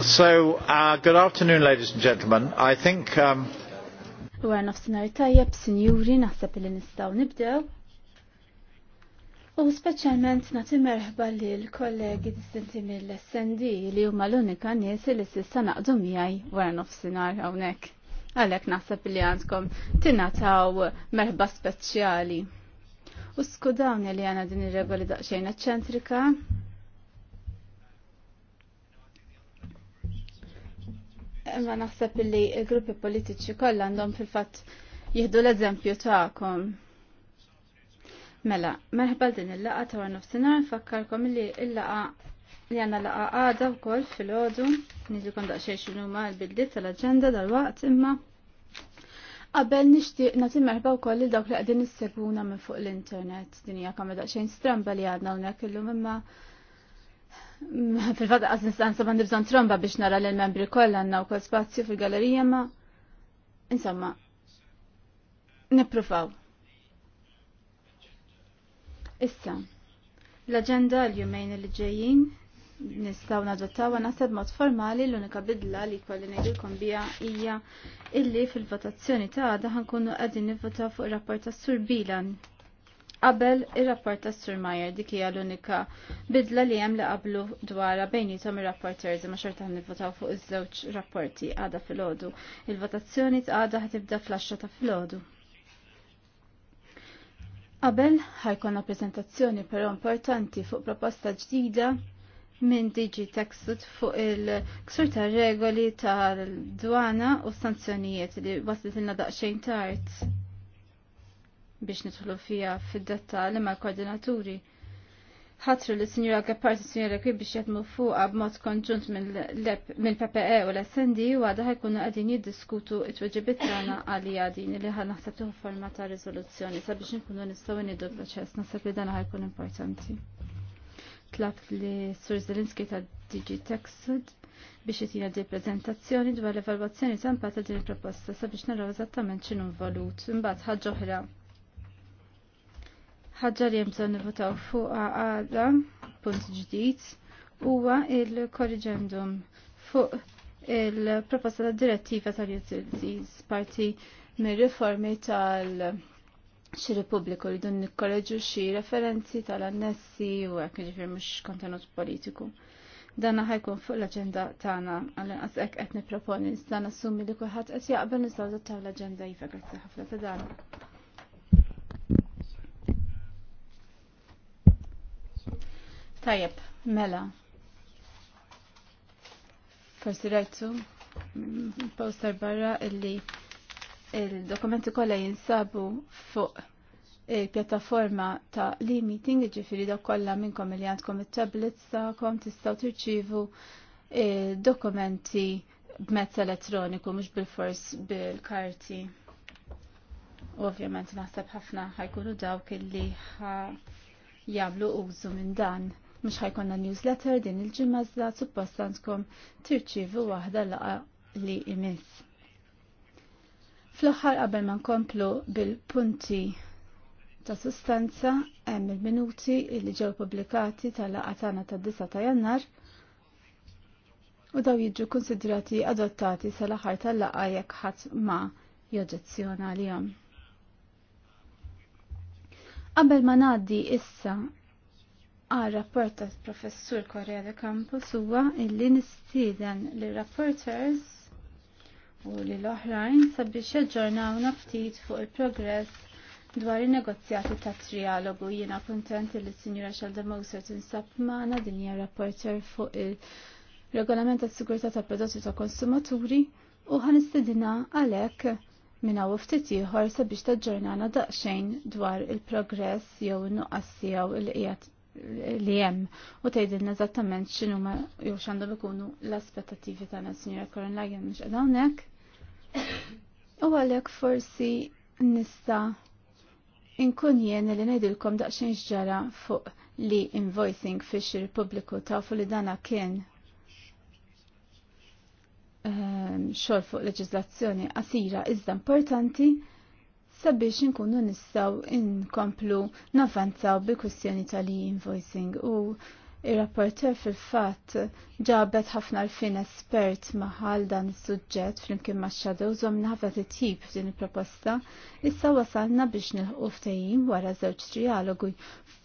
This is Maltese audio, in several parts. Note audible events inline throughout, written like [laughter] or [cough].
So, uh, good afternoon, ladies and gentlemen. I think... Um... nafsinar tajjeb, sinjuri, naħseb li nistaw nibdew. U speċjalment nagħti merħba li l-kollegi distinti mill-SND li huma l-unika nies li s'issa naqdu miegħi wara nofsinhar hawnhekk. Għalhekk naħseb li għandkom tingħataw merħba speċjali. U skudawni li għana din ir-regoli daqsxejn eċċentrika, Imma naħseb li gruppi politiċi kollha għandhom fil-fatt jieħdu l-eżempju tagħkom. Mela, merħba din il-laqa ta' għan nofsinar, fakkarkom li il-laqa li għanna laqa għada u koll fil-ħodu, nidri kon daqxie xinu ma' il tal-agenda dal-waqt imma. Qabel nixtieq nagħti merħba wkoll lil dawk li qegħdin isseguna minn fuq l-internet. Din hija kamra daqsxejn stramba li għadna hawnhekk illum imma Mm, fil-fatt għaz nistan sabban bżon tromba biex nara l-membri kollha għandna wkoll spazju fil-galerija ma insomma nippruvaw. Issa, l-agenda l-jumejn li ġejjin nistaw nadottaw naħseb mod formali l-unika bidla li kolli ngħidilkom biha hija illi fil-votazzjoni ta' għada ħankunu qegħdin nivvotaw fuq ir-rapport tas-Sur Bilan qabel ir-rapport ta' Sir Mayer dik hija l-unika bidla li hemm li qablu dwarha bejnietom ir-rapporters ma xorta nivvotaw fuq iż-żewġ rapporti għada filgħodu. Il-votazzjoni tqada ħtibda fl-10 ta' filgħodu. Qabel ħajkonna preżentazzjoni però importanti fuq proposta ġdida minn Digi Texut fuq il-ksur ta' regoli tal-dwana u sanzjonijiet li waslet il-na daqxejn tard biex nidħlu fija fid-dettall imma koordinaturi Ħatru li Sinjura s Sinjura Kwi biex jatmu fuqa b'mod konġunt e mill-PPE u l-SND u għada ħajkunu għadin jiddiskutu it-weġibit tagħna għalija din li ħan naħseb forma ta' riżoluzzjoni sabiex nkunu nistgħu nidu proċess naħseb li dan ħajkun importanti. Tlab li Sur Zelinski ta' DG Texud biex jitina di prezentazzjoni dwar l-evalwazzjoni ta' impatt ta' din il-proposta sabiex naraw eżattament x'inhu valut. Imbagħad ħaġa oħra ħaġa li jemżon nivotaw fuqa għada punt ġdid huwa il-korriġendum fuq il-proposta ta' direttiva tal-utilities parti mir-riformi tal- xi republiku li dun nikkoreġu xi referenzi tal-annessi u hekk jiġifier mhux kontenut politiku. Dan ħajkun fuq l-aġenda tagħna għall-inqas hekk qed nipproponi dan assumi li kulħadd qed jaqbel nistgħu taw l-aġenda jifa grazzi ħafna ta' dan. Tajjeb, mela. Forsi rajtu poster barra illi il-dokumenti kollha jinsabu fuq il-pjattaforma ta' li meeting ġifiri da' kolla minnkom li għandkom il-tablets kom tistaw turċivu dokumenti b'mezz elettroniku, mux bil-fors bil-karti. Ovvjament naħseb ħafna ħajkunu dawk illi ħa jagħmlu użu minn dan. Mux ħajkonna newsletter din il-ġimma zda suppostantkom tirċivu waħda laqa li imis. Fl-axħar qabel ma nkomplu bil-punti ta' sustanza hemm il-minuti li ġew pubblikati tal-laqa tagħna tad-9 ta' Jannar u daw jiġu konsidrati adottati sal-aħħar tal-laqa jekk ħadd ma joġezzjona għalihom. Qabel ma ngħaddi issa għal rapport ta' professur Korea de Campus huwa illi nistieden li rapporters u li l-oħrajn sabiex jaġġornawna ftit fuq il-progress dwar il-negozjati ta' trialogu jiena kontent li s-Sinjura Xalda Mowser tinsab maħna din hija rapporter fuq il-Regolament ta' Sigurtà ta' Prodotti ta' Konsumaturi u ħanistidina għalhekk minna hawn ftit ieħor sabiex taġġornana daqsxejn dwar il-progress jew in-nuqqas tiegħu il-qiegħed li hemm u tgħidilna eżattament xinu ma jew x'għandhom ikunu l-aspettattivi tagħna signora Corin Lagan mhux għadawnek U għalhekk forsi nista' inkun jien li ngħidilkom daqsxejn x'ġara fuq li invoicing fiex il-pubbliku tafu li dana kien ehm, xor fuq leġiżlazzjoni qasira iżda importanti sabiex inkunu nistaw inkomplu navanzaw bi kwestjoni tal-invoicing u il rapporter fil-fatt ġabet ħafna l-fin espert maħal dan is-suġġett flimkien maċċadu Shadow zomna ħafna titjib f'din il-proposta, issa wasalna biex nilħu ftehim wara żewġ trialogu.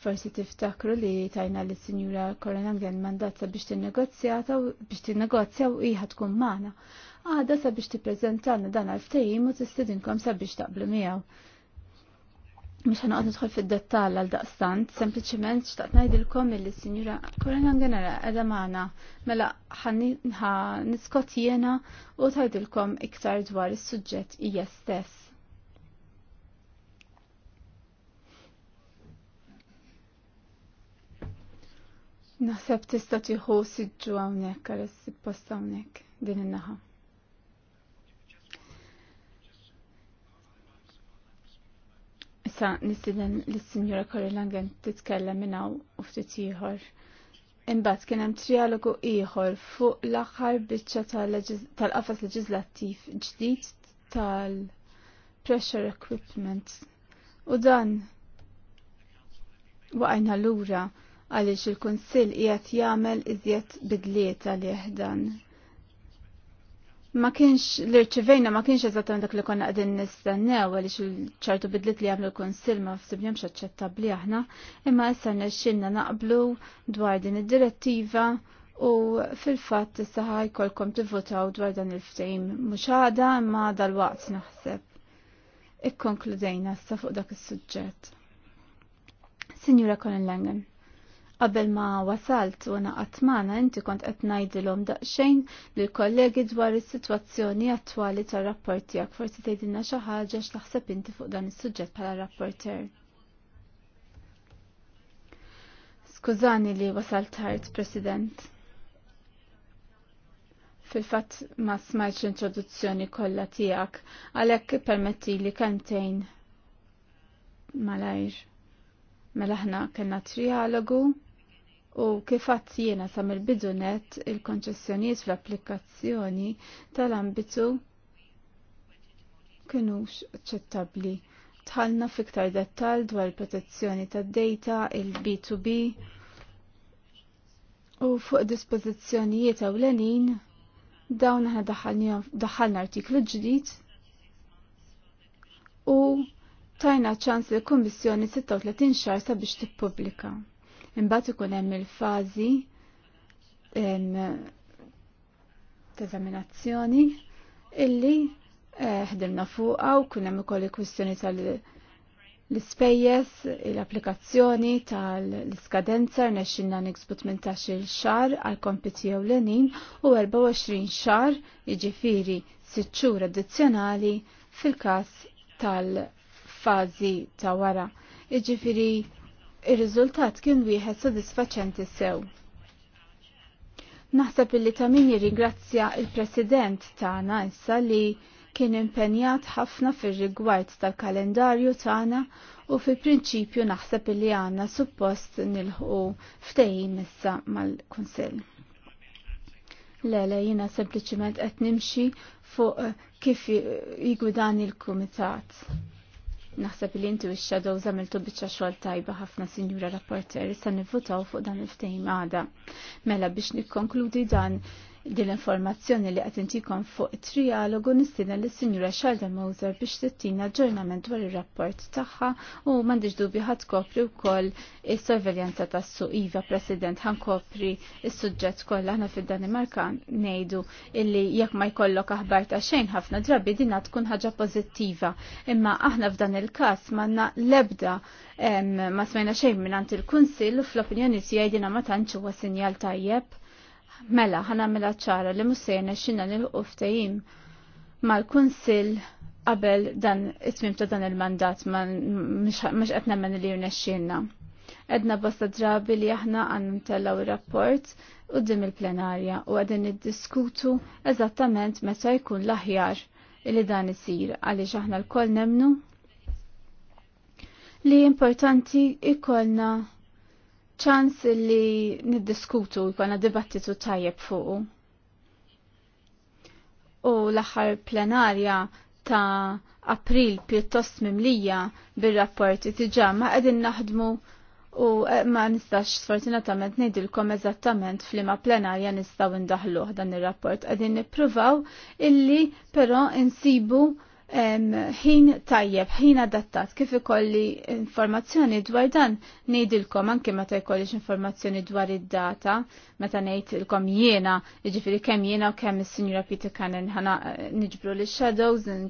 Forsi tiftakru li tajna li sinjura Korenangen mandat sabiex u biex tinnegozja u iħa tkun għada sabiex prezentanna dan għal-ftehim u tistidinkom sabiex taqblu miegħu. Mux ħana għad nidħol fil-dettal għal daqstant, sempliciment xtaqt najdilkom il sinjura Korena Ngenera għada maħna, mela ħanniħa niskot jena u tajdilkom iktar dwar is suġġett hija stess. Naħseb tista' tieħu siġġu hawnhekk għal is-sippost hawnhekk din in-naħa. Issa nistiden l-Sinjura Langen titkellem minnaw u ftit ieħor. Imbagħad kien hemm trialogu ieħor fuq l-aħħar biċċa tal-qafas leġislattiv ġdid tal-pressure equipment. U dan waqajna lura għaliex il-Kunsill qiegħed jagħmel iżjed bidlieta li dan ma kienx li rċivejna ma kienx eżattament dak li konna qegħdin nistennew għaliex il-ċertu bidlit li għamlu l-Kunsill ma fsibniex aċċettabbli aħna, imma issa nexxinna naqblu dwar din id-direttiva u fil-fatt issa ħajkolkom tivvotaw dwar dan il-ftehim mhux għada imma dal-waqt naħseb. Ikkonkludejna issa fuq dak is-suġġett. Sinjura Colin Langen. Qabel ma wasalt u naqatmana inti kont qed ngħidilhom daqsxejn li kollegi dwar is-sitwazzjoni attwali tar-rapport tiegħek forsi tgħidilna xi ħaġa x'taħseb inti fuq dan is-suġġett bħala rapporter. Skużani li wasalt tard, President. Fil-fatt ma smajtx l-introduzzjoni kollha tiegħek, għalhekk permetti li kantejn malajr. Mela ħna kellna trialogu u kifat jiena sam il-bidunet il-konċessjonijiet fl-applikazzjoni tal-ambitu kienux ċettabli. Tħallna fiktar dettal dwar protezzjoni tad data il-B2B u fuq dispożizzjonijiet ewlenin dawn aħna daħalna artiklu ġdid u tajna ċans li l-Kummissjoni 36 xar sabiex tippubblika. Imbagħad ikun hemm il-fażi teżaminazzjoni illi eh, ħdimna fuqha u kun hemm ukoll il-kwistjoni tal-ispejjeż l-applikazzjoni tal-iskadenza rnexxinna niksbu 18-il xahar għal kompiti jew lenin u 24 xahar jiġifieri sitt xhur addizzjonali fil-każ tal-fażi ta' wara. Jiġifieri Ir-riżultat kien wieħed sodisfaċenti sew. Naħseb illi ta' min jirringrazzja il-President tagħna issa li kien impenjat ħafna fir-rigward tal-kalendarju tagħna u fil-prinċipju naħseb illi għandna suppost nilħu ftehim issa mal-Kunsill. Lele jina sempliciment qed nimxi fuq kif jigudani l-Kumitat. Naħseb li inti u x-shadow zamiltu bieċa xogħol tajba ħafna sinjura rapporter issa nivvutaw fuq dan il-ftehim għada. Mela biex nikkonkludi dan din informazzjoni li qed intikom fuq trialogu nistina s sinjura Xalda Moser biex tittina aġġornament dwar ir-rapport tagħha u m'għandix dubju ħadd kopri wkoll is-sorveljanza tas-suq iva President ħankopri s suġġett kollha aħna fid-Danimarka ngħidu illi jekk ma jkollok aħbar ta' xejn ħafna drabi dinha tkun ħaġa pożittiva imma aħna f'dan il-każ m'għandna l-ebda ma smajna xejn minn il-Kunsill u fl-opinjoni tiegħi dinha ma tantx huwa sinjal tajjeb Mela, ħana mela ċara li musejna xinna nil-uftajim mal-Kunsil qabel dan it-tmim ta' dan il-mandat ma' mux għetna men li junaxxinna. Edna bosta drabi li aħna għan ntellaw il-rapport u dim il-plenarja u għadin id-diskutu eżattament meta jkun l-aħjar li dan isir għaliex aħna l-koll nemnu li importanti ikollna ċans li niddiskutu jkollna dibattitu tajjeb fuq. U l-aħħar plenarja ta' april pjuttost mimlija bir-rapporti tiġa ma qegħdin naħdmu u eh, ma nistax sfortunatament ngħidilkom eżattament flima plenarja nistgħu ndaħluh dan ir-rapport qegħdin nippruvaw illi però insibu ħin tajjeb, ħin adattat, kif ikolli informazzjoni dwar dan, nejdilkom anke meta jkollix informazzjoni dwar id-data, meta nejdilkom jiena, jiġifieri kemm jiena u kemm is-Sinjura Peter Cannon ħana eh, niġbru li shadows għam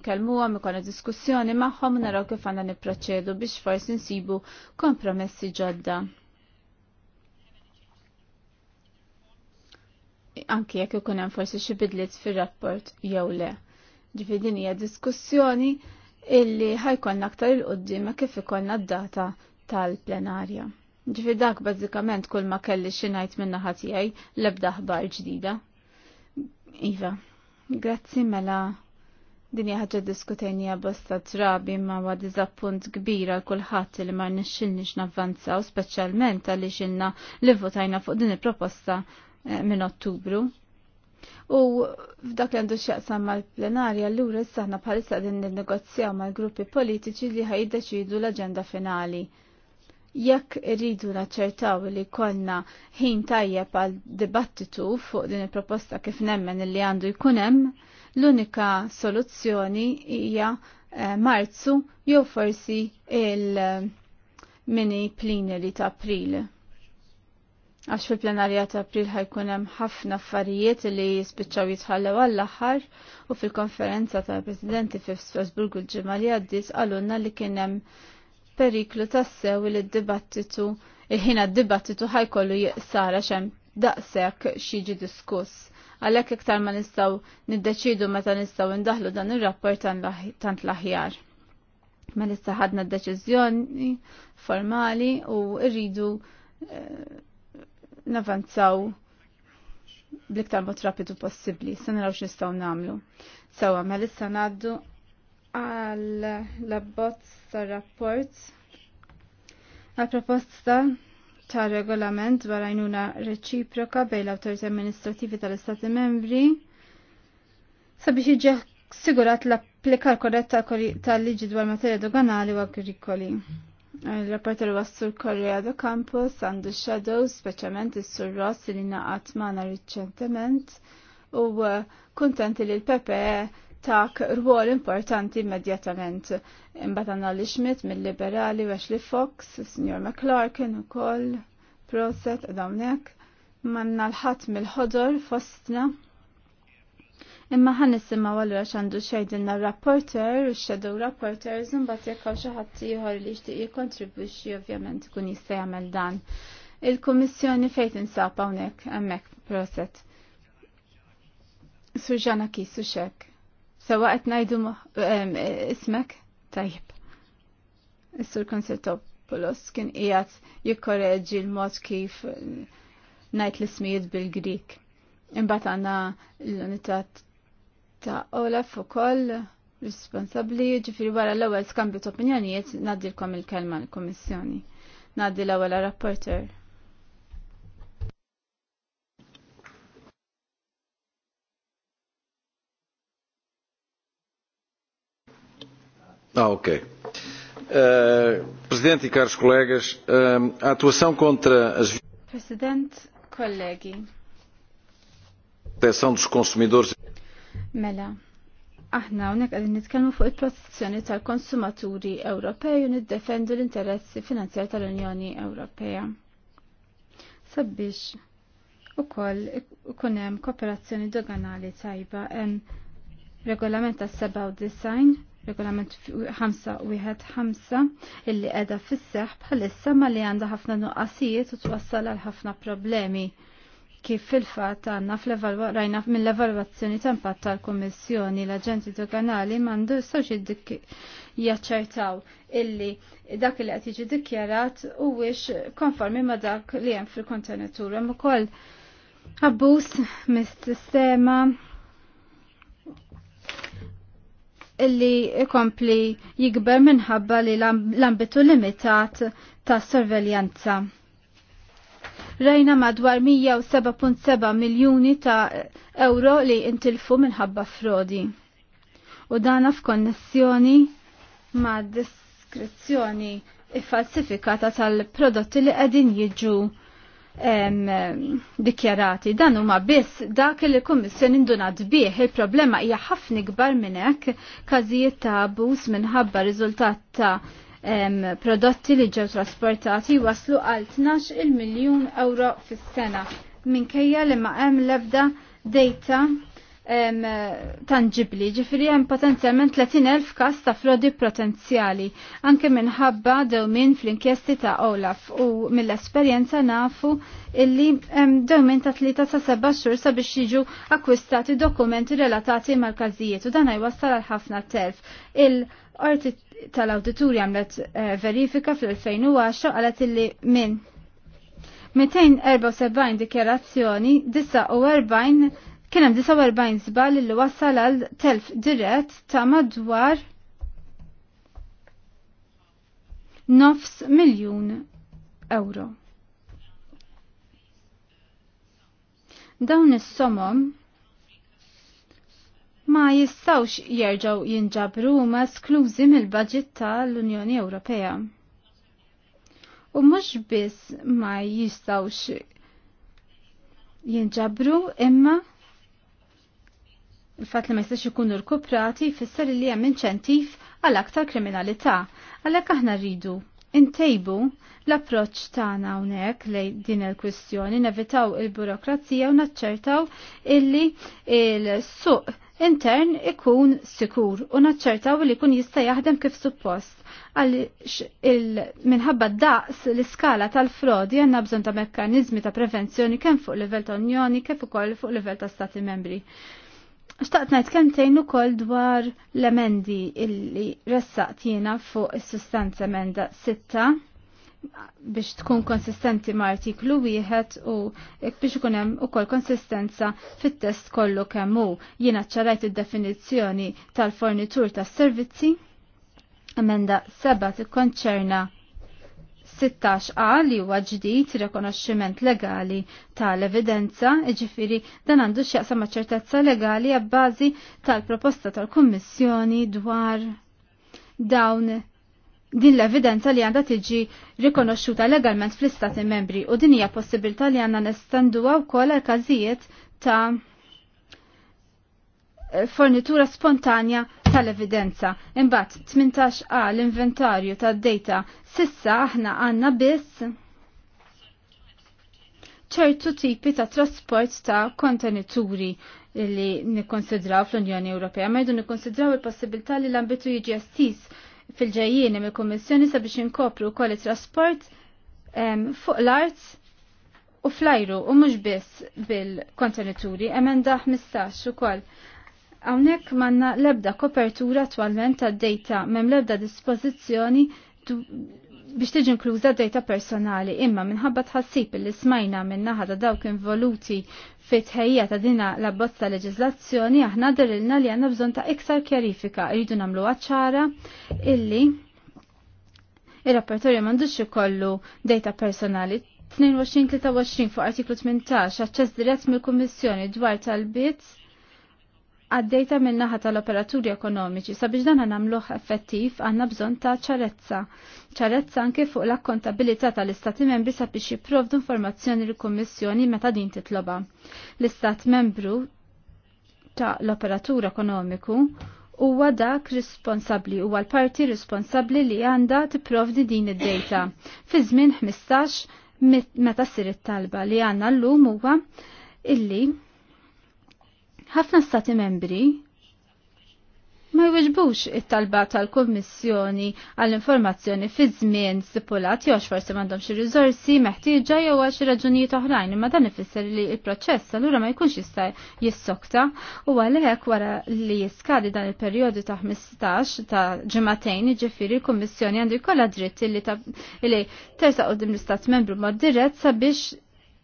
ikolna diskussjoni magħhom naraw kif għandna nipproċedu biex forsi nsibu kompromessi ġodda. Anke jekk ikun hemm forsi xi bidliet fir-rapport jew le. Ġifidin hija diskussjoni illi ħajkonna aktar il-qoddim kif ikonna d-data tal-plenarja. Ġifi dak bazzikament kull ma kelli xinajt minna ħatijaj lebda ħbar ġdida. Iva, grazzi mela dinja ħagġa diskutenja bosta trabi ma wa dizappunt kbira kullħat li ma nixxilnix navvanzaw, specialment għalli xinna li votajna fuq din il-proposta eh, minn ottubru. U f'dak li għandu xaqsam mal-plenarja l-lura s-saħna bħalissa din negozjaw mal-gruppi politiċi li ħajdeċidu l-agenda finali. Jekk irridu naċċertaw li konna ħin tajjeb għal dibattitu fuq din il-proposta kif nemmen li għandu jkunem, l-unika soluzzjoni hija eh, marzu jew forsi il-mini plenary ta' april għax fil-plenarja ta' april ħajkun hemm ħafna affarijiet li jispiċċaw jitħallew għall-aħħar u fil-konferenza ta' presidenti fi Strasburg u l-ġimgħa li għaddiet li kien hemm periklu sew li d-dibattitu ħina d-dibattitu ħajkollu jiqsara xem daqshekk xiġi diskuss. Għalhekk iktar ma nistgħu niddeċidu meta nistgħu ndaħlu dan ir-rapport tant l-aħjar. Ma nista' ħadna d-deċiżjoni formali u rridu eh, navanzaw bliktar mod rapidu possibli, sa naraw x'nistgħu nagħmlu. Sewa ma mela issa ngħaddu għal l-abbozz tar-rapport għal proposta ta' regolament dwar għajnuna reċiproka bejn l-awtorità amministrativi tal-Istati membri sabiex jiġi sigurat l-applikar korretta tal-liġi dwar materja doganali u agrikoli. Il-rapporter Sur Korea do Campus għandu Shadows, speċjalment is-Sur Ross li naqat mana riċentement u uh, kuntenti li l-PPE tak rwol importanti immedjatament. Imbagħad li Schmidt mill-Liberali Wesley Fox, Sr. McClarkin ukoll, Proset u dawnek. Manna l-ħadd mill-ħodor fostna Imma ħan nisimma għallura xandu xejdinna rapporter u shadow rapporters imbagħad jekk hawn xi ħadd ieħor li jixtieq jikkontribwixxi ovvjament kun jista' jagħmel dan. Il-Kummissjoni fejn tinsab hawnhekk hemmhekk proset. Surġana ki, xek. Sawa qed ngħidu e, ismek? Tajib. Is-Sur Konsertopoulos kien qiegħed jikkoreġi l-mod kif ngħid l-ismijiet bil-Grik. Imbagħad għandna l-unitat ta' Olaf koll responsabli ġifiri wara l-ewwel skambju ta' opinjonijiet ngħaddilkom il-kelma l komissjoni Naddi l-ewwel rapporter. Ah, ok. Uh, Presidente e caros colegas, uh, a atuação contra as. Presidente, colegi. Proteção dos consumidores. Mela, aħna unek għadin nitkellmu fuq il-protezzjoni tal-konsumaturi Ewropej u niddefendu l-interessi finanzjari tal-Unjoni Ewropea. Sabbix, u koll kunem kooperazzjoni doganali tajba em regolament ta' 97, regolament 55 illi edha fisseħ bħalissa ma li għanda ħafna nuqqasijiet u twassal għal ħafna problemi kif fil-fatt għandna rajna mill-evalwazzjoni ta' impatt tal-Kummissjoni l-Aġenti Doganali mandu sawx jaċċertaw illi dak li qed jiġi u huwiex konformi ma' dak li hemm fil-kontenatur. Hemm ukoll abbuż mis-sistema illi ikompli jikber minħabba li l-ambitu limitat ta' sorveljanza. Rajna madwar 107.7 miljoni ta' euro li intilfu minħabba frodi. U dana f'konnessjoni ma' diskrezzjoni falsifikata tal-prodotti li qegħdin jiġu dikjarati. Dan huma biss dak li l-Kummissjoni ndunat bih. Il-problema hija ħafna kbar minn hekk każijiet ta' abbuż minħabba riżultat ta' prodotti li ġew trasportati waslu għal 12 miljun euro fis-sena minkejja li ma hemm l-ebda data tangibli, ġifiri hemm potenzjalment 30.000 kas ta' frodi potenzjali, anke minħabba min fl-inkjesti ta' Olaf u mill-esperjenza nafu illi min ta' tlita sa' seba' xhur sabiex jiġu akkwistati dokumenti relatati mal-każijiet u dan jwassal għal ħafna telf. Il-qorti tal-Awdituri għamlet eh, verifika fl-2010 għalet illi minn 274 dikjerazzjoni 49 kienem 49 zbal li wassal għal telf dirett ta' madwar nofs miljun euro. Dawn is-somom ma jistawx jerġaw jinġabru ma sklużi mill-budget tal-Unjoni Ewropea. U mhux biss ma jistawx jinġabru imma il-fat li ma jistax ikunu rkuprati fisser li hemm inċentiv għal aktar kriminalità. Għalhekk aħna rridu intejbu l approċċ tagħna hawnhekk lejn din il-kwistjoni, nevitaw il-burokrazija u naċċertaw illi il-suq il suq intern ikun sikur u naċċertaw li kun jista' jaħdem kif suppost għaliex minħabba daqs l-iskala tal-frodi għandna bżonn ta' mekkaniżmi ta' prevenzjoni kemm fuq livell ta' Unjoni kif ukoll fuq level ta' Stati membri. Xtaqt ngħid kemmtejn ukoll dwar l-emendi illi ressaqt fuq is-sustanza emenda sitta biex tkun konsistenti ma' artiklu wieħed u biex ikun hemm ukoll konsistenza fit-test kollu kemm hu. Jiena ċarajt id-definizzjoni tal-fornitur tas-servizzi. Emenda seba' tikkonċerna 16a li huwa ġdid rikonoxximent legali tal-evidenza, jiġifieri dan għandu x'jaqsam ma' ċertezza legali għabbażi tal-proposta tal-Kummissjoni dwar dawn din l-evidenza li għandha tiġi rikonoxxuta legalment fl-istati membri u din hija possibilità li għandna nestanduwa wkoll għal każijiet ta' fornitura spontanja tal-evidenza. Imbagħad 18 a l-inventarju tad-data sissa aħna għandna biss ċertu tipi ta' trasport ta' kontenituri li nikkonsidraw fl-Unjoni Ewropea, ma jdu nikkonsidraw il-possibilità li l-ambitu jiġi assis fil-ġejjieni il kummissjoni sabiex inkopru wkoll it-trasport fuq l-art u flajru u mhux biss bil-kontenituri emenda 15 ukoll. Hawnhekk manna lebda kopertura attwalment tad-dejta m'hemm lebda dispożizzjoni biex tiġi inkluża data personali imma minħabba tħassib li smajna minn naħada dawk involuti fit tħejja ta' dina la bozza leġislazzjoni aħna dirilna li għandna bżonn ta' iktar kjarifika rridu namlu ċara illi ir-rappertorju il m'għandux ikollu data personali 22-23 fuq artiklu 18 aċċess dirett mill-Kummissjoni dwar tal-bits għaddejta minnaħa naħa tal-operaturi ekonomiċi sabiex dan nagħmluh effettiv għandna bżonn ta' ċarezza. ċarezza anke fuq l-akkontabilità tal-Istati membri sabiex jipprovdu informazzjoni l kummissjoni meta din titloba. L-Istat membru ta' l-operatur ekonomiku huwa dak responsabbli huwa l-parti responsabbli li għandha tipprovdi din id-dejta. Fi żmien 15 meta ssir it-talba li għandna llum huwa illi ħafna stati membri ma jweġbux it-talba tal-Kummissjoni għall-informazzjoni fi żmien stipulat jew forsi m'għandhomx ir-riżorsi meħtieġa jew għax raġunijiet oħrajn imma dan ifisser li l-proċess allura ma jkunx jista' jissokta u għalhekk wara li jiskadi dan il-perjodu ta' 15 ta' ġimagħtejn jiġifieri l-Kummissjoni għandu jkollha dritt li tersa' qudiem l-Istat Membru mod dirett sabiex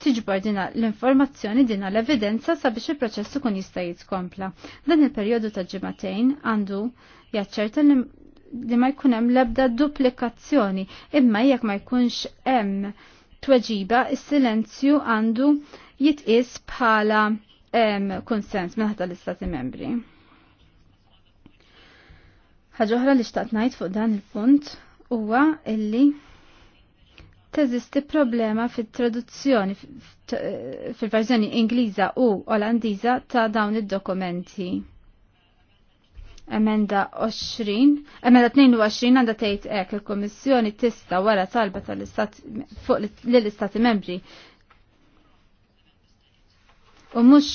tiġbor dina l-informazzjoni dina l-evidenza sabiex il-proċess ikun jista' jitkompla. Dan il-perjodu ta' ġimatejn għandu jaċċerta li ma jkun hemm l-ebda duplikazzjoni, imma jekk ma jkunx hemm tweġiba, is-silenzju għandu jitqis bħala konsens minn ħata l-Istati membri. Ħaġa oħra li xtaqt ngħid fuq dan il-punt huwa illi teżisti problema fit-traduzzjoni eh, fil-verżjoni Ingliża u Olandiża ta' dawn id-dokumenti. Emenda 20, emenda 22 għandha tgħid hekk il-Kummissjoni tista' wara talba tal fuq lill-Istati Membri u mhux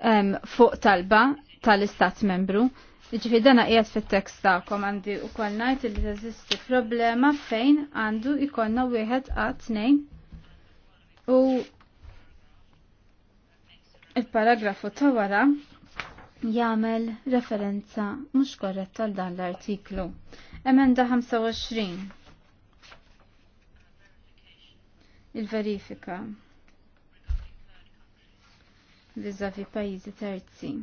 ehm, fuq talba tal-Istat Membru Ġifi jiġifieri dana qiegħed fit-tekst komandi għandi wkoll ngħid li teżisti problema fejn għandu jkollna wieħed a tnejn u il-paragrafu ta' wara jagħmel referenza mhux korretta għal dan l-artiklu. Emenda 25. Il-verifika vizavi pajjiżi terzi.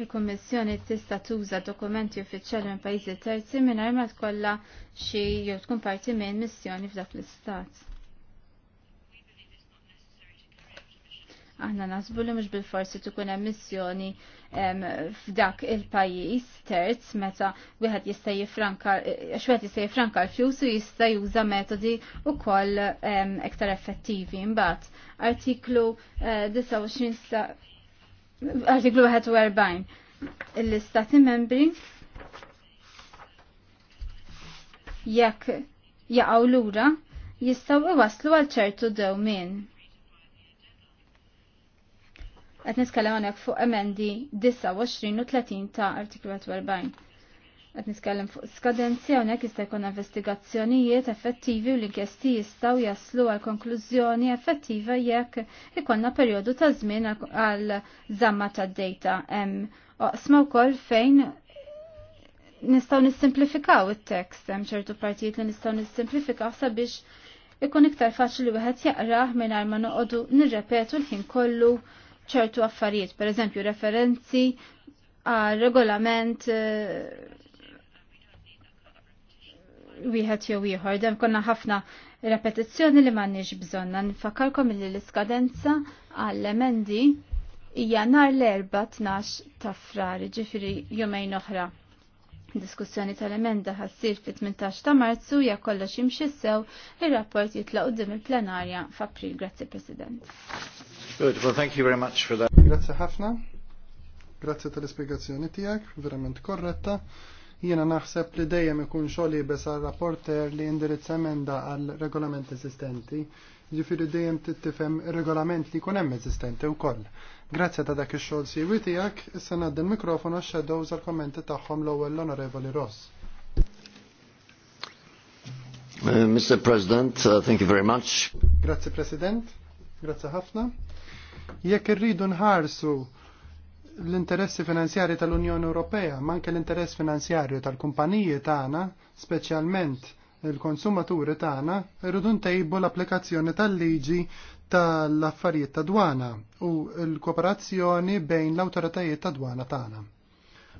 il kommissjoni tista' tuża dokumenti uffiċjali minn pajjiżi terzi mingħajr ma tkollha xi jew tkun parti minn missjoni f'dak l-istat. Aħna nasbu li mhux bil-forsi tkun hemm missjoni f'dak il-pajjiż terz meta wieħed jista' jifranka għax wieħed jista' jifranka l-flus u jista' juża metodi wkoll iktar effettivi. Mbagħad artiklu 29 eh, artiklu 41 il istati membri jekk jaqgħu lura jistgħu iwaslu għal ċertu dewmien. Qed niskellem hawnhekk fuq emendi 29 u 30 ta' artiklu 40. Qed nitkellem fuq skadenzja hawnhekk jista' jkun investigazzjonijiet effettivi u l-inkjesti jistgħu jaslu għal konklużjoni effettiva jekk ikollna perjodu ta' żmien għal zamma tad-dejta hemm oqsma wkoll fejn nistgħu nissimplifikaw it-tekst hemm ċertu partijiet li nistgħu nissimplifikaw sabiex ikun iktar faċli wieħed jaqrah mingħajr ma noqogħdu nirrepetu l-ħin kollu ċertu affarijiet, pereżempju referenzi għal regolament eh, wieħed jew ieħor. Dem konna ħafna repetizzjoni li m'għandniex bżonna. Nifakkarkom li l-iskadenza għall-emendi hija nhar l-erba' tnax ta' frar, ġifieri jumejn oħra. Diskussjoni tal-emenda ħassir fit-18 ta' Marzu ja kollox jimxi sew ir-rapport jitlaq qudiem il-plenarja f'April. Grazzi President. Good, well thank you very much for that. Grazzi ħafna. Grazzi tal-ispjegazzjoni tiegħek, verament korretta. Jiena naħseb li dejjem ikun xogħol xogħli għal rapporter li indirizz emenda għal regolament eżistenti. Ġifieri dejjem tittifhem ir-regolament li jkun hemm eżistenti wkoll. Grazzi ta' dak ix-xogħol siwi tiegħek, issa ngħaddi l-mikrofon għax-shadows għall-kommenti tagħhom l-ewwel l-Onorevoli Ross. Uh, Mr. President, uh, thank you very much. Grazie President, grazie ħafna. Jekk irridu nħarsu l-interessi finanzjari tal-Unjoni Ewropea, ma anke l-interess finanzjarju tal-kumpaniji tagħna, speċjalment il-konsumaturi tagħna, irridu ntejbu l-applikazzjoni tal-liġi tal-affarijiet ta' dwana u l-kooperazzjoni bejn l-awtoritajiet ta' dwana tagħna.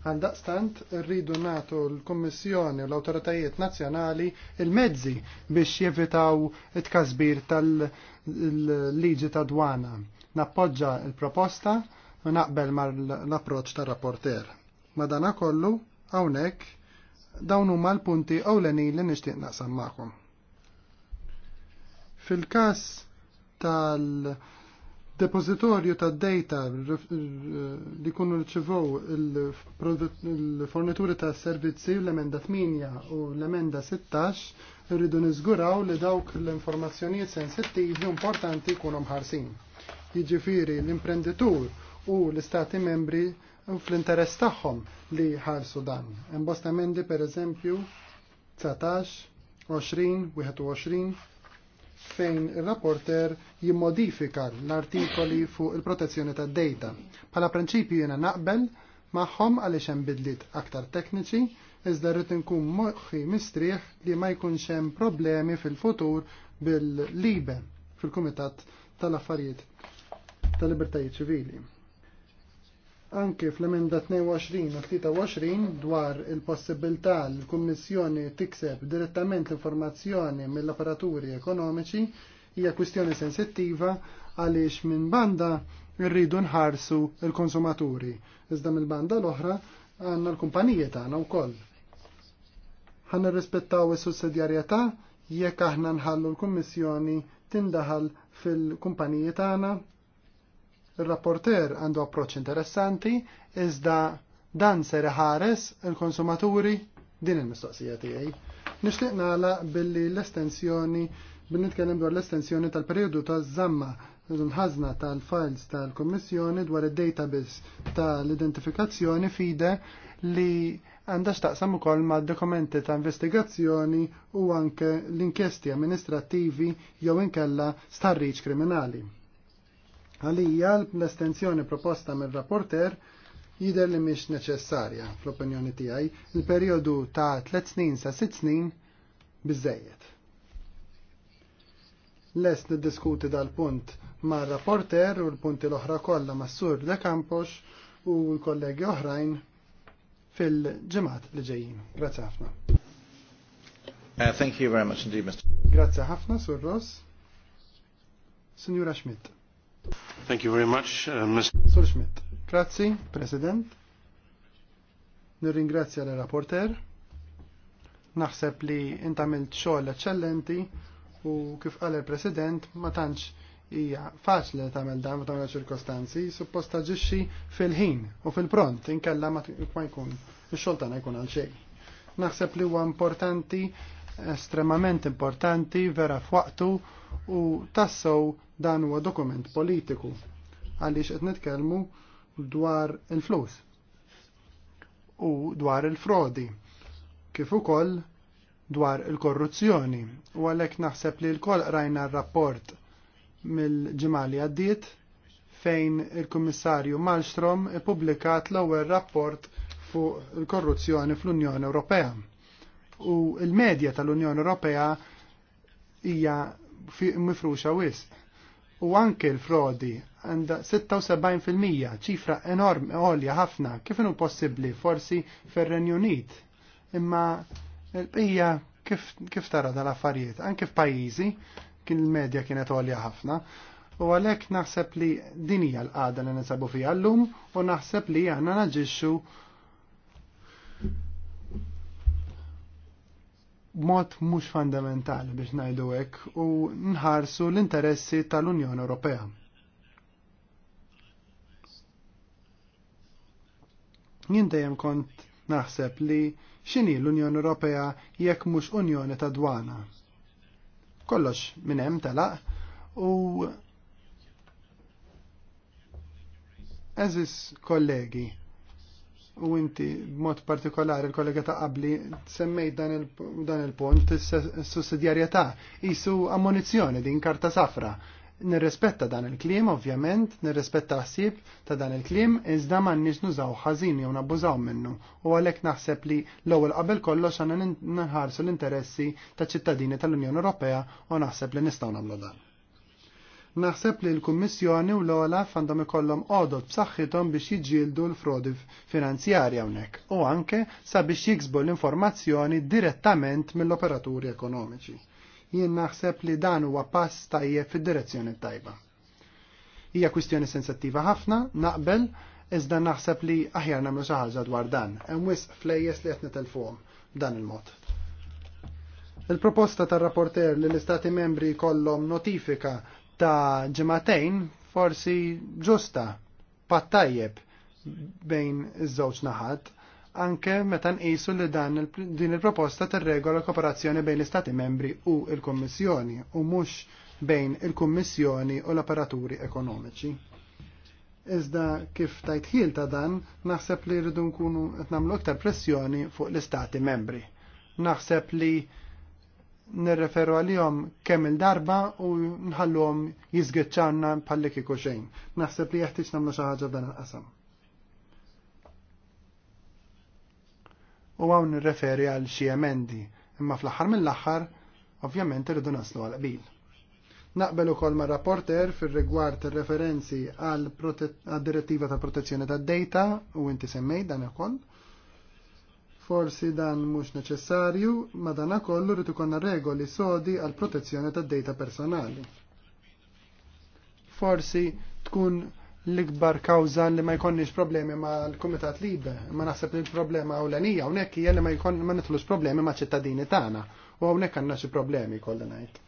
Għal daqstant, rridu natu l-Kommissjoni u l-autoritajiet nazjonali il-mezzi biex jevitaw it-kazbir tal-liġi ta' dwana. Nappoġġa il-proposta naqbel naqbel mal-approċ ta' rapporter. Madana kollu, għawnek, dawnu l punti ewleni li nishtiq naqsam maħkum. Fil-kas tal-depozitorju tad data li kunu rċivow il-fornituri ta' servizzi l-emenda 8 u l-emenda 16 rridu nizguraw li dawk l-informazzjonijiet sensittivi importanti kunu mħarsin. Jiġifieri l-imprenditur u l-istati membri fl-interess tagħhom li ħarsu dan. Imbosta mendi per eżempju 19, 20, 21 fejn il-rapporter jimmodifika l-artikoli fuq il-protezzjoni ta' data. Pala prinċipju jena naqbel maħħom għaliex hemm bidliet aktar tekniċi, iżda rrid inkun moħħi mistrieħ li ma jkunx hemm problemi fil-futur bil-libe fil-Kumitat tal-Affarijiet tal-Libertajiet Ċivili anke fl-emenda 22 u 23 dwar il-possibilità l-Kummissjoni tikseb direttament l-informazzjoni mill-apparaturi ekonomiċi hija kwistjoni sensittiva għaliex minn banda rridu nħarsu l konsumaturi Iżda mill banda l-oħra għandna l-kumpaniji tagħna wkoll. Ħan nirrispettaw is-sussidjarjetà jekk aħna nħallu l-Kummissjoni tindaħal fil-kumpaniji tagħna Il-rapporter għandu approċċ interessanti, iżda dan ser ħares il-konsumaturi din il-mistoqsija tiegħi. Nixtieq nagħlaq billi l-estensjoni billi nitkellem dwar l-estensjoni tal-perjodu taż-żamma l-ħazna tal-files tal-Kommissjoni dwar id-database tal-identifikazzjoni fide li għandha xtaqsam ukoll ma' dokumenti ta' investigazzjoni u anke l-inkjesti amministrattivi jew inkella starriċ kriminali. Għalija l-estensjoni proposta mill rapporter jider li mhix neċessarja fl-opinjoni tiegħi il-perjodu ta' 3 snin sa' 6 snin biżejjed. Lest niddiskuti dal-punt ma' rapporter u l-punti l-oħra kollha ma' sur de Campos u l-kollegi oħrajn fil-ġemat li ġejjin. Grazzi ħafna. Uh, thank you very much indeed, Mr. Grazzi ħafna, Sur Ross. Signora Schmidt. Thank you very much, uh, Mr. Schmidt. Grazzi, President. Nirringrazzja l-rapporter. Naħseb li intamilt xogħol eċċellenti u kif qal il-President ma tantx hija faċli tagħmel dan f'dawn tagħmel ċirkostanzi suppost taġixxi fil-ħin u fil-pront inkella ma jkun ix-xogħol tagħna jkun għal xejn. Naħseb li huwa importanti estremament importanti vera f'waqtu u tassow Dan huwa dokument politiku għaliex qed nitkellmu dwar il-flus u dwar il-frodi kif ukoll dwar il-korruzzjoni u għalhekk naħseb li l rajna r-rapport mill-ġimali għaddiet fejn il-Kummissarju Malmstrom ippubblikat l-ewwel rapport fuq il-korruzzjoni fl-Unjoni Ewropea. U l-medja tal-Unjoni Ewropea hija mifruxa wisq u anke l-frodi għanda 76% ċifra enorm għolja ħafna kif inu possibli forsi fir-Renju Unit imma l pija kif, kif tara dal-affarijiet anke f'pajjiżi kien il-medja kienet għolja ħafna u għalhekk naħseb li din hija l-qagħda li nisabu fiha llum u naħseb li għandna naġixxu mod mhux fundamentali biex ngħidu hekk u nħarsu l-interessi tal-Unjoni Ewropea. Jien dejjem kont naħseb li x'inhi l-Unjoni Ewropea jekk mhux Unjoni ta' dwana. Kollox minn hemm telaq u Eżis kollegi, u inti b'mod partikolari l-kollega ta' qabli semmejt dan il-punt is-sussidjarjetà isu ammonizzjoni din karta safra. Nirrespetta dan il-klim, ovvjament, nirrespetta ħsieb ta' dan il-klim, iżda ma nix nużaw ħażin jew nabbużaw minnu, u għalhekk naħseb li l-ewwel qabel kollox għandna nħarsu l-interessi ta' ċittadini tal-Unjoni Ewropea u naħseb li nistgħu nagħmlu dan. Naħseb li l-Kummissjoni u l-Olaf għandhom ikollhom għodot b'saħħithom biex jiġġieldu l-frodi finanzjarja hawnhekk u anke sabiex jiksbu l-informazzjoni direttament mill-operaturi ekonomiċi. Jien naħseb li dan huwa pass tajjeb fid-direzzjoni tajba. Hija kwistjoni sensattiva ħafna, naqbel, iżda naħseb li aħjar nagħmlu xi ħaġa dwar dan, hemm wisq flejjes li qed nitelfuhom b'dan il-mod. Il-proposta tar-rapporter li l-Istati membri kollom notifika ta' ġematejn forsi ġusta, pattajjeb bejn iż-żewġ naħat, anke meta nqisu li dan din il-proposta tirregola kooperazzjoni bejn l-Istati membri u l-Kommissjoni u mhux bejn il-Kummissjoni u l-operaturi ekonomiċi. Iżda kif tajt ħil ta' dan, naħseb li rridu nkunu qed nagħmlu aktar pressjoni fuq l-Istati membri. Naħseb li nirreferu għalihom kemm il-darba u nħalluhom jiżgiċċawna bħalli kieku xejn. Naħseb li jeħtieġ nagħmlu xi ħaġa f'dan il-qasam. U hawn nirreferi għal xi emendi, imma fl-aħħar mill-aħħar ovvjament irridu naslu għal qbil. Naqbel ukoll ma' rapporter fir-rigward ir-referenzi għal direttiva ta' protezzjoni tad-data u inti semmej dan ukoll Forsi dan mhux neċessarju, ma dan akollu rrid ikollna regoli sodi għal protezzjoni tad-data personali. Forsi tkun l-ikbar kawża li ma jkollniex problemi ma l-Kumitat Libe, ma naħseb li l-problema ewlenija hawnhekk hija li ma jkun ma nitlux problemi ma' ċittadini tagħna u hawnhekk għandna xi problemi kollha ngħid.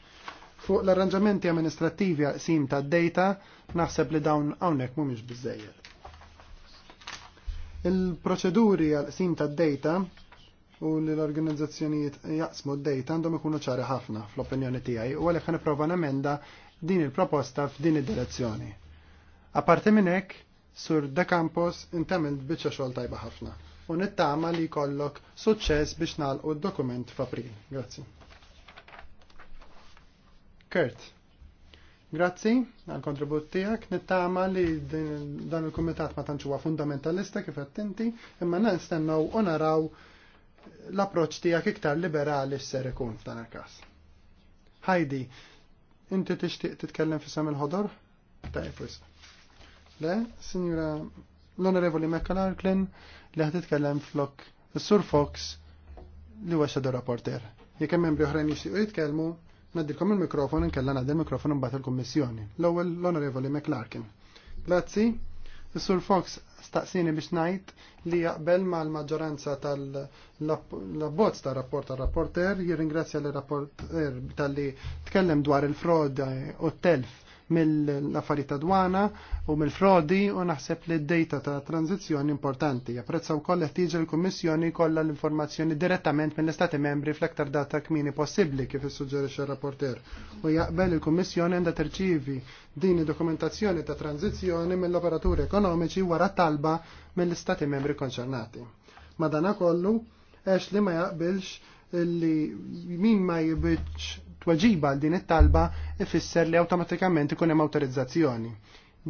Fuq l-arranġamenti amministrattivi sim tad-data naħseb li dawn hawnhekk mhumiex biżejjed. Il-proċeduri għal-qsim tad-data u li l-organizzazzjonijiet jaqsmu d-dejta għandhom ikunu ċari ħafna fl-opinjoni tiegħi u għalhekk nipprova nemenda din il-proposta f'din id-direzzjoni. Apparti minn hekk, sur De Campos intemil biċċa xogħol tajba ħafna u nittama li jkollok suċċess biex nagħlqu d-dokument f'April. Grazzi. Kurt. Grazzi għal kontribut tiegħek. Nittama li dan il-kumitat ma tanċuwa fundamentalista kif attenti, imma nistennew u l-approċċ tiegħek iktar liberali s-ser ikun f'dan il-każ. Heidi, inti tixtieq titkellem fi sem il-ħodor? Ta' forsi. Le, Sinjura l-Onorevoli McCallarklin li ħad titkellem flok is-Sur Fox li għaxa d rapporter. Jekk hemm membri oħrajn jixtiequ jitkellmu, Naddilkom il-mikrofon, nkella naddi il-mikrofon mbagħad il-Kummissjoni. L-ewwel l-Onorevoli McLarkin. Grazzi. sur Fox staqsini biex ngħid li jaqbel mal-maġġoranza tal-abbozz ta' rapport tal rapporter jirringrazzja l rapporter tal-li tkellem dwar il-frod u t-telf mill-affarijiet dwana u mill-frodi u naħseb li d-data ta' tranzizjoni importanti. Japprezzaw kollha tiġi l-Kummissjoni kollha l-informazzjoni direttament mill-Istati membri fl-aktar data kmini possibbli kif issuġġerixxa r-rapporter. U jaqbel il-Kummissjoni għandha terċivi din id-dokumentazzjoni ta' tranzizjoni mill-operaturi ekonomiċi wara talba mill-Istati membri konċernati. Madana kollu, eċ li ma jaqbilx li min ma jibitx tweġiba għal din it-talba ifisser li awtomatikament ikun hemm awtorizzazzjoni.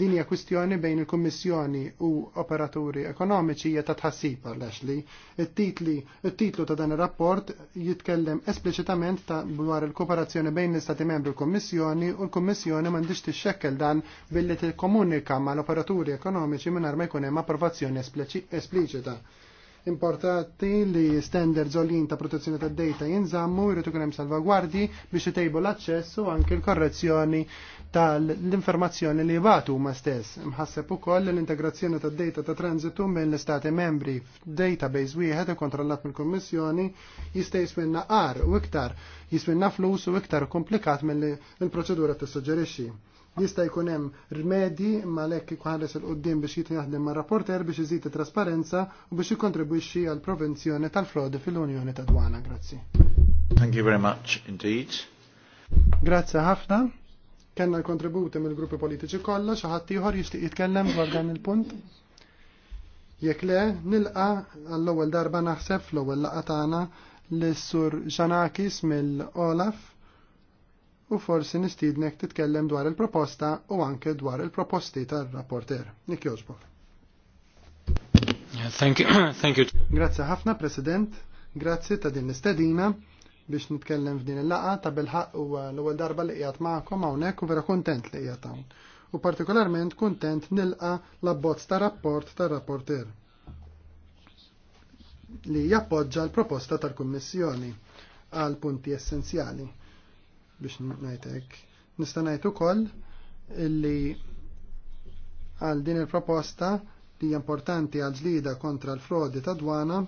Din hija kwistjoni bejn il-Kummissjoni u operaturi ekonomiċi hija ta' tħassib għalax li it-titlu ta' dan ir-rapport jitkellem espliċitament ta' dwar il-kooperazzjoni bejn l-Istati membri u l-Kummissjoni u l-Kummissjoni m'għandix tixxekkel dan billi tikkomunika mal-operaturi ekonomiċi mingħajr ma jkun hemm approvazzjoni espliċita importanti li standards olin ta' protezzjoni ta' data jinżammu, jrid ikun hemm salvagwardji biex jitejbu l-aċċess u anke l-korrezzjoni tal-informazzjoni li jibatu ma stess. Mħasseb ukoll l-integrazzjoni ta' data ta' transitu mill istati membri f'database wieħed kontrollat mill-Kummissjoni jista' jiswinna qar u iktar jiswinna flus u iktar komplikat mill-proċedura tissuġġerixxi. Jista' jkun hemm rimedi imma lek ħares il qudiem biex jitu jaħdem ma' rapporter biex iżid trasparenza u biex jikkontribwixxi għal provenzjoni tal-frodi fil-Unjoni ta' Dwana. Grazzi. Thank you very much indeed. Grazzi ħafna. Kenna l-kontributi mill-gruppi politiċi kollha xi ħadd ieħor jixtieq jitkellem dwar dan il-punt. Jekk le, nilqa għall-ewwel darba naħseb fl-ewwel laqgħa tagħna l-sur Janakis mill-Olaf u forsi nistidnek titkellem dwar il-proposta u anke dwar il-proposti tal-rapporter. Nik jożbok. Thank you. [coughs] Thank you. Grazie ħafna, President. Grazie ta' din istedina biex nitkellem f'din il-laqa ta' bilħaq u l-ewwel darba li qiegħed magħkom hawnhekk u vera kuntent li qiegħed hawn. U partikolarment kuntent nilqa l-abbozz ta' rapport ta' rapporter li jappoġġa l-proposta tal-Kummissjoni għal punti essenzjali biex najtek. Nista' ngħid ukoll illi għal din il-proposta li hija importanti għal ġlida kontra l-frodi ta' dwana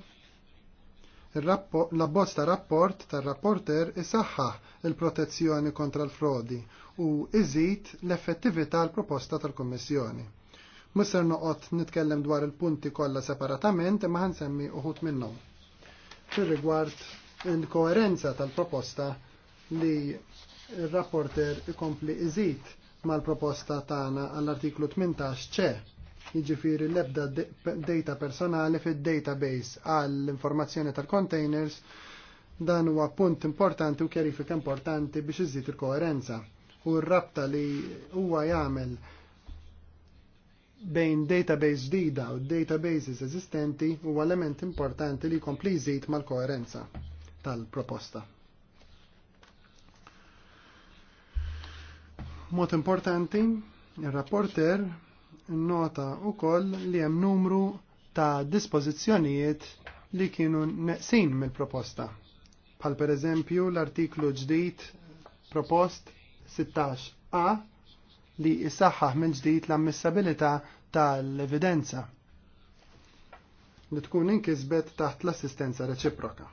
l-abbozz ta' rapport tar-rapporter isaħħaħ il-protezzjoni kontra l-frodi u iżid l-effettività l proposta tal-Kommissjoni. Musser noqgħod nitkellem dwar il-punti kollha separatament imma ħansemmi uħut minnhom. Fir-rigward il-koerenza tal-proposta li il-rapporter ikompli iżid mal-proposta tagħna għall-artiklu 18 ċe jiġifieri l-ebda data personali fid-database għall-informazzjoni tal-containers dan huwa punt importanti u kjarifika importanti biex iżid il-koerenza u r-rabta li huwa jagħmel bejn database ġdida u databases eżistenti huwa element importanti li jkompli jżid mal-koerenza tal-proposta. Mod importanti, il-rapporter nota u koll li hemm numru ta' dispożizzjonijiet li kienu neqsin mill-proposta. Pal per eżempju l-artiklu ġdid propost 16a li jisaxħaħ mill ġdid l-ammissabilità tal-evidenza li tkun inkisbet taħt l-assistenza reċiproka.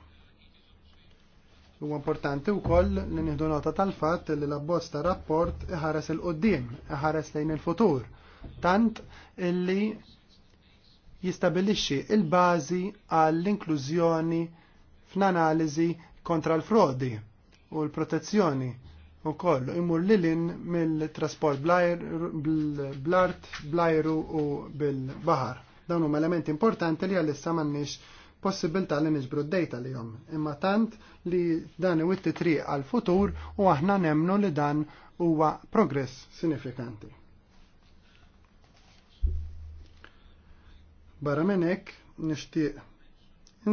U importanti wkoll li nieħdu nota tal-fatt li l-abbozz ta' rapport iħares il-qoddim, iħares lejn il-futur, tant illi jistabilixxi il-bażi għall-inklużjoni f'nanalizi kontra l-frodi u l-protezzjoni u koll imur lilin mill-trasport bl-art, blajru u bil-bahar. Dawn huma elementi importanti li għall-issa mannix possibilità li niġbru d-dejta li jom. Imma tant li dan iwitti triq għal-futur u aħna nemnu li dan huwa progress sinifikanti. Barra minn hekk nixtieq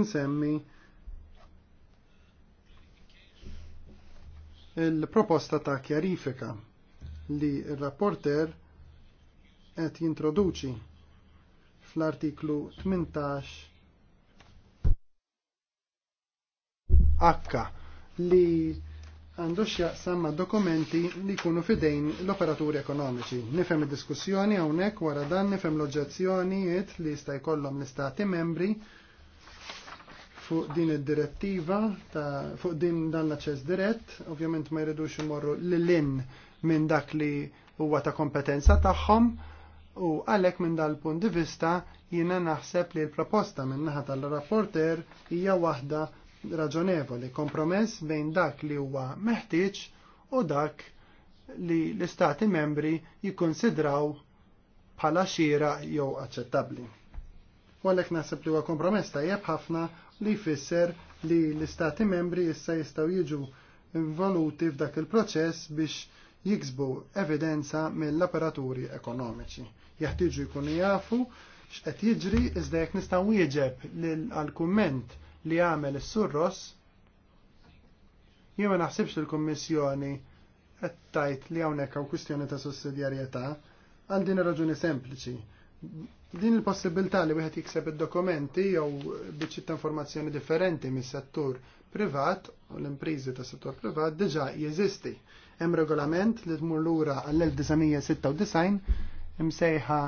insemmi il-proposta ta' kjarifika li il-rapporter qed jintroduċi fl-artiklu 18 H li għandux jaqsam ma' dokumenti li jkunu fidejn l-operaturi ekonomiċi. Nifhem id-diskussjoni hawnhekk wara dan nifhem l-oġġezzjonijiet li jista' jkollhom l-istati membri fuq din id-direttiva fuq din dan l-aċċess dirett, ovvjament ma jridux imorru l in minn dak li huwa ta' kompetenza tagħhom u għalhekk minn dal-punt di vista jiena naħseb li l-proposta minn naħa tal-rapporter hija waħda raġonevoli, kompromess bejn dak li huwa meħtieġ u dak li l-istati membri jikkonsidraw bħala xira jew aċċettabbli. Walek naħseb li huwa kompromess tajjeb ħafna li jfisser li l-istati membri issa jistgħu jiġu involuti f'dak il-proċess biex jiksbu evidenza mill-operaturi ekonomiċi. Jaħtiġu jkunu jafu x'qed jiġri iżda jekk nistgħu wieġeb għal kumment li għamel is-surros, jien ma naħsibx il-Kummissjoni qed tajt li hawnhekk hawn kwistjoni ta' sussidjarjetà għal din raġuni sempliċi. Din il-possibilità li wieħed jikseb id-dokumenti jew biċċi ta' informazzjoni differenti mis-settur privat u l-imprizi ta' settur privat diġa' jeżisti. Hemm regolament li tmur lura għall-1996 imsejħa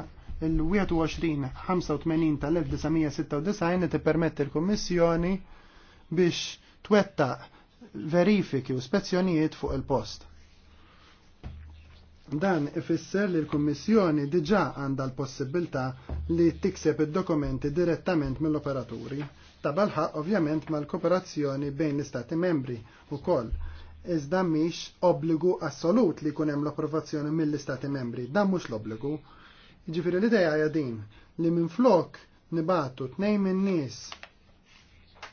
il-21-85 tal-1996 ti permetti l-Kommissjoni biex twetta verifiki u spezzjonijiet fuq il-post. Dan ifisser li l-Kommissjoni diġa għandha l-possibilità li tikseb id-dokumenti direttament mill-operaturi, tabalħa ovvjament mal-kooperazzjoni bejn l-Istati membri u koll. Iżda miex obbligu assolut li kunem l-approvazzjoni mill-Istati membri, dan mhux l-obbligu, Ġifiri l-ideja jadin li minn flok nibatu tnejn minn nis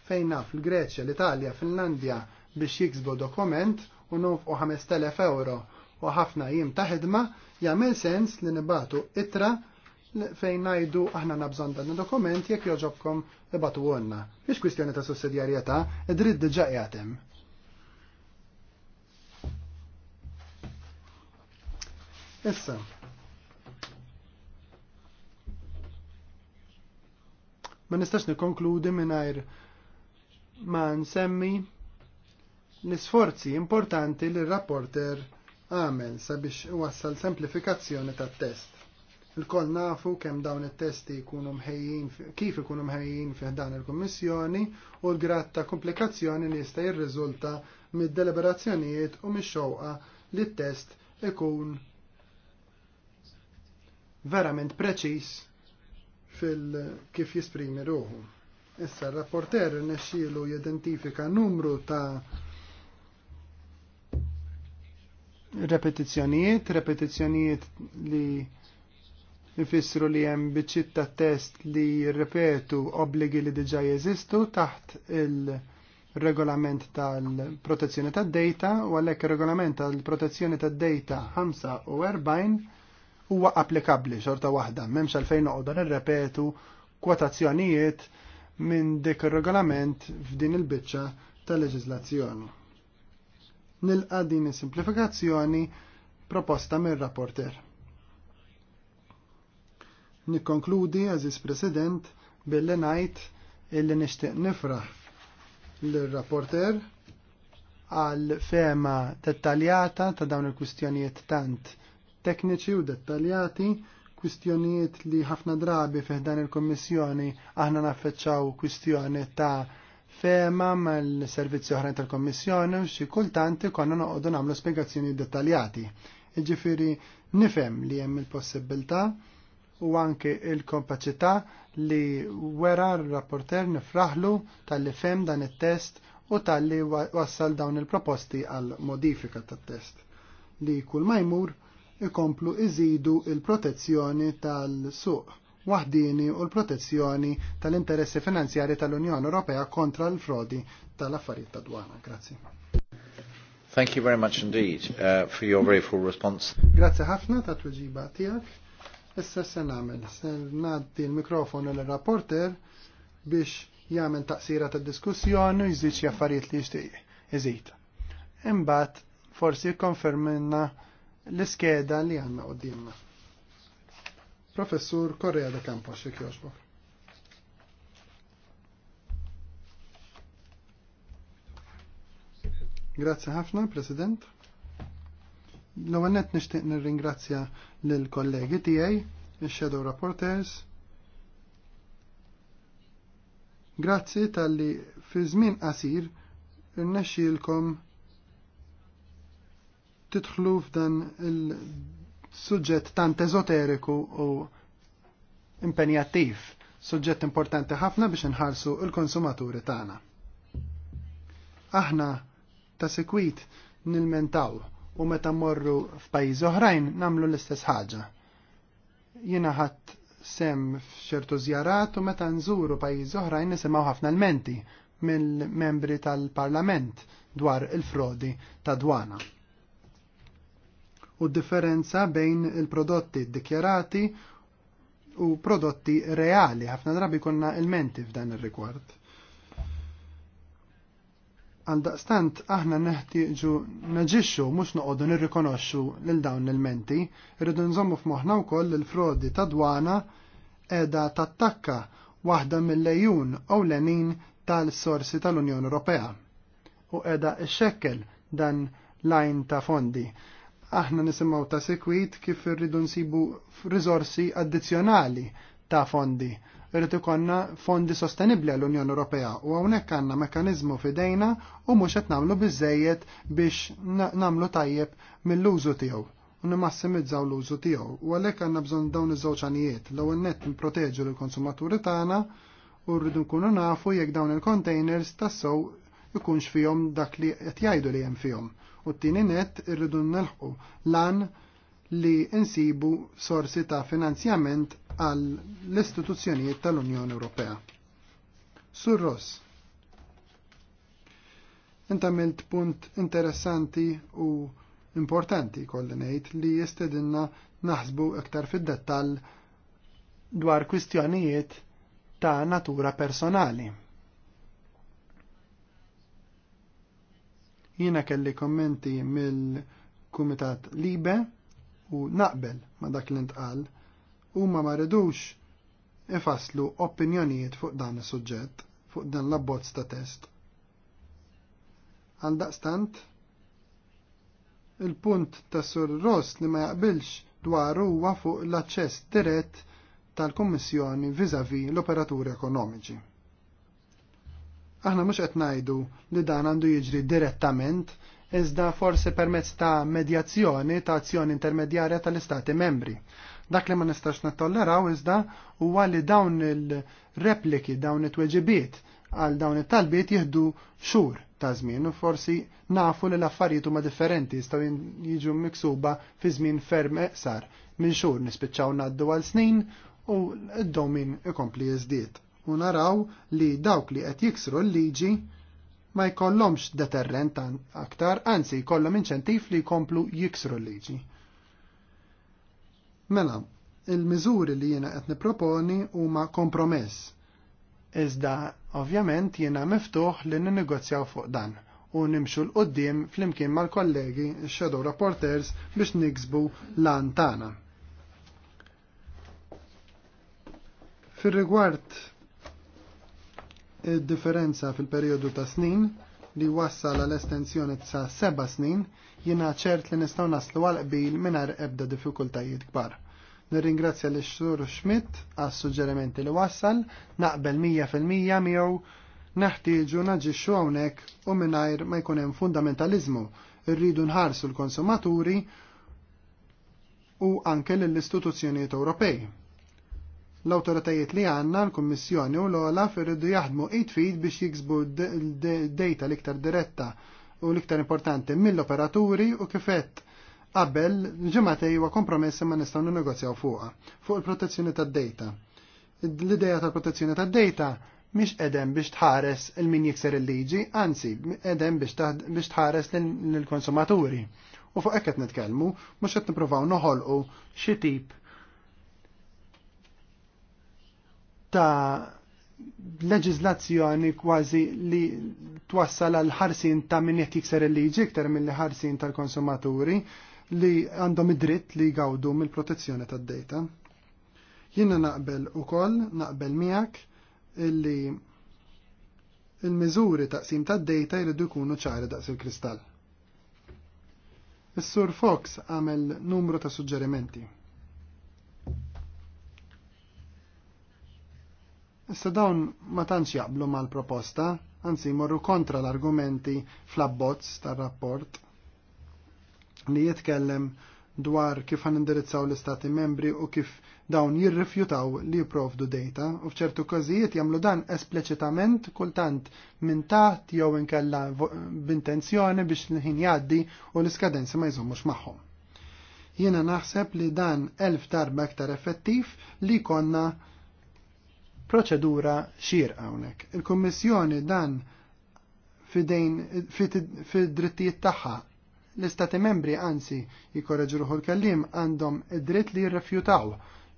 fejn naf l-Greċja, l-Italja, Finlandja biex jiksbu dokument u nofqu 5000 euro u ħafna jim ta' ħidma jagħmel sens li nibatu itra fejn najdu aħna nabżon dan dokument jekk joġobkom ibatu għonna. Biex kwistjoni ta' sussidjarjetà, id-dritt diġà jgħatem. Issa, Ma nistax nikkonkludi mingħajr ma nsemmi l-isforzi importanti li r-rapporter għamel sabiex wassal semplifikazzjoni tat-test. Il-koll nafu kemm dawn it-testi jkunu mħejjin kif ikunu mħejjin fih dan il-Kummissjoni u l grat ta' komplikazzjoni li jista' jirriżulta mid-deliberazzjonijiet u mix xoqa li t-test ikun verament preċis fil kif jisprimi ruħu. Issa r-rapporter nexxielu jidentifika numru ta' repetizzjonijiet, repetizzjonijiet li jifissru li hemm biċċiet test li repetu obbligi li diġà jeżistu taħt il-regolament tal-protezzjoni tad-data u għalhekk ir-regolament tal-protezzjoni tad-data 45 huwa applikabli xorta waħda, memx għalfejn noqogħdu nirrepetu kwotazzjonijiet minn dik ir-regolament f'din il-biċċa tal-leġiżlazzjoni. Nilqa din is-simplifikazzjoni proposta mir-rapporter. Nikkonkludi, Aziz President, billi najt illi nishtiq nifra l-rapporter għal fema dettaljata ta' dawn il-kustjonijiet tant tekniċi u dettaljati, kwistjonijiet li ħafna drabi fiħdan il-Kommissjoni aħna naffeċċaw kwistjoni ta' fema mal-servizzi oħrajn tal-Kommissjoni u xi kultant konna noqogħdu nagħmlu spjegazzjoni dettaljati. Jiġifieri nifhem li hemm il-possibilità u anke il-kompaċità li wera r-rapporter nifraħlu tal-li fem dan it-test u tal-li wassal dawn il-proposti għal modifika tat-test li kull ma jmur ikomplu iżidu il-protezzjoni tal-suq waħdini u l-protezzjoni tal-interessi finanzjari tal-Unjoni Ewropea kontra l-frodi tal-affarijiet ta' dwana. Grazzi. Thank you very much indeed uh, for your very full response. Grazzi ħafna ta' tweġiba tiegħek. Issa se nagħmel se ngħaddi l-mikrofonu l-rapporter biex jagħmel taqsira tad diskussjoni u jżid xi affarijiet li jixtieq iżid. Imbagħad forsi jikkonferminna l-iskeda li għanna qoddimna. Professur Correa de Campos, xek joġbor. Grazie ħafna, President. L-għannet nishtiq nir-ringrazzja l-kollegi tijaj, il-Shadow Rapporters. Grazzi tal-li fi żmien qasir irnexxielkom titħlu f'dan il-suġġett tant ezoteriku u impenjattiv, suġġett importanti ħafna biex nħarsu il-konsumaturi tagħna. Aħna ta' sekwit nilmentaw u meta morru f'pajjiżi oħrajn namlu l-istess ħaġa. Jiena ħadd sem f'ċertu żjarat u meta nżuru pajjiżi oħrajn nisimgħu ħafna l-menti mill-membri tal-Parlament dwar il-frodi ta' dwana u differenza bejn il-prodotti dikjarati u prodotti reali. ħafna drabi konna il-menti f'dan il rigward Għaldaqstant aħna neħtieġu naġixxu mhux noqogħdu nirrikonoxxu lil dawn il-menti, irridu nżommu f'moħħna wkoll il-frodi ta' dwana qiegħda tattakka waħda mill-lejun ewlenin tal-sorsi tal-Unjoni Ewropea u qiegħda xekkel dan lajn ta' fondi aħna nisimgħu ta' sekwit kif irridu nsibu rizorsi addizzjonali ta' fondi. Irrid ikonna fondi sostenibbli għall-Unjoni Ewropea u hawnhekk għandna mekkaniżmu f'idejna u mhux qed nagħmlu biżejjed biex nagħmlu tajjeb mill-użu tiegħu u nimassimizzaw l-użu tiegħu. U għalhekk għandna bżonn dawn iż-żewġ għanijiet l-ewwel nett nipproteġu lill-konsumaturi tagħna u rridu nkunu nafu jekk dawn il-containers tassew ikunx fihom dak li qed jgħidu li hemm fihom u t-tieni net irridu nelħu lan li insibu sorsi ta' finanzjament għal l-istituzzjonijiet tal-Unjoni Ewropea. Sur Ross, intamilt punt interessanti u importanti kolli ngħid li jistedinna naħsbu iktar fid-dettall dwar kwistjonijiet ta' natura personali. Jiena kelli kommenti mill-Kumitat Libe u naqbel ma dak li ntqal huma ma ridux ifaslu opinjonijiet fuq dan is-suġġett, fuq dan l-abbozz ta' test. Għaldaqstant, il-punt ta' Sur Ross li ma jaqbilx dwar huwa fuq l-aċċess dirett tal-Kummissjoni viżavi l-operaturi ekonomiċi. Aħna mhux qed ngħidu li dan għandu jiġri direttament, iżda forsi permezz ta' medjazzjoni ta' azzjoni intermedjarja tal-Istati membri. Dak li ma nistax nattolleraw iżda huwa li dawn il-repliki, dawn it-tweġibiet għal dawn it-talbiet jihdu xhur ta' żmien u forsi nafu li l-affarijiet huma differenti jistgħu jiġu miksuba fi żmien ferm eqsar minn xhur nispiċċaw ngħaddu għal snin u d-domin ikompli jiżdied u naraw li dawk li qed jiksru l-liġi ma jkollhomx deterrent aktar, anzi jkollhom inċentiv li jkomplu jiksru l-liġi. Mela, il-miżuri li jiena qed nipproponi huma kompromess. Iżda ovvjament jiena miftuħ li ninnegozjaw fuq dan u nimxu l-qoddim flimkien mal-kollegi Shadow Reporters biex niksbu l-antana. Fil-rigward differenza fil-periodu ta' snin li wassal l estensjoni ta' seba snin jina ċert li nistaw naslu għal qbil minar ebda diffikultajiet kbar. Nirringrazzja li xur Schmidt għas suġġerimenti li wassal, naqbel 100% miegħu neħtieġu naġixxu hawnhekk u mingħajr ma jkun hemm fundamentaliżmu, rridu nħarsu l-konsumaturi u anke lill-istituzzjonijiet Ewropej l-autoritajiet li għanna l-Kommissjoni u l ola irridu jaħdmu it-fid biex jiksbu data l-iktar diretta u l-iktar importanti mill-operaturi u kifett qabel ġematej u kompromessi ma nistgħu negozjaw fuqha fuq il-protezzjoni tad-data. L-idea tal-protezzjoni tad-data mhix edem biex tħares il min jikser il-liġi, anzi edem biex tħares lill konsumaturi U fuq hekk qed nitkellmu mhux qed nippruvaw noħolqu xi tip ta' leġizlazzjoni kważi li twassal għal ħarsin ta' min jekk jikser il-liġi iktar mill ħarsin tal-konsumaturi li għandhom id-dritt li jgawdu mill-protezzjoni tad-data. Jiena naqbel ukoll, naqbel miegħek illi il-miżuri taqsim tad-data jridu jkunu ċari daqs il-kristall. Is-Sur Fox għamel numru ta' suġġerimenti Issa dawn ma tantx jaqblu mal-proposta, anzi morru kontra l-argumenti fl-abbozz tar-rapport li jitkellem dwar kif għan indirizzaw l-istati membri u kif dawn jirrifjutaw li jiprovdu data u fċertu każijiet jagħmlu dan esplicitament kultant minn taħt jew inkella b'intenzjoni biex l-ħin jgħaddi u l-iskadenzi ma jżommux magħhom. Jiena naħseb li dan elf darba aktar effettiv li konna proċedura xir hawnhekk. Il-Kummissjoni dan fidejn fid-drittijiet tagħha l-istati membri anzi jikkoraġu ruħu l-kellim għandhom id-dritt li jirrefjutaw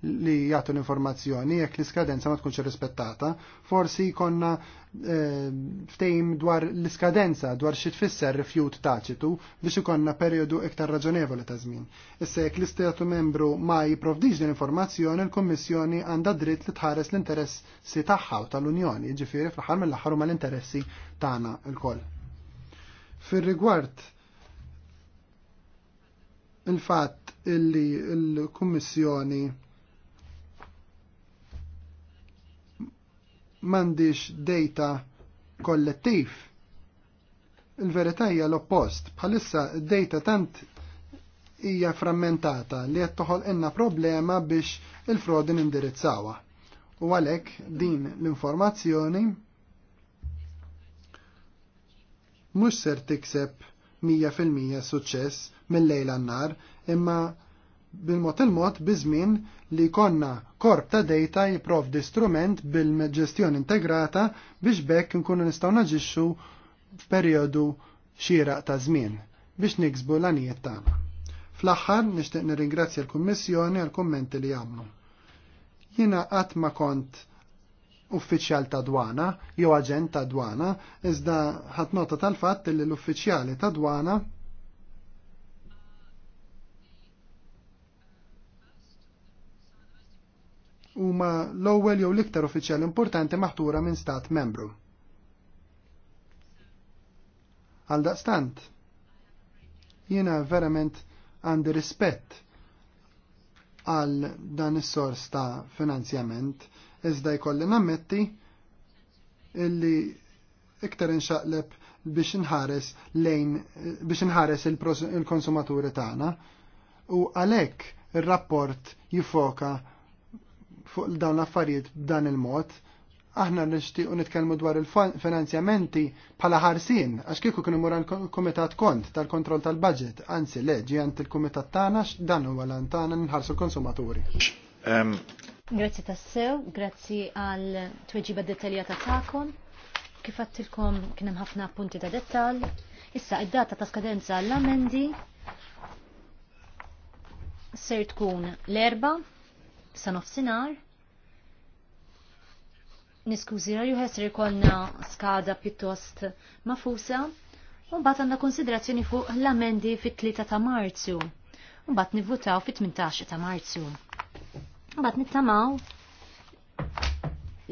li jagħtu l-informazzjoni jekk l-iskadenza ma tkunx rispettata, forsi jkollna eh, ftejm dwar l-iskadenza dwar xi tfisser rifjut taċitu biex ikonna perjodu iktar raġonevoli ta' żmien. Issa jekk l-istatu membru ma jipprovdix din informazzjoni l-Kummissjoni għandha dritt li tħares l-interessi tagħha u tal-Unjoni, jiġifieri fl-aħħar mill-aħħar huma l-interessi tagħna lkoll. Fir-rigward il-fatt illi l-Kummissjoni il m'għandix data kollettiv. Il-verità hija l-oppost, bħalissa d-data tant hija frammentata li qed inna problema biex il-frodi nindirizzawa. U għalhekk din l-informazzjoni mhux ser tikseb 100% suċċess mill-lejla n-nar, imma bil-mod il-mod bizmin li konna korp ta' data jiprovdi strument bil-ġestjoni integrata biex bekk nkunu nistgħu naġixxu f'perjodu xieraq ta' żmien biex niksbu l-anijiet tagħna. Fl-aħħar nixtieq nirringrazzja l-Kummissjoni għal kummenti li għamlu. Jiena qatt ma kont uffiċjal ta' dwana jew aġent ta' dwana, iżda ħadd nota tal-fatt li l-uffiċjali ta' dwana huma l-ewwel jew l-iktar uffiċjal importanti maħtura minn stat membru. Għal daqstant, jiena verament għandi rispett għal dan is-sors ta' finanzjament, iżda jkolli nammetti illi iktar inxaqleb biex nħares lejn biex nħares il-konsumaturi il tagħna u għalhekk ir-rapport jifoka fuq dawn l-affarijiet b'dan il-mod, aħna nixtiequ nitkellmu dwar il-finanzjamenti bħala ħarsin għax kieku kienu mura l-Kumitat Kont tal-Kontroll tal-Budget, anzi leġi għand il-Kumitat tagħna dan huwa l tagħna nħarsu l-konsumaturi. Grazzi tassew, grazzi għal tweġiba dettaljata tagħkom. Kif għattilkom kien hemm ħafna punti ta' dettall. Issa id-data ta' skadenza l-amendi ser tkun l-erba' sa nofsinar. Niskużi raju ħesri konna skada pjuttost mafusa. Mbagħad għandna konsiderazzjoni fuq l-amendi fit-3 ta' Marzu. Mbagħad nivvutaw fit-18 ta' Marzu. bat nittamaw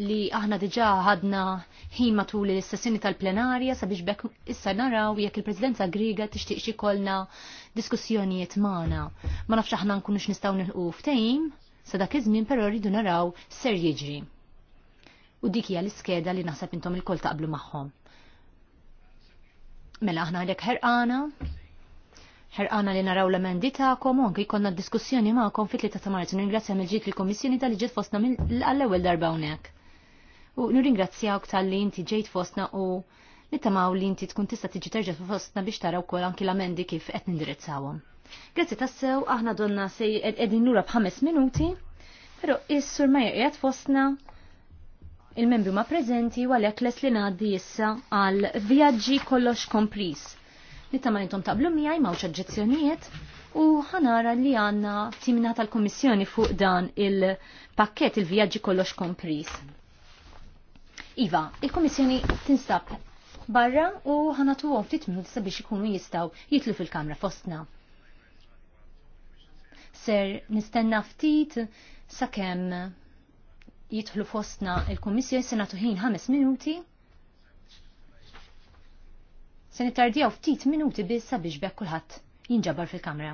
li aħna diġà ħadna ħima tul l-sessjoni tal-plenarja sabiex bekk issa naraw jekk il-Presidenza Griga tixtieq xi kollna diskussjonijiet magħna. Ma nafx aħna nkunux nistgħu nilqu ftehim Sa dak iż-żmien però rridu naraw ser jiġri. U dik hija l-iskeda li naħseb intom il-kol taqblu magħhom. Mela aħna għalek ħerqana, ħerqana li naraw l-emendi ta'kom, anki konna diskussjoni magħkom fit-3 ta' marzu. Nirringrazzja mill-ġit l-Komissjoni tal-li ġiet fostna għall-ewwel darba hawnhekk. U nirringrazzjawk tal-li inti ġejt fostna u nittamaw li inti tkun tista' tiġi terġa' fostna biex taraw kol anki l amendi kif qed nindirizzawhom. Grazzi tassew, aħna donna sej edin nura bħames minuti, pero is-sur ma jirqijat fostna il-membri ma prezenti u għalek les li naddi jissa għal vjaġġi kollox kompris. Nittama intom taqblu miħaj mawċ oġġezzjonijiet u ħanara li għanna timna tal-Komissjoni fuq dan il-pakket il-vjaġġi kollox kompris. Iva, il-Komissjoni tinstab barra u ħanatu għom ftit minuti sabiex ikunu jistaw jitlu fil-kamra fostna ser nistenna ftit sakemm jidħlu fostna il-Kummissjoni se nagħtu ħin ħames minuti. Se nittardjaw ftit minuti biss sabiex bekk kulħadd jinġabar fil-kamra.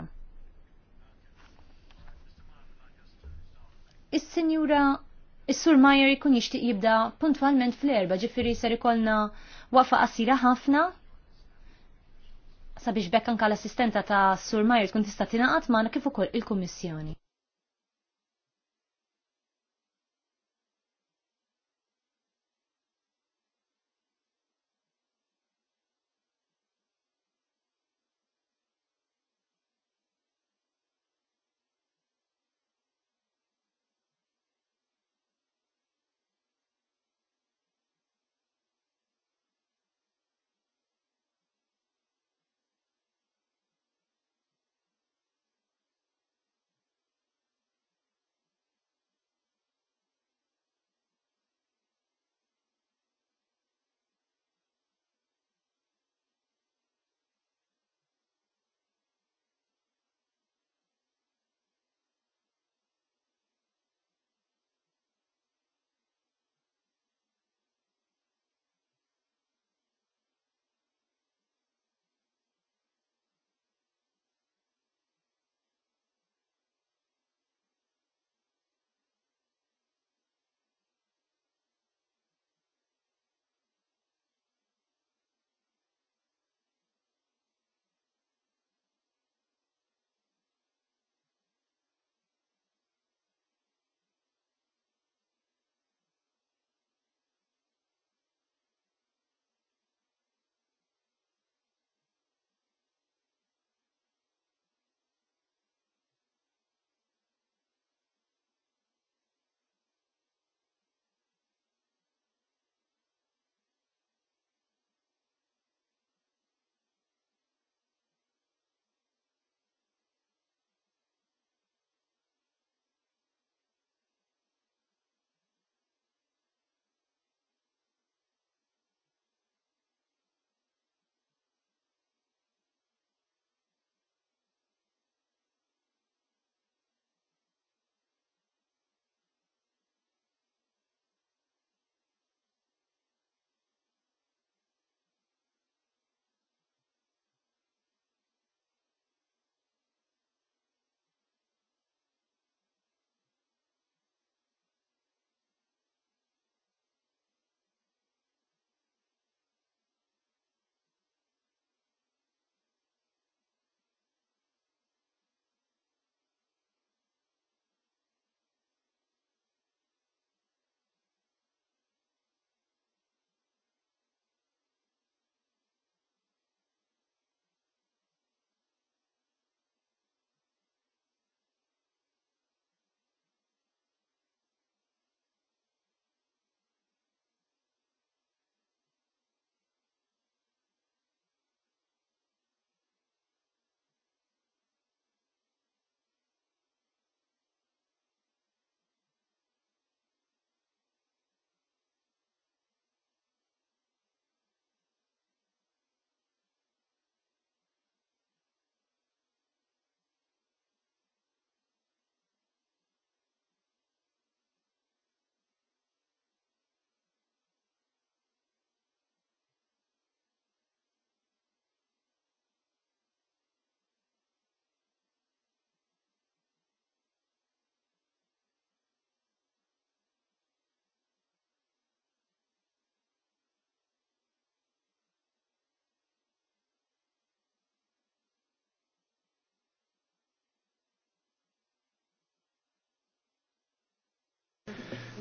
Is-Sinjura Is-Sur Majer ikun jixtieq jibda puntwalment fl-erba' ġifieri ser ikollna wafa qasira ħafna sabiex bekk anka l-assistenta ta' Sur Majer tkun tista' tingħaqad magħna kif ukoll il-Kummissjoni.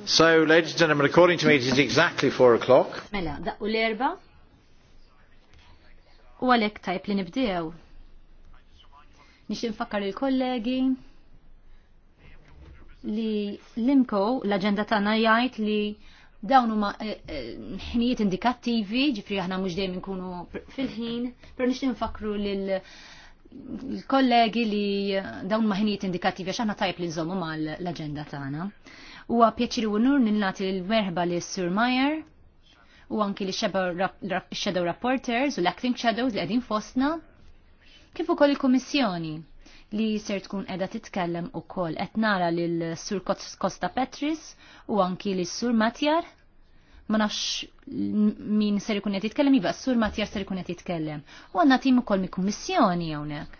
So, ladies and gentlemen, according to me, it is exactly four o'clock. Mela, daqqu l-erba. U għalek tajb li nibdew. Nixin fakkar il-kollegi li l-imko l-agenda tagħna jgħid li dawn huma eh, eh, ħinijiet indikattivi, ġifri aħna mhux dejjem nkunu fil-ħin, però nixtieq nfakru l kollegi li eh, dawn ma ħnijiet indikattivi għax aħna tajb li nżommu ma l-aġenda tagħna. Huwa pjaċir u nur nil-nati l-merħba li Sur Meyer u anki li shadow rapporters u l-acting shadows li għedin fostna kif ukoll il-Kummissjoni li ser tkun edha titkellem u koll etnara lil sur Costa Petris u anki li sur Matjar ma nafx min ser ikun qed jitkellem iva sur Matjar ser ikun qed jitkellem. U għandna tim ukoll mi kummissjoni hawnhekk.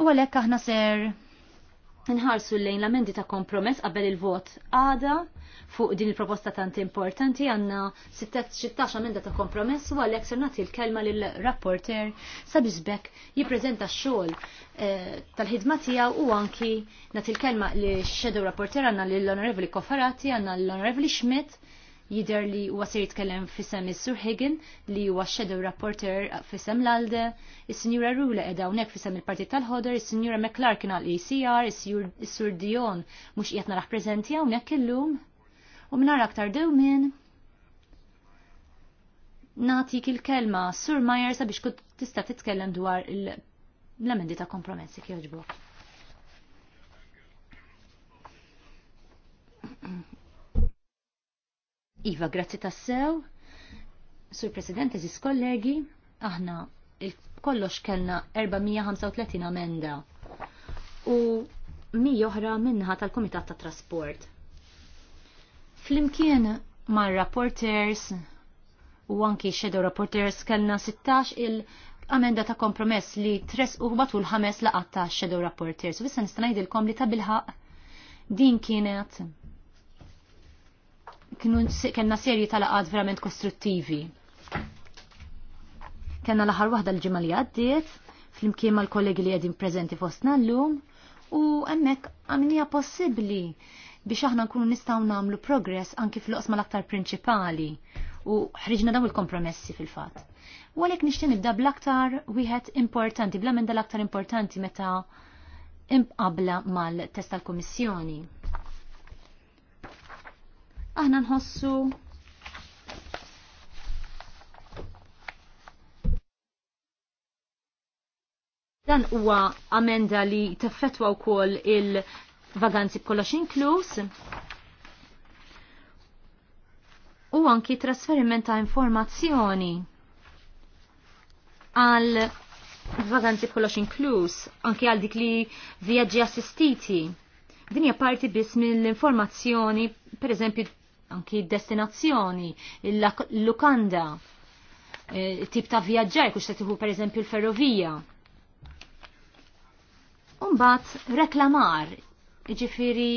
U għalhekk aħna ser nħarsu lejn l-amendi ta' kompromess qabel il-vot għada fuq din il-proposta tant importanti għanna 16 amenda ta' kompromess u għalek nagħti l-kelma lill-rapporter sabiex bekk jippreżenta x-xogħol eh, tal-ħidma tiegħu u anki nagħti l-kelma li shadow rapporter għandna lill-Onorevoli Kofarati, għandna l-Onorevoli Schmidt jider li huwa se jitkellem fisem is-Sur Higgin li huwa shadow reporter fisem l-Alde, is-Sinjura Rula qiegħda hawnhekk fisem il-Partit tal-Ħodor, is-Sinjura kien għal ECR, is-Sur Dion mhux qiegħed naraħ preżenti hawnhekk illum. U minar aktar min Natik il-kelma Sur Meyer sabiex kont tista' titkellem dwar l-emendi ta' kompromessi kif jogħġbok. Iva, grazzi tassew. Sur President, eżis kollegi, aħna kollox kellna 435 amenda u mi joħra minnaħa tal-Komitat ta' Trasport. Flimkien ma' rapporters u anki shadow rapporters kellna 16 il-amenda ta' kompromess li tres u batul ħames laqat ta' shadow rapporters. U issa li ta' bilħaq din kienet kienu kena serji tal verament kostruttivi. Kenna l wahda l-ġimma li għaddiet, fl-imkien mal-kollegi li għedin prezenti fostna l-lum, u emmek għamnija possibli biex aħna nkunu nistaw namlu progress anki fl qosma l-aktar prinċipali u ħriġna dawn il-kompromessi fil-fat. U għalek nishtin nibda bl-aktar wieħed importanti, bla minn dal-aktar importanti meta imqabla mal testa tal-Komissjoni aħna nħossu Dan huwa amenda li teffetwa wkoll il-vaganzi kollox inkluż u anki trasferiment ta' informazzjoni għal vaganzi kollox inkluż, anki għal dik li vjaġġi assistiti. Din hija parti biss mill-informazzjoni, per eżempju, anki destinazzjoni, il-lukanda, eh, tip ta' vjaġġar, kux ta' tiħu per eżempju l-ferrovija. Umbat, reklamar, ġifiri,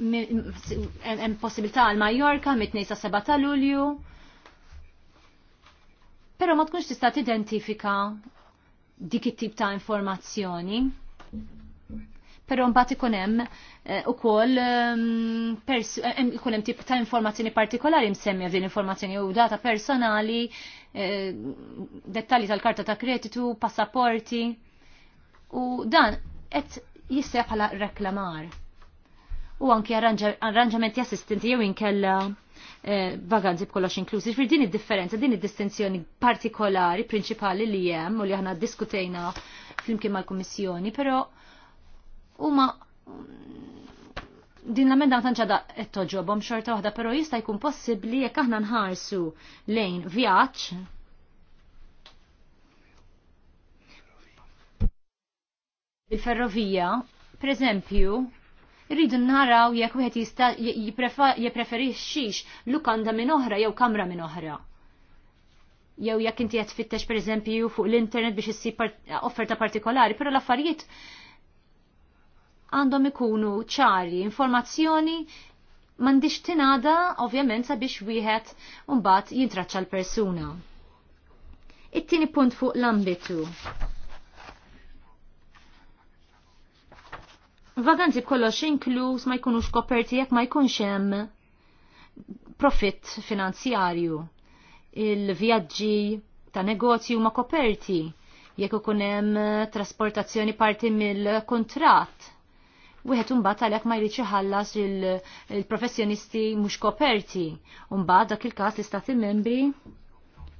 hemm possibilità għal Majorka mit-2 sa' 7 ta' Lulju. Però ma tkunx tista' tidentifika dik it-tip ta' informazzjoni. Pero mbagħad ikun hemm eh, ukoll ehm, ikun hemm tip ta' informazzjoni partikolari msemmija din informazzjoni u data personali, eh, dettalji tal-karta ta' kreditu, passaporti. U dan qed jissejħ bħala reklamar. U anki arranġamenti assistenti jew inkella eh, vaganzi b'kollox inklużi. Fir din id-differenza, din id-distinzjoni partikolari, prinċipali li hemm u li aħna diskutejna flimkien mal-Kummissjoni, però Uma din l-amenda ċada tanċada toġobhom xorta wahda, però jista' jkun possibbli jekk aħna nħarsu lejn vjaġġ il-ferrovija, per eżempju, irridu naraw jekk wieħed jista' jippreferixxix lukanda minn oħra jew kamra minn oħra. Jew jekk inti qed tfittex pereżempju fuq l-internet biex issib offerta partikolari, però l-affarijiet għandhom ikunu ċari, informazzjoni mandiċ tinada ovvjament sabiex wieħed mbagħad jintraċċa l-persuna. It-tieni punt fuq l-ambitu. Vaganzi kollox inkluż ma jkunux koperti jekk ma jkunx hemm profitt finanzjarju. Il-vjaġġi ta' negozju ma koperti jekk ikun hemm trasportazzjoni parti mill-kontratt wieħed imbagħad għalhekk ma jridx iħallas il-professjonisti mhux koperti. Imbagħad dak il-każ l-istati membri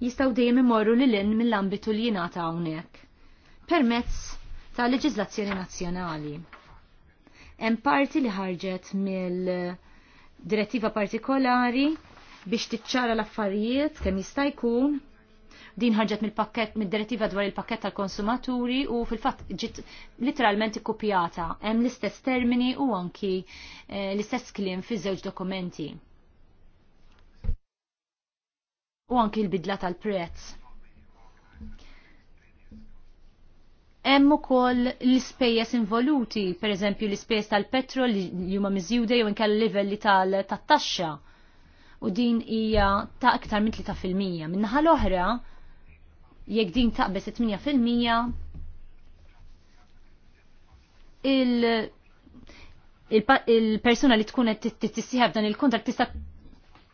jistgħu dejjem imorru lil hinn mill-ambitu li jingħata hawnhekk permezz ta' leġiżlazzjoni nazzjonali. Hemm parti li ħarġet mill-direttiva partikolari biex tiċċara l-affarijiet kemm jista' jkun din ħarġet mill-pakket mid-direttiva dwar il-pakket tal-konsumaturi u fil-fatt ġiet literalment ikkupjata hemm l-istess termini u anki eh, l-istess kliem fi żewġ dokumenti. U anki l-bidla tal-prezz. Hemm ukoll l-ispejjeż involuti, pereżempju l-ispejjeż tal-petrol li huma miżjuda jew inkella livelli tal-taxxa. U din hija ta' aktar minn 3 fil-mija. Minnaħa l-oħra, jekk din taqbes 8% il- il-persuna li tkun qed tissieħab dan il-kontrat tista'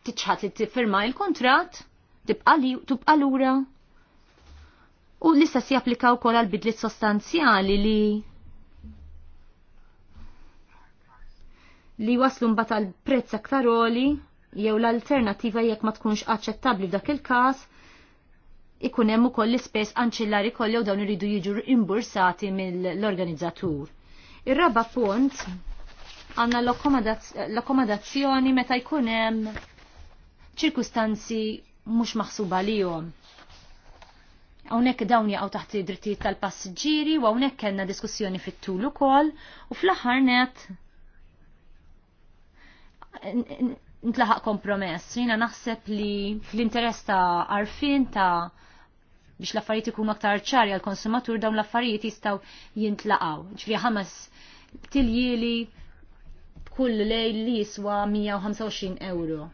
tiċħat li tiffirma il-kontrat tibqa' lura u lista si japplika wkoll għal bidliet sostanzjali li li waslu mbagħad għal prezz aktar jew l-alternattiva jekk ma tkunx aċċettabbli f'dak il-każ ikun hemm ukoll l-ispess anċillari kollew dawn iridu jiġu imbursati mill-organizzatur. Ir-raba punt għandna l-akkomodazzjoni meta jkun hemm ċirkustanzi mhux maħsuba lihom. Hawnhekk dawn jaqgħu taħt id-drittijiet tal-passiġġieri u hawnhekk kellna diskussjoni fit-tul ukoll u fl-aħħar net intlaħaq kompromess. Jina naħseb li l interess ta' arfin ta' biex l-affarijiet ikunu aktar ċari għal konsumatur dawn l-affarijiet jistgħu jintlaqgħu. Ġifieri ħames tiljieli kull lejl li jiswa 125 euro.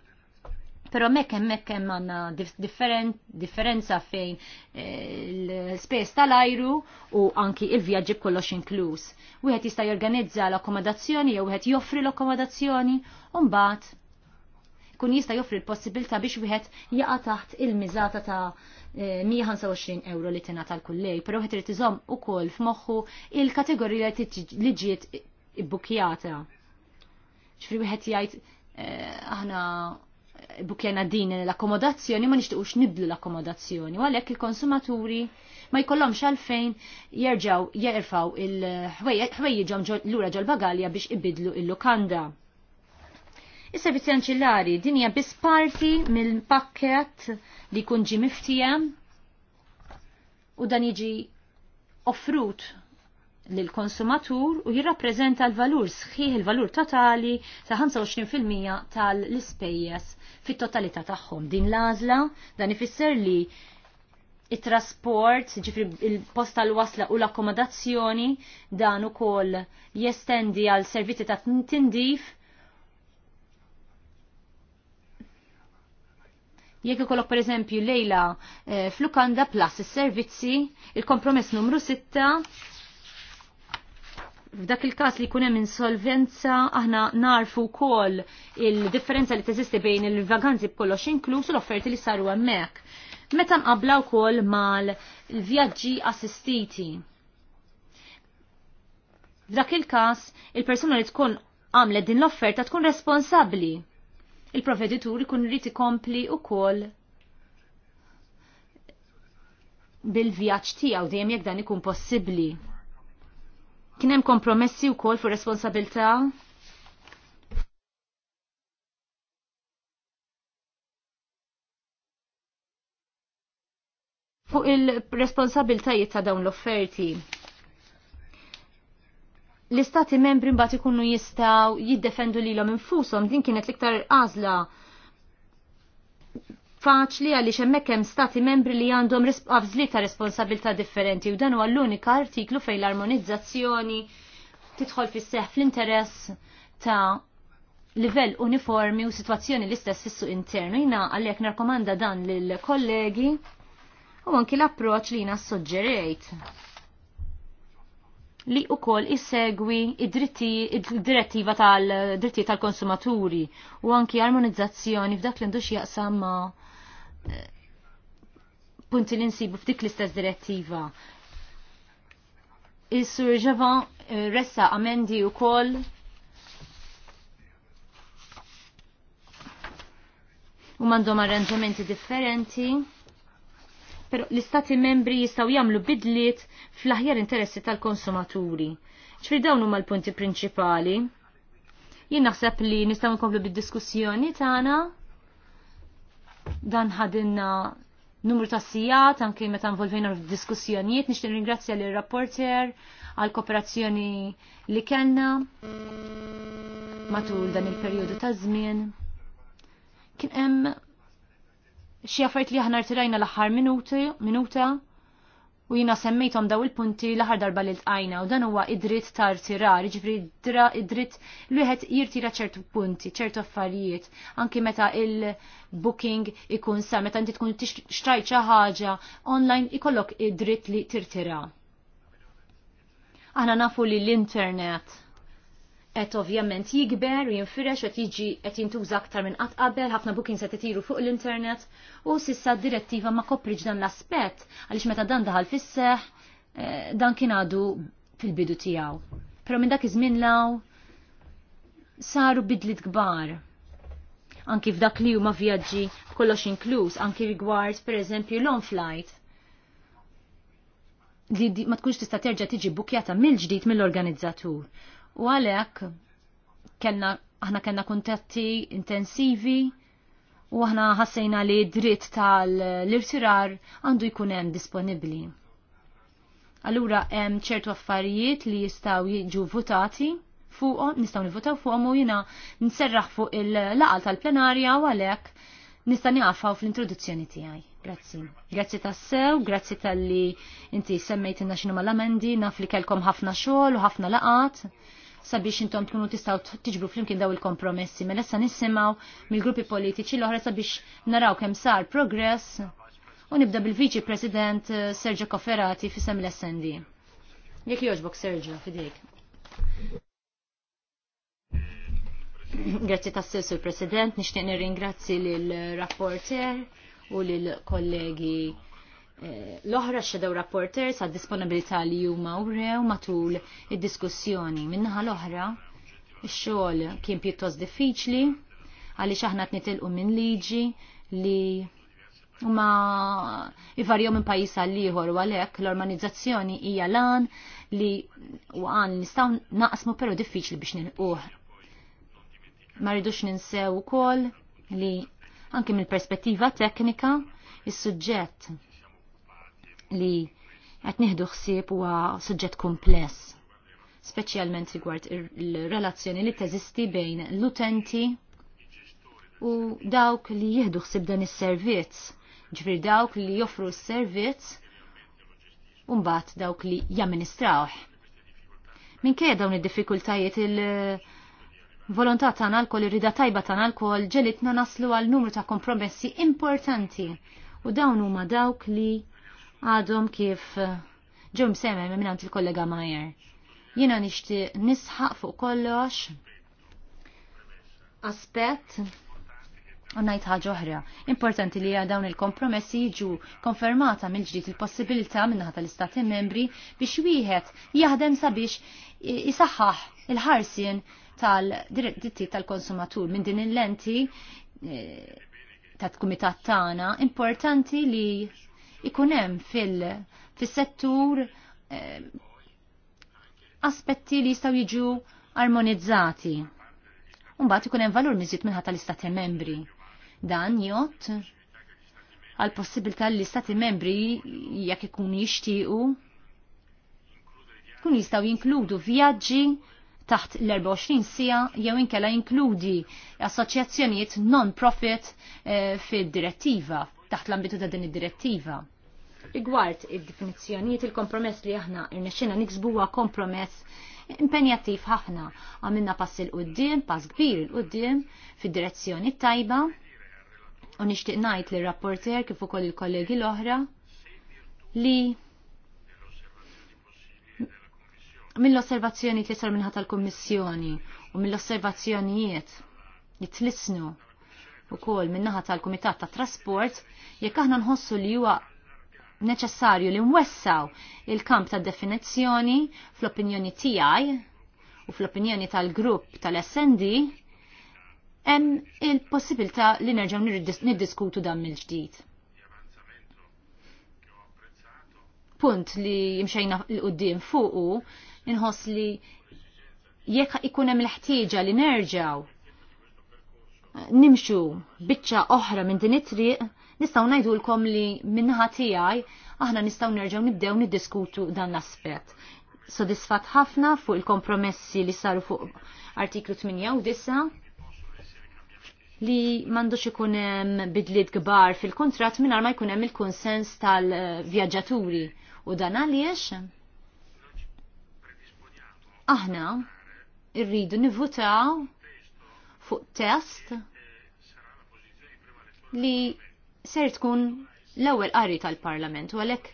Però mekk hemmhekk hemm għandna differenza fejn eh, l-spes tal-ajru u anki il-vjaġġi kollox inkluż. Wieħed jista' jorganizza l-akkomodazzjoni jew wieħed joffri l-akkomodazzjoni u mbagħad kun jista' joffri l-possibilità biex wieħed jaqa' taħt il-miżata ta' 125 eh, euro li tina tal-kullej, però ħet irid iżomm ukoll f'moħħu il-kategorija li ġiet ibbukjata. Ġifri wieħed jgħid eh, aħna bukjena din l-akkomodazzjoni ma nixtiqux nibdlu l-akkomodazzjoni, għalhekk il-konsumaturi ma jkollhomx għalfejn jerġgħu jerfgħu il ħwejjeġhom lura ġol bagalja biex ibidlu il-lukanda. Is-servizzi anċillari din hija biss parti mill-pakket li jkun ġi miftijem u dan jiġi offrut lill konsumatur u jirrappreżenta l-valur sħiħ il-valur totali ta' 25% tal-ispejjeż fit-totalità tagħhom. Din l-għażla dan ifisser li it-trasport, ġifri il-posta l-wasla u l-akkomodazzjoni dan ukoll jestendi għal servizzi ta' tindif Jekk ikollok pereżempju lejla eh, flukanda plus is-servizzi, il-kompromess numru 6 f'dak il każ li jkun hemm insolvenza, aħna narfu wkoll il-differenza li teżisti bejn il-vaganzi b'kollox inkluż u l-offerti li saru hemmhekk. Meta nqabla wkoll mal-vjaġġi assistiti. F'dak il każ il-persuna li tkun għamlet din l-offerta tkun responsabbli il-proveditur ikun kompli ikompli wkoll bil-vjaġġ tiegħu dejjem jekk dan ikun possibbli. Kien hemm kompromessi wkoll fuq responsabilità? Fuq il-responsabiltajiet ta' dawn l-offerti l-istati membri mbagħad ikunu jistgħu jiddefendu lilhom infushom din kienet l-iktar għażla faċli għaliex hemmhekk hemm stati membri li għandhom għażli ta' responsabilità differenti u dan huwa l-unika artiklu fejn l-armonizzazzjoni tidħol fis-seħħ fl-interess ta' livell uniformi u situazzjoni l-istess fis-suq internu. Jina għalhekk narkomanda dan lill-kollegi u anki l-approċ li jina suġġerejt li u koll issegwi id-direttiva tal-dritti tal-konsumaturi u anki armonizzazzjoni f'dak li ndux jaqsam eh, punti li nsibu f'dik l-istess direttiva. Is-sur Javan eh, ressa amendi u koll u mandom arranġamenti differenti pero l-istati membri jistaw jamlu bidliet fl-aħjar interessi tal-konsumaturi. ċfir dawn huma l-punti prinċipali. Jien naħseb li nistaw nkomplu bid-diskussjoni tagħna. Dan ħadinna numru ta' sijat, anke meta involvejna f'diskussjonijiet, nixtieq ringrazzja lir rapporter għal kooperazzjoni li kellna matul dan il-perjodu ta' żmien. Kien hemm xi affarijiet li aħna rtirajna l-aħħar minuta u jina semmejtom daw il-punti l-aħħar darba li tqajna u dan huwa id-dritt ta' rtirar, ġifri id-dritt li wieħed jirtira ċertu punti, ċertu affarijiet, anki meta il-booking ikun sa, meta inti tkun t-ixtrajċa ħagġa online ikollok id-dritt li tirtira. Aħna nafu li l-internet qed ovvjament jikber, jinfirex, qed jiġi qed jintuża aktar minn qatt qabel, ħafna bookings qed itiru fuq l-internet u sissa d-direttiva ma kopriġ dan l-aspett għaliex meta dan daħal fis-seħ eh, dan kien għadu fil-bidu tiegħu. Però minn dak iż-żmien law saru bidlit kbar. Anki f'dak li huma vjaġġi kollox inkluż, anki rigward pereżempju long flight li ma tkunx tista' terġa' tiġi bukjata mill-ġdid mill-organizzatur. U għalhekk kenna aħna kenna kuntatti intensivi u aħna ħassejna li dritt tal-irtirar għandu jkun hemm disponibbli. Allura hemm ċertu affarijiet li jistgħu jiġu votati fuq, nistgħu nivvotaw fuqhom u jiena nserraħ fuq il-laqal tal-plenarja u għalhekk nista' niqafaw fl-introduzzjoni tiegħi. Grazzi. Grazzi tassew, grazzi tal-li inti semmejt inna xinu mal-amendi, naf li kelkom ħafna xogħol u ħafna laqat sabiex intom tkunu tistgħu tiġbru flimkien daw il-kompromessi. Mela sa nisimgħu mill-gruppi politiċi l-oħra sabiex naraw kemm sar progress u nibda bil-Viċi President eh, Sergio Kofferati fisem l-SND. Jekk joġbok Sergio, fidejk. Grazzi tas sur President, nixtieq nirringrazzi lill rapporter u lill kollegi Eh, l-oħra xedew rapporters għad disponibilità li huma wrew matul id-diskussjoni. Minnaħa l-oħra, xol xogħol kien pjuttost diffiċli għaliex aħna qed nitilqu minn liġi li huma ivarjaw minn pajjiż għal ieħor u għalhekk l-organizzazzjoni hija lan li għan nistaw naqsmu però diffiċli biex nilquh. Ma rridux ninsew ukoll li anke mill-perspettiva teknika is-suġġett li qed nieħdu ħsieb huwa suġġett kumpless, speċjalment rigward il-relazzjoni li teżisti bejn l-utenti u dawk li jieħdu xsib dan is-servizz, ġvir dawk li joffru s-servizz u mbagħad dawk li Min Minkejja dawn id-diffikultajiet il- Volontà tagħna l irrida tajba tagħna l ġelitna naslu għal numru ta' kompromessi importanti u dawn huma dawk li għadhom kif eh, ġum semmer minn il-kollega Majer. Jina nishti nisħaq fuq kollox aspet unnajt ħaġa oħra. Importanti li dawn il-kompromessi jiġu konfermata mill-ġdid il-possibilità minnaħa tal-Istati membri biex wieħed jaħdem sabiex jisaxħaħ il-ħarsien tal-direttitti tal-konsumatur minn din il-lenti eh, tat kumitat tagħna importanti li ikun hemm fil-settur eh, aspetti li jistgħu jiġu armonizzati. Mbagħad ikun hemm valur miżjud minħata tal istati membri. Dan jgħod għal possibilità li l-istati membri jekk ikunu jixtiequ kun jistgħu jinkludu vjaġġi taħt l-24 sija jew inkella jinkludi assoċjazzjonijiet non-profit e, eh, direttiva taħt l-ambitu ta' din id-direttiva igwart id-definizzjonijiet il-kompromess li aħna irnexxina niksbuha kompromess impenjattiv ħafna għamilna pass il qudiem pass kbir il qudiem fid-direzzjoni tajba u nixtieq ngħid li rapporter kif ukoll il-kollegi l-oħra li mill-osservazzjoni li sar minnħat tal-Kommissjoni u mill-osservazzjonijiet li tlisnu u kol minnaħat tal-Komitat ta' Trasport, jekk aħna nħossu li huwa neċessarju li nwessaw il-kamp ta' definizzjoni fl-opinjoni tiegħi u fl-opinjoni tal-grupp tal-SND hemm il-possibilità li nerġgħu niddiskutu dan mill-ġdid. Punt li jimxejna l-qudiem fuqu inħoss li jekk ikun hemm il-ħtieġa li nerġaw, nimxu biċċa oħra minn din it-triq, Nistaw l-kom li minnaħa tiegħi aħna nistaw nerġgħu nibdew niddiskutu dan l-aspett. Sodisfat ħafna fuq il-kompromessi li saru fuq artiklu 8 u 9 li mandux ikun bidliet kbar fil-kontrat minn ma jkun hemm il-konsens tal-vjaġġaturi u dan għaliex aħna irridu nivvutaw fuq test li ser tkun l-ewwel qari tal-Parlament u għalhekk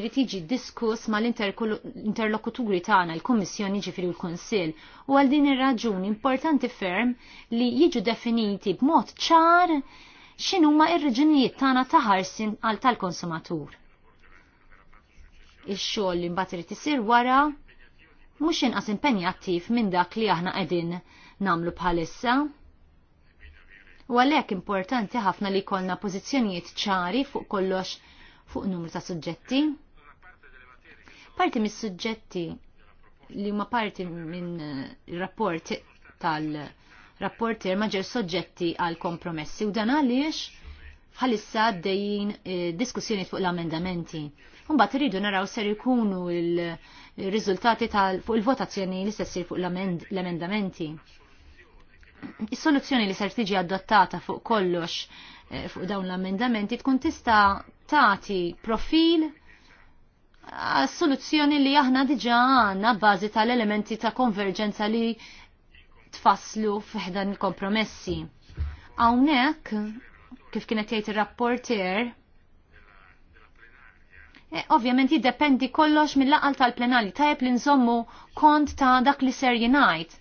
irid jiġi diskuss mal-interlokuturi tagħna l-Kummissjoni ġifieri l-Kunsill u għal din ir-raġuni importanti ferm li jiġu definiti b'mod ċar x'inhuma r riġunijiet tagħna ta' ħarsin għal tal-konsumatur. Ix-xogħol li mbagħad irid isir wara mhux inqas impenjattiv minn dak li aħna qegħdin nagħmlu bħalissa U għalek importanti ħafna li kollna pożizzjonijiet ċari fuq kollox fuq numru ta' suġġetti. Parti mis-suġġetti li huma parti minn eh, rapport tal-rapporter ma ġew soġġetti għal kompromessi u dan għaliex bħalissa għaddejjin eh, diskussjoni fuq l-amendamenti. Mbagħad rridu naraw ser ikunu il-riżultati tal fuq il-votazzjoni li se ssir fuq l-amendamenti. -amend Is-soluzzjoni li ser tiġi adottata fuq kollox eh, fuq dawn l-ammendamenti tkun tista' tagħti profil soluzzjoni li aħna diġa għanna bażi tal-elementi ta' konverġenza li tfasslu f'ħdan il-kompromessi. Hawnhekk, kif kienet jgħid ir-rapporter, eh, ovvjament jiddependi kollox mill-laqal tal-plenali tajjeb li nżommu kont ta' dak li ser jingħid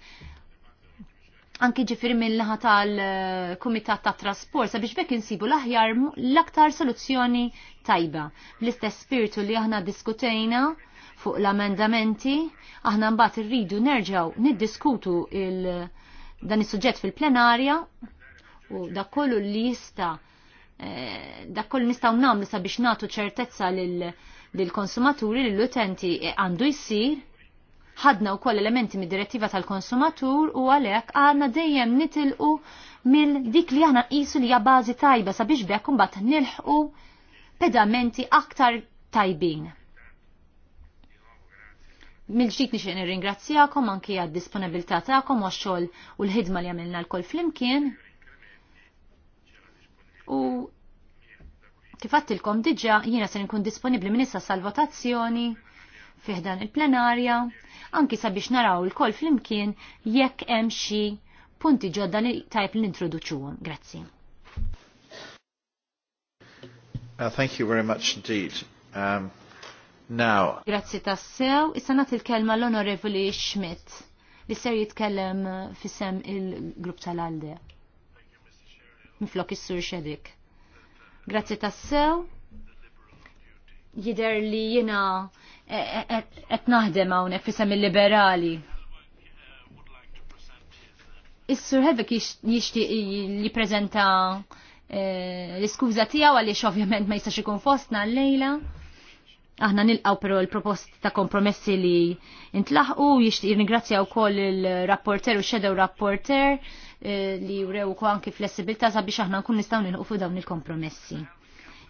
anki ġifir minn laħa tal-Kumitat ta' Trasport sabiex bekk insibu l l-aktar soluzzjoni tajba. Bl-istess spiritu li aħna diskutejna fuq l-amendamenti, aħna mbagħad irridu nerġgħu niddiskutu dan is-suġġett fil-plenarja u da kollu li jista' eh, da kollu nistgħu nagħmlu sabiex nagħtu ċertezza lil lill-konsumaturi, lill-utenti e għandu jsir ħadna wkoll elementi mid-direttiva tal-konsumatur u għalhekk għandna dejjem nitilqu mill dik li għana nqisu li hija bażi tajba sabiex bekk imbagħad nilħqu pedamenti aktar tajbin. Mil-ġdid nixtieq nirringrazzjakom anki għad disponibilta tagħkom għax-xogħol u l-ħidma li għamilna l koll flimkien. U kif għattilkom diġà jiena se nkun disponibbli minn issa sal-votazzjoni fiħdan il-plenarja anki sabiex naraw il-koll flimkien jekk hemm xi punti ġodda li tajb li nintroduċuhom. Grazzi. Uh, thank you very much indeed. Um, now. Grazzi tassew, issa nagħti il-kelma l-Onorevoli Schmidt li ser jitkellem uh, fisem il-grupp tal-Alde. Miflok is-sur xedik. Grazzi tassew jider li jina qed e, e, naħdem hawnhekk fissam il-liberali. Is-Sur jishti jixtieq prezenta e, l-iskuża tiegħu għaliex ovvjament ma jistax ikun fostna l-lejla. Aħna nilqaw però l-proposti ta' kompromessi li intlaħqu, jixtieq jirringrazzja wkoll il-rapporter u shadow rapporter li wrew anki flessibilità sabiex aħna nkun nistaw nilqu fuq dawn il-kompromessi.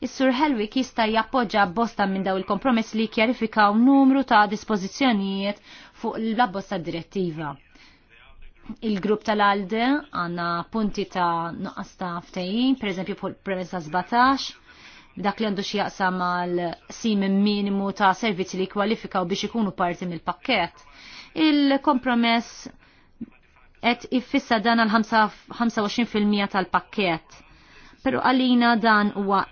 Is-Sur Helwik jista' jappoġġa bosta minn daw il-kompromess li kjarifikaw numru ta' dispożizzjonijiet fuq l-abbosta direttiva. Il-grupp tal-Alde għanna punti ta' nuqqas ta' ftejjin, per eżempju fuq premessa 17, dak li għandu xjaqsa mal sim minimu ta' servizzi li kwalifikaw biex ikunu parti mill-pakket. Il-kompromess et iffissa dan għal 25% tal-pakket. Pero għalina dan huwa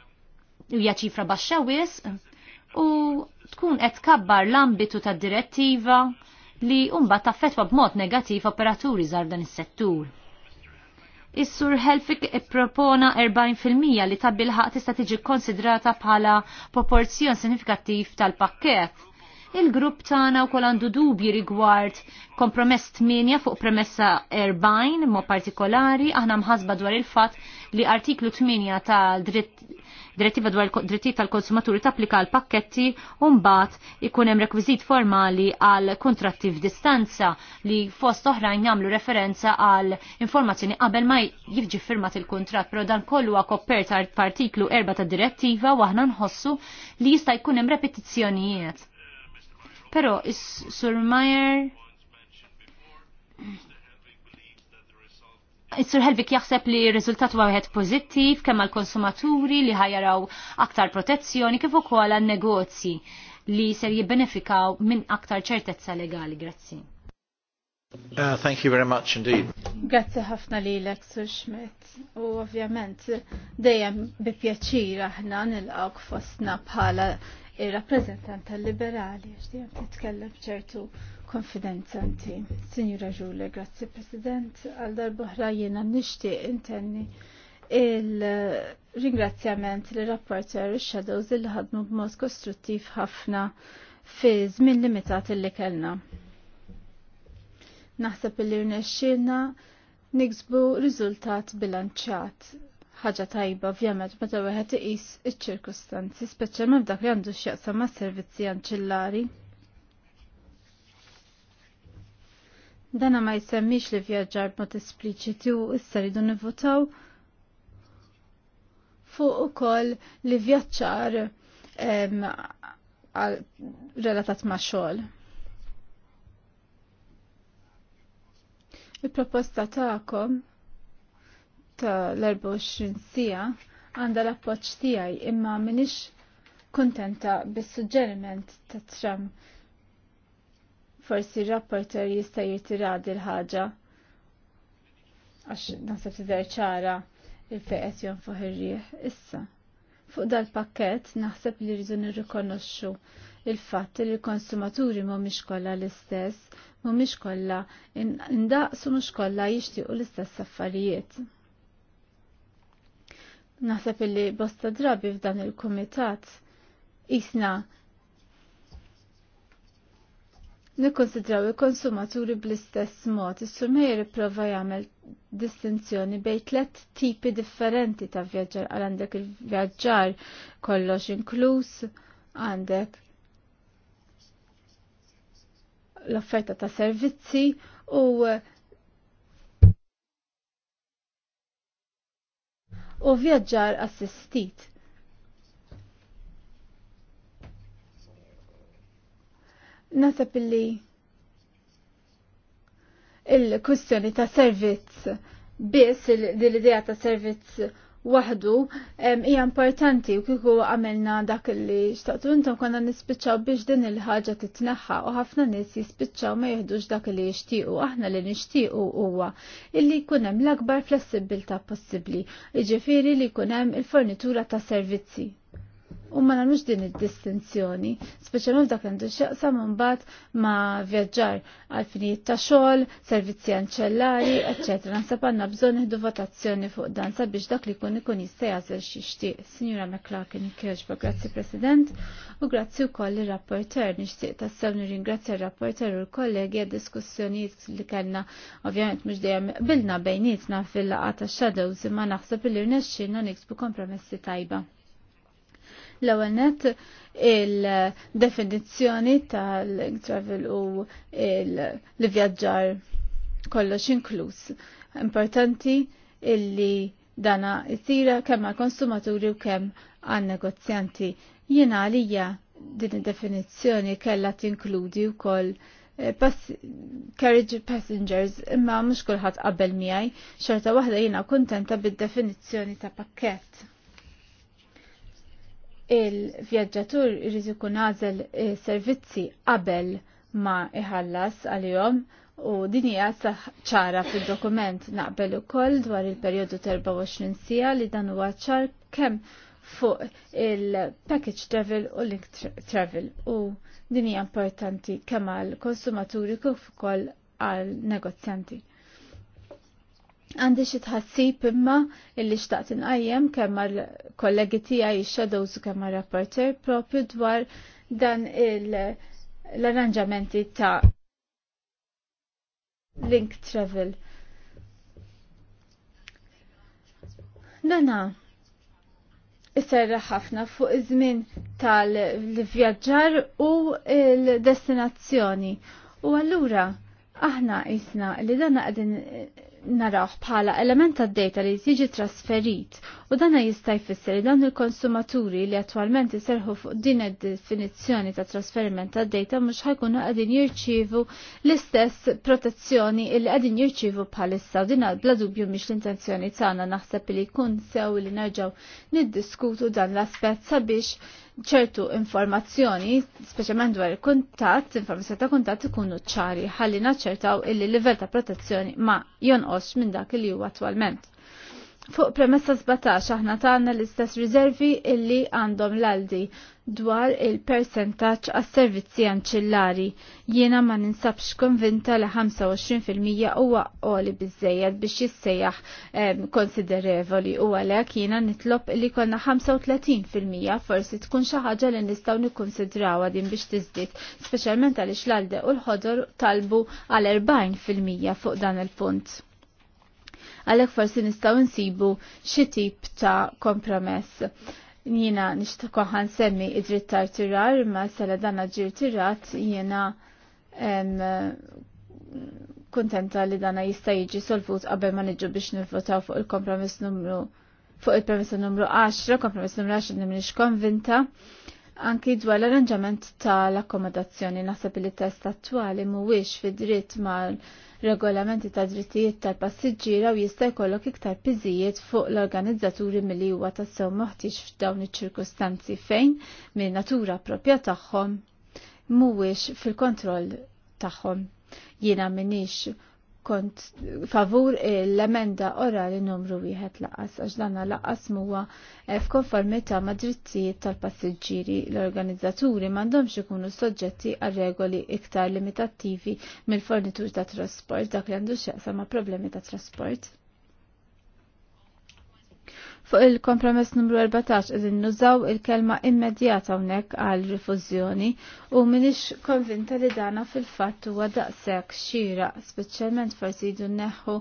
hija ċifra baxxa wisq u tkun qed tkabbar l-ambitu tad direttiva li umbat taffetwa b'mod negativ operaturi żar dan is-settur. Is-sur Helfik ippropona 40% li ta' tista' tiġi konsidrata bħala proporzjon sinifikattiv tal-pakket Il-grupp tagħna wkoll għandu dubji rigward kompromess 8 fuq premessa 40 mo partikolari aħna mħasba dwar il-fatt li artiklu 8 ta' dritt direttiva dwar drittijiet tal-konsumaturi tapplika għal pakketti u mbagħad ikun hemm rekwiżit formali għal kontratti f'distanza li fost oħrajn jagħmlu referenza għal informazzjoni qabel ma jiġi firmat il-kuntratt, però dan kollu huwa koppert artiklu 4 tad direttiva u aħna nħossu li jista' jkun hemm repetizzjonijiet Pero is-Sur Mayer Is-Sur Helvik jaħseb li r-riżultat huwa wieħed pożittiv kemm għall konsumaturi li ħajaraw aktar protezzjoni kif ukoll għan-negozji li ser jibbenefikaw minn aktar ċertezza legali. Grazzi. Uh, thank you very much indeed. Grazzi ħafna li Sir Schmidt. U ovvjament dejjem bi pjaċir aħna nilqgħu fostna bħala il-rappresentant tal-liberali, xtijem titkellem ċertu konfidenza inti. Signora Ġule, grazie President, għal darbohra jena nishti intenni il-ringrazzjament li rapporter Shadows il ħadmu b'mod kostruttiv ħafna fi żmien limitat li kellna. Naħseb li rnexxilna niksbu riżultat bilanċat ħaġa tajba ovvjament meta wieħed iqis iċ-ċirkustanzi, speċjalment f'dak li għandu x'jaqsam ma' servizzi anċillari. Dana ma jsemmix li vjaġġar b'mod espliċiti u issa ridu nivvotaw fuq ukoll li vjaġġar relatat ma' xogħol. Il-proposta ta'kom l 24 sija għanda l-appoċ tijaj imma minix kontenta bis-suġġeriment ta' Trump. Forsi rapporter jista' jirtiradi l-ħaġa għax nasab tidher ċara il-feqet fuq ir-rieħ issa. Fuq dal-pakket naħseb li rridu nirrikonoxxu il-fatt li l-konsumaturi mhumiex kollha l-istess, mhumiex kollha indaqsu mhux kollha jixtiequ l-istess affarijiet. Naħseb illi bosta drabi f'dan il-kumitat isna nikkonsidraw il-konsumaturi bl-istess mod, is-sumej jipprova jagħmel distinzjoni bejn tliet tipi differenti ta' vjaġġar għal għandek il-vjaġġar kollox inkluż, għandek l-offerta ta' servizzi u u vjaġġar assistit. Nasab illi il-kustjoni ta' servizz biss l-idea ta' servizz waħdu hija importanti u kieku għamilna dak li xtaqtu intom konna nispiċċaw biex din il-ħaġa titneħħa u ħafna nies jispiċċaw ma jihdux dak li jixtiequ aħna li nixtiequ huwa illi jkun hemm l-akbar flessibilità possibbli, jiġifieri li jkun hemm il-fornitura ta' servizzi u ma nagħmlux din id-distinzjoni, speċjalment dak għandu x'jaqsam mbagħad ma' vjaġġar għal finijiet ta' xogħol, servizzi anċellari, eċċetera. Naħseb għandna bżonn iħdu votazzjoni fuq dan sabiex dak li jkun ikun jista' jagħżel xixtieq. Sinjura McLaughlin Kirchba, grazzi President, u grazzi wkoll ir-rapporter. Nixtieq tassew nirringrazzja r-rapporter u l-kollegi għad-diskussjonijiet li kellna ovvjament mhux dejjem bilna bejnietna fil-laqgħa tax-shadows imma naħseb li rnexxinna niksbu kompromessi tajba. L-ewwel net il-definizzjoni tal-travel u l-vjaġġar kollox inkluż. Importanti illi dana jisira kemm għal konsumaturi u kemm għal negozjanti. Jiena għalija din id-definizzjoni kellha tinkludi wkoll eh, pass carriage passengers imma mhux kulħadd qabel miegħi xorta waħda jiena kuntenta bid-definizzjoni ta' pakkett il-vjaġġatur irid ikun għażel eh, servizzi qabel ma iħallas għalihom u din hija ċara fid-dokument naqbel ukoll dwar il-perjodu 24 sija li dan huwa ċar kemm fuq il-package travel u link travel u din hija importanti kemm għall konsumaturi kif ukoll għal negozjanti. Għandi xi tħassib imma illi xtaqt inqajjem kemm mal-kollegi tiegħi ix-shadows u kemm rapporter propju dwar dan l-arranġamenti ta' link travel. Nana, iserra ħafna fuq iż-żmien tal-vjaġġar u l-destinazzjoni. U allura aħna isna li dana qegħdin Naraw bħala element ta' data li tiġi trasferit u dana jista' jfisser li dawn il-konsumaturi li attualment iserħu fuq din id-definizzjoni ta' trasferiment tad data mhux ħajkunu qegħdin jirċievu l-istess protezzjoni li qegħdin jirċievu bħalissa u din bla dubju mhix l-intenzjoni tagħna naħseb li jkun sew li nerġgħu niddiskutu dan l-aspett sabiex ċertu informazzjoni, speċjalment dwar il-kuntatt, informazzjoni ta' kuntatt ikunu ċari, ħalli naċċertaw illi livell ta' protezzjoni ma jonqos minn dak li huwa attwalment. Fuq premessa 17 aħna tagħna l-istess riservi illi għandhom l-aldi dwar il-percentaċ għas servizzi anċillari. Jiena ma ninsabx konvinta li 25% huwa qoli biżejjed biex jissejjaħ konsiderevoli u għalhekk jiena nitlob li konna 35% forsi tkun xi ħaġa li nistgħu nikkonsidrawha din biex tiżdied, speċjalment għaliex l alde u l-ħodor talbu għal 40% fuq dan il-punt għalhekk forsi nistgħu nsibu xi tip ta' kompromess. Jiena nixtaq ħan semmi id-dritt ta' tirar ma sala danna ġir tirat jiena kontenta li dana jista' jiġi solvut qabel ma niġu biex nivvotaw fuq il-kompromess numru fuq il-permessa numru 10, kompromess numru 10 nimniex konvinta Anki dwar l-arranġament tal-akkomodazzjoni naħseb li test attwali mhuwiex fi dritt mal regolamenti ta' drittijiet tal-passiġġiera u jista' jkollok iktar piżijiet fuq l-organizzaturi milli huwa tassew moħtiex f'dawn iċ-ċirkustanzi fejn minn natura proprja tagħhom mhuwiex fil-kontroll tagħhom. Jiena minix kont favur l-emenda orali numru wieħed laqas għax danna laqas huwa eh, f'konformità ma' drittijiet tal-passiġġieri l-organizzaturi m'għandhomx ikunu soġġetti għal regoli iktar limitattivi mill-fornitur ta' trasport dak li għandu x'jaqsam ma' problemi ta' trasport. Fuq il-kompromess numru 14 id nużaw il-kelma immedjata hawnhekk għal rifużjoni u minix konvinta li dana fil-fatt huwa daqshekk xira, speċjalment forsi jdu neħħu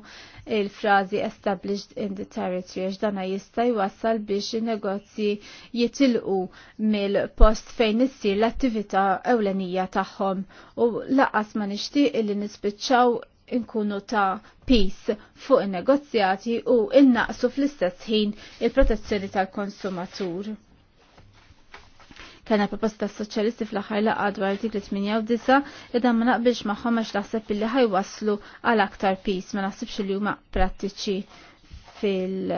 il-frażi established in the territory għax dana jista' jwassal biex in-negozji jitilqu mill-post fejn issir l-attività ewlenija tagħhom u laqas ma nixtieq li nispiċċaw inkunu ta' peace fuq il-negozjati u innaqsu fl-istess ħin il-protezzjoni tal-konsumatur. Kena proposta soċjalisti fl-aħħar laqgħa dwar artikli 98 li dan ma naqbilx magħhom għax naħseb illi ħajwaslu għal aktar peace ma naħsibx li huma prattiċi fil-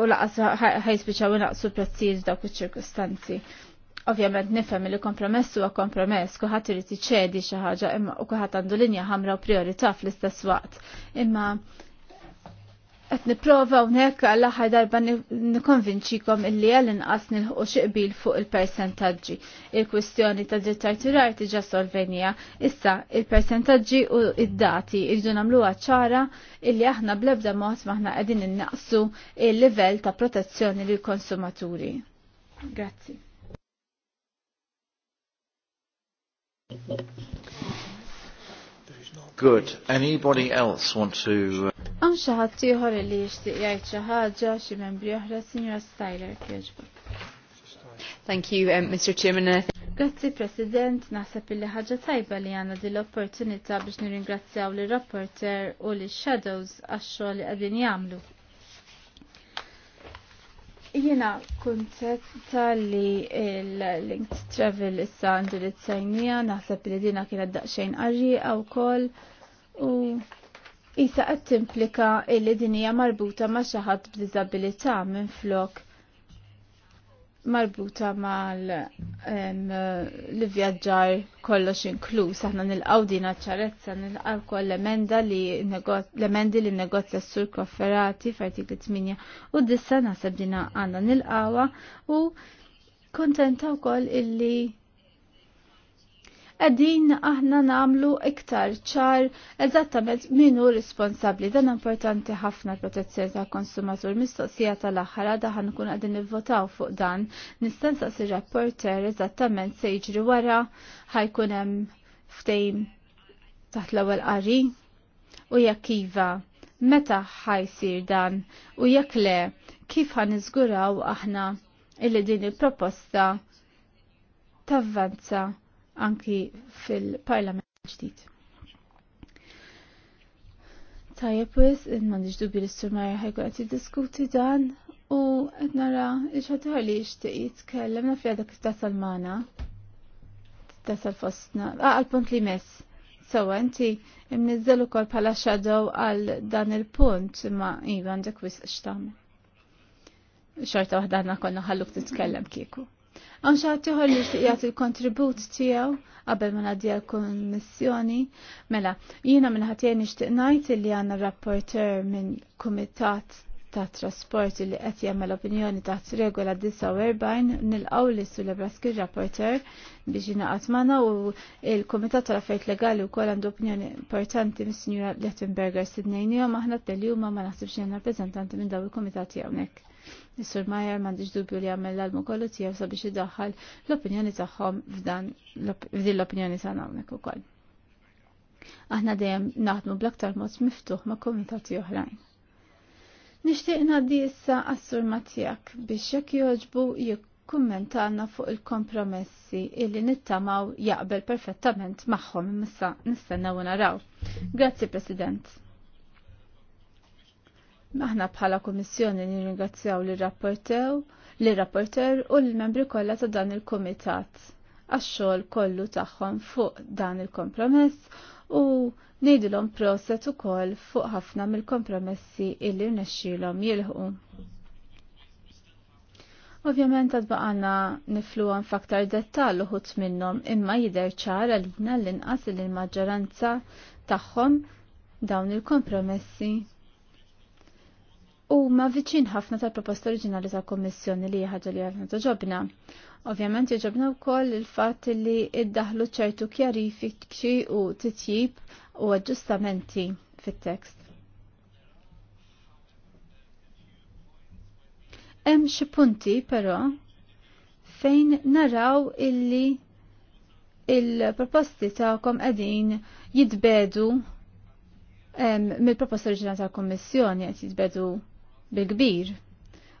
u laqas ħajspiċaw naqsu prezzijiet dawk iċ-ċirkustanzi. Ovvjament nifhem li kompromess huwa kompromess, kulħadd irid iċedi xi ħaġa imma u kulħadd għandu linja ħamra u priorità fl-istess waqt. Imma qed nipprova hawnhekk għall aħħar darba nikkonvinċikom illi għal inqas nilħu xiqbil fuq il-persentaġġi. Il-kwistjoni ta' drittar tirar tiġa solvenija. Issa il-persentaġġi u id-dati irridu nagħmluha ċara illi aħna bl-ebda mod maħna qegħdin innaqsu il-livell ta' protezzjoni lill-konsumaturi. Grazzi. Good. Anybody else want to... Għam uh, li membri oħra, Signora Styler, kieġbuk. Thank you, um, Mr. Chairman. Grazzi, President. Naħseb illi ħaġa tajba li għanna din l-opportunità biex nirringrazzjaw li rapporter u li shadows għax-xogħol li qegħdin jagħmlu. Jena tal li l-linked travel issa għandu li t-sajnija, naħseb li dina kiena daqxajn għarri għaw kol, u jisa qed timplika li din hija marbuta ma' xi ħadd b'diżabilità minflok marbuta mal l vjaġġar kollox inkluż aħna nilqgħu din ċarezza nilqgħu wkoll l-emenda li l-emendi li negozja s-sur kofferati f'artikli 8 u dissa naħseb dina għandna nilqgħuha u kontenta wkoll illi qegħdin aħna namlu iktar ċar eżattament min hu responsabbli. Dan importanti ħafna protezzjoni ta' konsumatur mistoqsija tal-aħħar għadha ħan nkun nivvotaw fuq dan. Nistensa si rapporter eżattament se jiġri wara ħajkun hemm ftejn taħt l-ewwel qari u jekk iva meta ħajsir dan u jekk le kif ħan iżguraw aħna illi din il-proposta tavvanza anki fil-parlament ġdid. Tajjeb wis, mandiġ dubi l istumar marja ħajkun għati diskuti dan u għed nara iġħadħar li jishtiq jitkellem naf li għadak tasal mana. Tasal fostna. Ah, għal punt li mess. Sawa, inti imnizzalu kol pala xadow għal dan il-punt ma iva għandek wis xtam. Xorta wahda għanna konna ħalluk titkellem kieku. Għan xaħtiħor li xtiqjat il-kontribut tijaw qabel ma nadja l-kommissjoni. Mela, jina minn ħatjeni nixtieq ngħid li għandna rapporter minn kumitat ta' trasport li qed jagħmel opinjoni taħt regola 49 nilqgħu li Sulebraski rapporter biex jingħaqad magħna u l-Kumitat tal-Affarijiet Legali wkoll għandu opinjoni importanti mis-Sinjura Lettenberger sidnejnihom aħna t-tellju ma ma naħsibx rappreżentanti minn daw il-kumitati hawnhekk. Nisur Majer m'għandix dubju li għamil l-almu kollu tiegħu sabiex idaħħal l-opinjoni tagħhom f'dan f'din l-opinjoni nawnek hawnhekk ukoll. Aħna dejjem naħdmu bl-aktar mod miftuħ ma' komitati oħrajn. Nixtieq ngħaddi issa għas matijak Matjak biex jekk jogħġbu jikkummentanna fuq il-kompromessi illi nittamaw jaqbel perfettament magħhom imma nistennaw naraw. Grazzi President. Aħna bħala komissjoni nirringrazzjaw lir rapportew lir rapporter u l-membri kollha ta' dan il-Kumitat għax-xogħol kollu tagħhom fuq dan il-kompromess u ngħidilhom proset ukoll fuq ħafna mill-kompromessi illi rnexxielhom jilħu. Ovvjament għad baqana niflu għan faktar dettal uħut minnom imma jider ċara l l-inqas l-maġġoranza tagħhom dawn il-kompromessi ma viċin ħafna tal-proposta oriġinali tal-Kommissjoni li ħagġa li għafna ġobna, Ovvjament u wkoll il-fatt li id-daħlu ċertu kjarifikċi u titjib u aġġustamenti fit-tekst. Hemm xi punti però fejn naraw illi il-proposti tagħkom qegħdin jitbedu mill-proposta oriġinali tal-Kommissjoni qed jitbedu bil-kbir.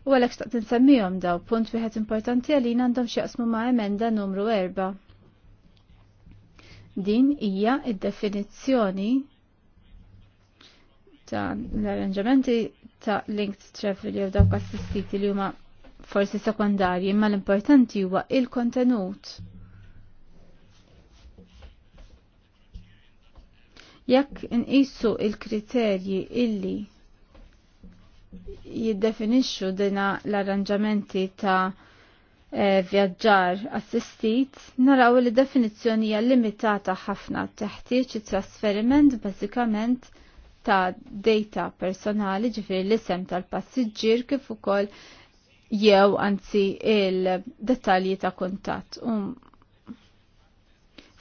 U għalek staqt nsemmijom daw punt wieħed importanti għalin għandhom xieqsmu ma' emenda numru 4. Din hija id-definizzjoni ta' l-arranġamenti ta' linked travel jew dawk assistiti li huma forsi sekondarji, imma l-importanti huwa il-kontenut. Jekk inqisu il-kriterji illi jiddefinixxu dina l-arranġamenti ta' eh, vjaġġar assistit, naraw li definizzjoni hija limitata ħafna teħtieġ it-trasferiment bażikament ta' data personali ġifieri l-isem tal-passiġġier kif ukoll jew anzi il-dettalji ta' kuntatt. Um,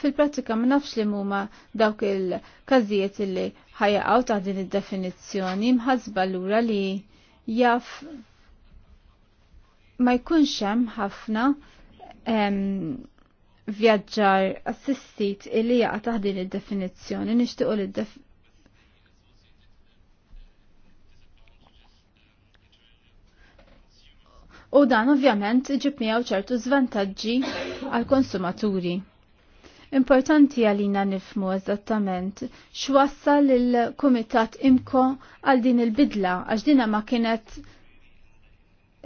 fil-prattika ma nafx li huma dawk il-każijiet illi ħajaqaw ta' din id-definizzjoni mħazba lura li jaf ma jkunx hemm ħafna vjaġġar assistit illi jaqa' taħt din id-definizzjoni nixtiequ li def U dan ovvjament ġib miegħu ċertu żvantaġġi għall konsumaturi Importanti għalina nifmu eżattament x'wassal il-Kumitat Imko għal din il-bidla għax dina ma kienet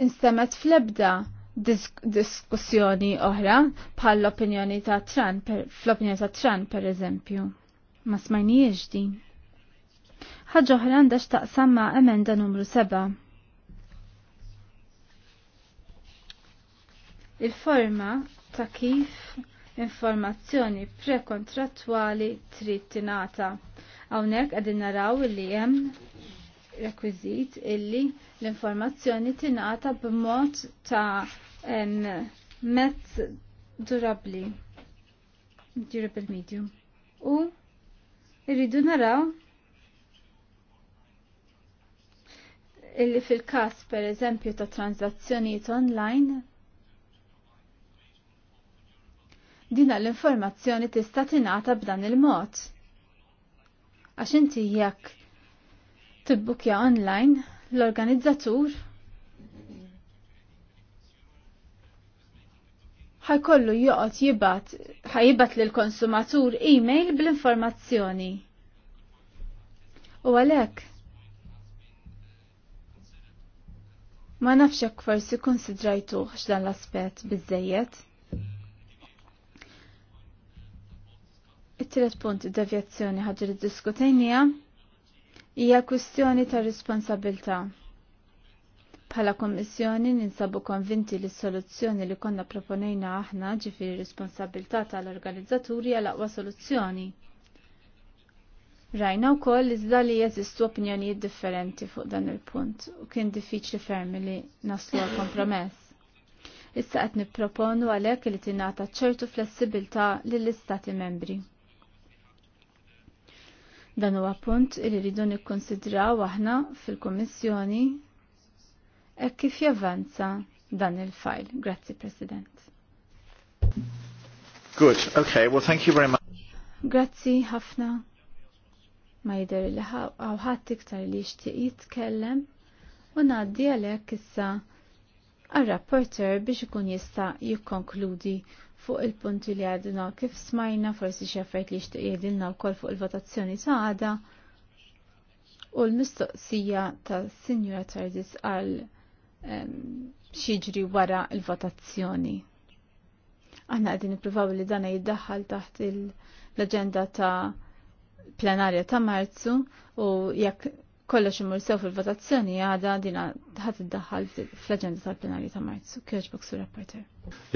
instemet fl-ebda diskussjoni oħra bħal l-opinjoni ta' Tran, fl-opinjoni ta' Tran per eżempju. Ma smajniex din. Ħaġa oħra għandha x'taqsam ma' emenda numru 7. Il-forma ta' kif informazzjoni prekontrattwali trid tingħata. Hawnhekk qegħdin naraw li hemm rekwiżit illi l-informazzjoni tingħata b'mod ta' mezz durabli durable medium. U irridu naraw illi fil każ per eżempju ta' tranzazzjonijiet online din l-informazzjoni tista' tingħata b'dan il-mod. Għax inti jekk tibbukja online l-organizzatur ħajkollu joqgħod jibat ħajibat lil konsumatur email bl-informazzjoni. U għalhekk ma nafx hekk forsi konsidrajtu x'dan l-aspett biżejjed. it tret punt id-devjazzjoni ħaġa id diskutejnija hija kwistjoni ta' responsabilità. Bħala Kommissjoni ninsabu konvinti li s-soluzzjoni li konna proponejna aħna ġifiri responsabilità tal-organizzaturi għal aqwa soluzzjoni. Rajna u koll iżda li jeżistu opinjonijiet differenti fuq dan il-punt u kien diffiċli fermi li naslu għal kompromess. Issa qed nipproponu għalhekk li tingħata ċertu flessibilità lill-Istati membri. Dan huwa punt li rridu nikkonsidraw aħna fil-Kummissjoni e kif javvanza dan il-fajl. Grazzi, President. Good, okay, well thank you very much. Grazzi ħafna. Ma jidher li għaw ħadd iktar li jixtieq jitkellem u ngħaddi għalhekk issa għal-rapporter biex ikun jista' jikkonkludi fuq il-punti li għadna kif smajna forsi xaffajt li jixtieq jgħidilna wkoll fuq il-votazzjoni ta' għada u l-mistoqsija ta' Sinjura Tardis għal xiġri wara il-votazzjoni. Aħna għadin nippruvaw li dana jiddaħħal taħt l-agenda ta' plenarja ta' marzu u jekk kollox imur sew fil-votazzjoni għada dina ħat iddaħħal fl-agenda tal-plenarju ta' Marzu. Kirchbox u rapporter.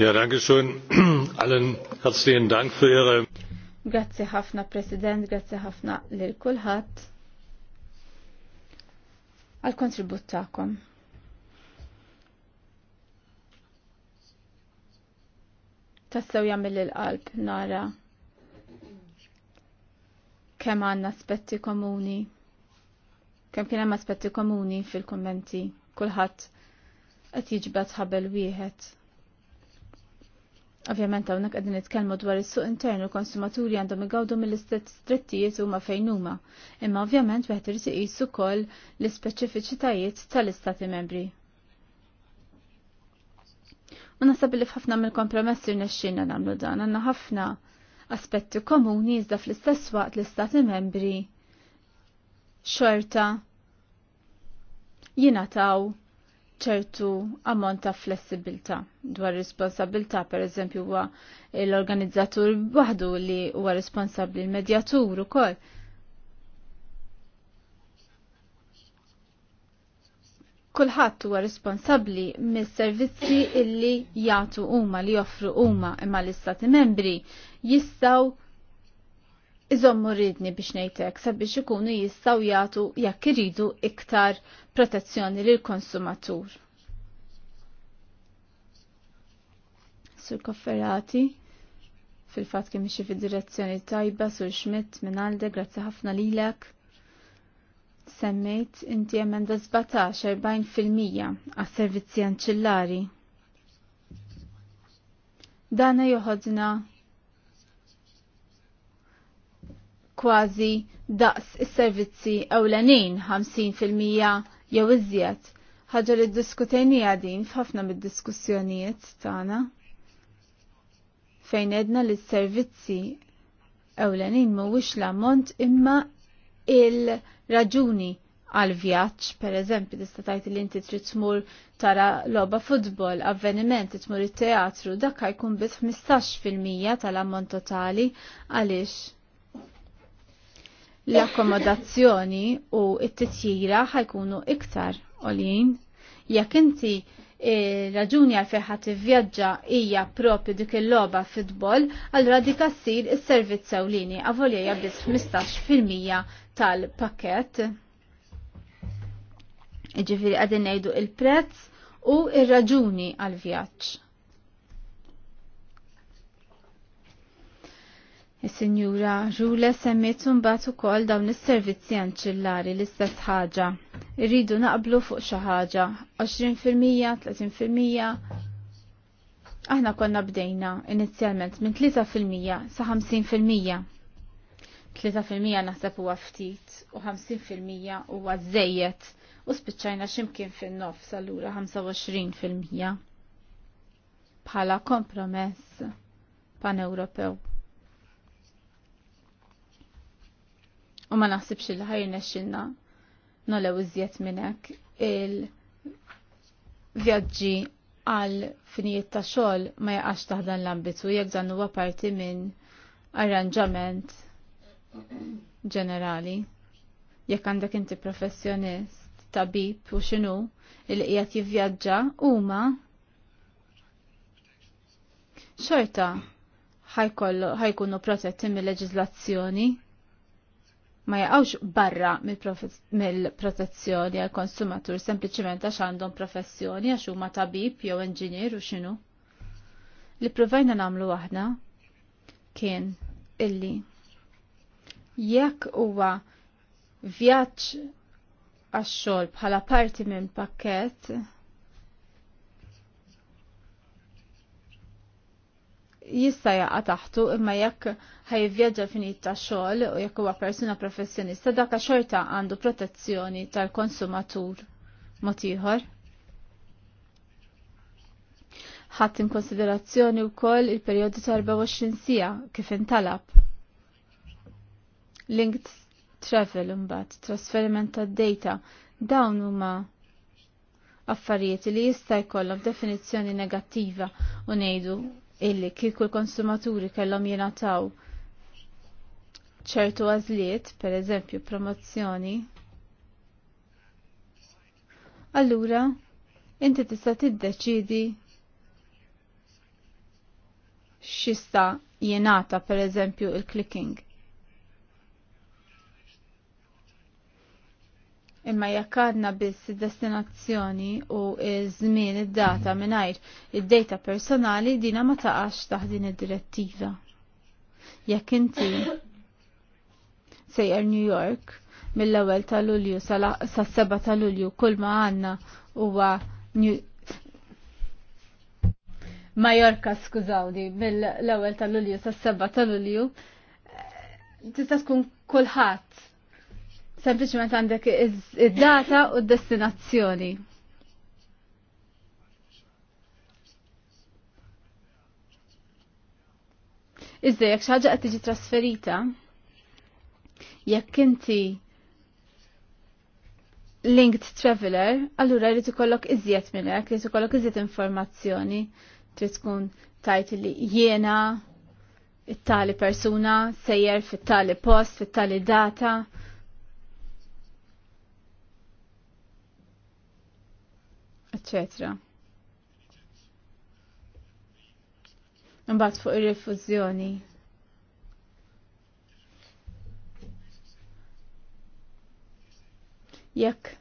Ja, danke xun. [clears throat] Allen herzlichen Dank für Ihre. Grazzi ħafna, President, grazzi ħafna lil kulħadd għal kontribut tagħkom. Tassew jagħmel il-qalb nara kemm għandna aspetti komuni kemm kien hemm aspetti komuni fil-kummenti kulħadd qed jiġbed ħabel wieħed. Ovvjament hawnhekk qegħdin nitkellmu dwar is-suq internu konsumaturi għandhom igawdu mill-istess drittijiet huma fejn huma, imma ovvjament wieħed irid iqis wkoll l-ispeċifiċitajiet tal-istati membri. U nasab li f'ħafna mill-kompromessi rnexxinna nagħmlu dan għandna ħafna aspetti komuni iżda fl-istess waqt l-istati membri xorta jinataw ċertu ammont ta' flessibilta dwar responsabilta per eżempju huwa l-organizzatur waħdu li huwa responsabli l-medjatur ukoll. kulħadd huwa responsabbli mis-servizzi illi jagħtu huma li joffru huma imma l-istati membri jistgħu iżommu ridni biex ngħidlek sabiex ikunu jistgħu jagħtu jekk iridu iktar protezzjoni lil konsumatur. Sur kofferati fil-fatt kemm ixi fid-direzzjoni tajba sur Schmidt minn għalde grazzi ħafna lilek semmejt inti emenda 17-40% għas servizzi anċillari. Dana joħodna kważi daqs is-servizzi ewlenin 50% jew iżjed. Ħaġa li ddiskutejnija din f'ħafna mid-diskussjonijiet tagħna fejn edna li s-servizzi ewlenin mhuwiex l-ammont imma il-raġuni għal vjaġġ per eżempju, tista' tgħid li inti trid tmur tara logħba futbol, avvenimenti, tmur it-teatru, dak jkun biss 15% tal-ammont totali għaliex l-akkomodazzjoni u t-titjira ħajkunu iktar olin. Jekk inti eh, raġuni għal fejħa ħadd ivvjaġġa hija propju dik il-logħba fitbol, allura dik għassir is-servizz ewlini għavolja biss 15% tal-pakkett. Ġifieri qegħdin ngħidu il-prezz u il raġuni għal vjaġġ. Is-Sinjura Rule semmiet mbagħad ukoll dawn is-servizzi anċillari l-istess ħaġa. Irridu naqblu fuq xi ħaġa 20%, 30%. Aħna konna bdejna inizjalment minn 3% sa 50%. 3% naħseb huwa ftit u 50% huwa żejjed u spiċċajna x'imkien fin-nofs allura 25% bħala kompromess pan-Ewropew. u ma naħsibx il ħajrna xinna nolew iżjed minnek il-vjaġġi għal finijiet ta' xogħol ma jaqax taħdan l-ambitu jekk dan huwa parti minn arranġament ġenerali. Jekk għandek inti professjonist, tabib u xinu il qiegħed jivvjaġġa huma xorta ħajkunu protetti mill-leġiżlazzjoni ma jaqgħux barra mill-protezzjoni għal konsumatur sempliciment għax għandhom professjoni għax huma tabib jew inġinier u x'inhu. Li provajna nagħmlu aħna kien illi jekk huwa vjaġġ għax-xogħol bħala parti minn pakkett jista' jaqa' taħtu imma jekk ħajvjaġġa finit ta' xogħol u jekk huwa persuna professjonista dak xorta għandu protezzjoni tal-konsumatur mod ieħor. Ħadd inkonsiderazzjoni wkoll il-perjodu ta' 24 sija kif intalab. Linked travel imbagħad, trasferiment tad-data, dawn huma affarijiet li jista' jkollhom definizzjoni negattiva u ngħidu illi kieku l-konsumaturi kellhom jingħataw ċertu għażliet, per eżempju promozzjoni, allura inti tista' tiddeċidi xista jingħata per eżempju il-clicking. Imma jekk għadna biss id-destinazzjoni u iż-żmien id-data mingħajr id-data personali dina ma taqax taħdin din id-direttiva. Jekk inti sejjer New York mill-ewwel ta' Lulju sas-seba ta' Lulju kull ma għandna huwa Majorka, skużawdi, mill-ewwel tal-Lulju sas-seba tal-Lulju, tista' tkun kulħadd Sempliċement għandek id-data u d-destinazzjoni. Iżda jekk xaġa ħaġa qed tiġi trasferita, jekk inti linked traveler, allura jrid ikollok iżjed minn hekk, jrid ikollok iżjed informazzjoni, trid tkun tajt li jiena it-tali persuna sejjer fit-tali post, fit-tali data, eccetera. Imbagħad fuq ir-refużjoni. Jekk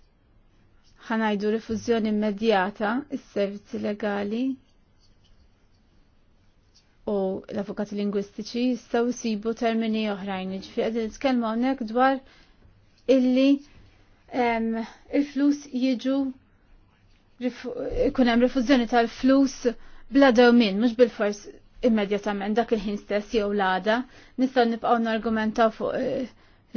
ħanajdu rifużjoni immedjata is-servizzi legali u l-avukati lingwistiċi jistgħu jsibu termini oħrajn. Ġifi qegħdin nitkellmu hawnhekk dwar illi il-flus jiġu ikunem rifużjoni tal-flus bla dewmin, mux bil-fors immedjatament dak il-ħin stess jew l-għada, nistgħu nibqgħu nargumentaw fuq eh,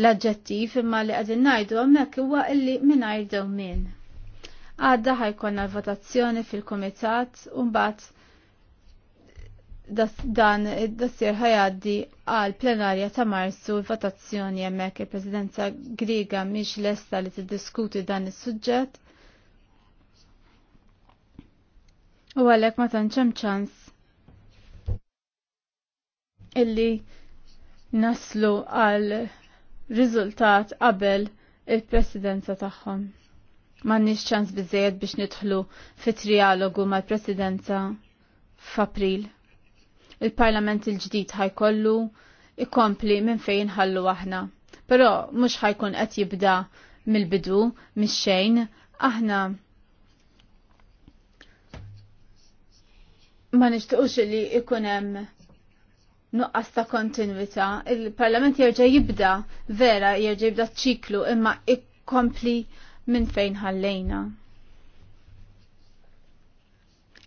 l-aġġettiv imma li qegħdin ngħidu hemmhekk huwa illi mingħajr dewmien. Għadda ħajkonna l-votazzjoni fil-kumitat u mbagħad dan id-dossier ħajaddi għal plenarja ta' Marsu l-votazzjoni hemmhekk il-Presidenza Griga mhix lesta li tiddiskuti dan is-suġġett U għalek ma tanċem ċans illi naslu għal riżultat qabel il-presidenza tagħhom. M'għandniex ċans biżejjed biex nidħlu fit trialogu mal-presidenza f'April. Il-Parlament il-ġdid ħajkollu ikompli minn fejn ħallu aħna. Però mhux ħajkun qed jibda mill-bidu, mix-xejn, aħna ma nixtiqux li ikunem nuqqas ta' kontinuità. Il-Parlament jerġa' jibda vera jerġa' jibda ċiklu imma ikkompli minn fejn ħallejna.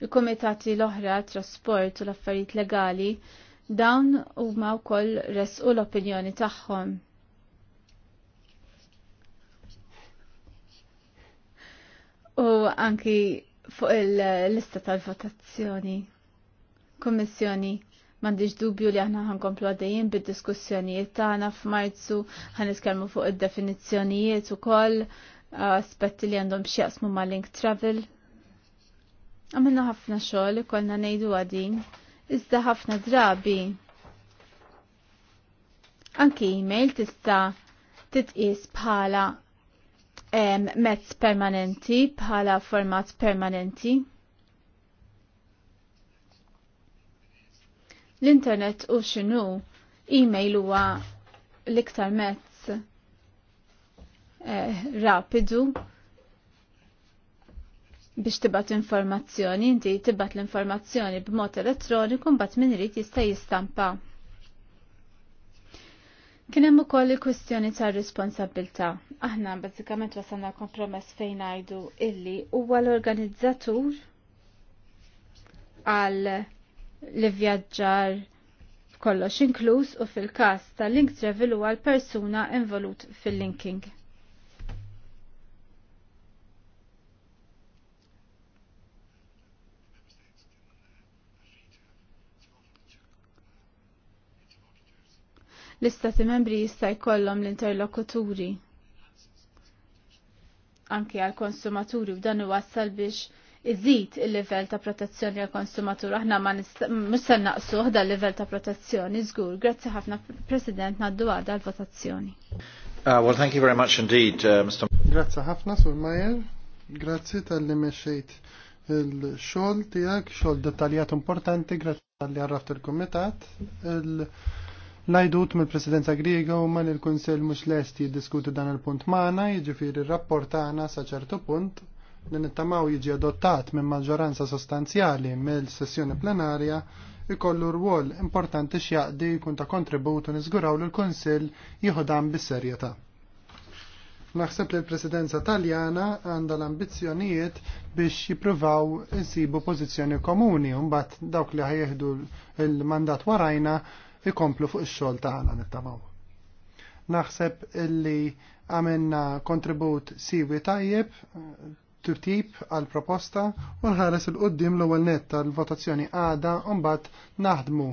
Il-komitati l-oħra trasport u l-affarijiet legali dawn huma wkoll resqu l-opinjoni tagħhom. U anki fuq il-lista tal-votazzjoni. Kommissjoni mandiġ dubju li aħna ħankomplu għaddejjien bid-diskussjonijiet tagħna f'Marzu ħanitkellmu fuq id-definizzjonijiet ukoll aspetti li għandhom x'jaqsmu ma' link travel. Għamilna ħafna xogħol ikollna ngħidu għadin, iżda ħafna drabi. Anki mail tista' titqis bħala mezz permanenti, bħala format permanenti. L-internet u xinu e-mail huwa l-iktar mezz eh, rapidu biex tibat informazzjoni, inti tibat l-informazzjoni b'mod elettroniku mbagħad min irid jista' jistampa. Kien hemm ukoll il-kwistjoni tar-responsabilità. Aħna bażikament wasalna kompromess fejn ngħidu illi huwa l-organizzatur għal li vjaġġar kollox inkluż u fil-każ ta' link travel huwa persuna involut fil-linking. l-istati membri jista' jkollhom l-interlokuturi anke għal konsumaturi f'dan iwassal biex iżid il-livell ta' protezzjoni għal konsumatur. Aħna ma nista' naqsu l-livell ta' protezzjoni żgur. Grazzi ħafna President naddu għada l-votazzjoni. Uh, well, thank you very much indeed, uh, Mr. Grazzi ħafna, Sur Majer. Grazzi tal-li mexxejt il-xogħol tiegħek, xogħol dettaljat importanti, grazzi tal-li għarraft il-kumitat. Il Lajdut mill-Presidenza Griega u man il-Kunsel mux lesti jiddiskuti dan il-punt maħna, jġifiri rapport għana saċertu punt li nittamaw jiġi adottat minn maġġoranza sostanzjali mill-sessjoni plenarja ikollu rwol importanti x'jaqdi jkun ta' kontributu niżguraw li l-Kunsill jieħu dan bis-serjetà. Naħseb li l-Presidenza Taljana għandha l-ambizzjonijiet biex jippruvaw insibu pożizzjoni komuni u mbagħad dawk li ħajjeħdu l-mandat warajna ikomplu fuq ix-xogħol tagħna nittamaw. Naħseb illi għamilna kontribut siwi tajjeb tip għal proposta u nħares il-qoddim l-ewwel net tal-votazzjoni għada u mbagħad naħdmu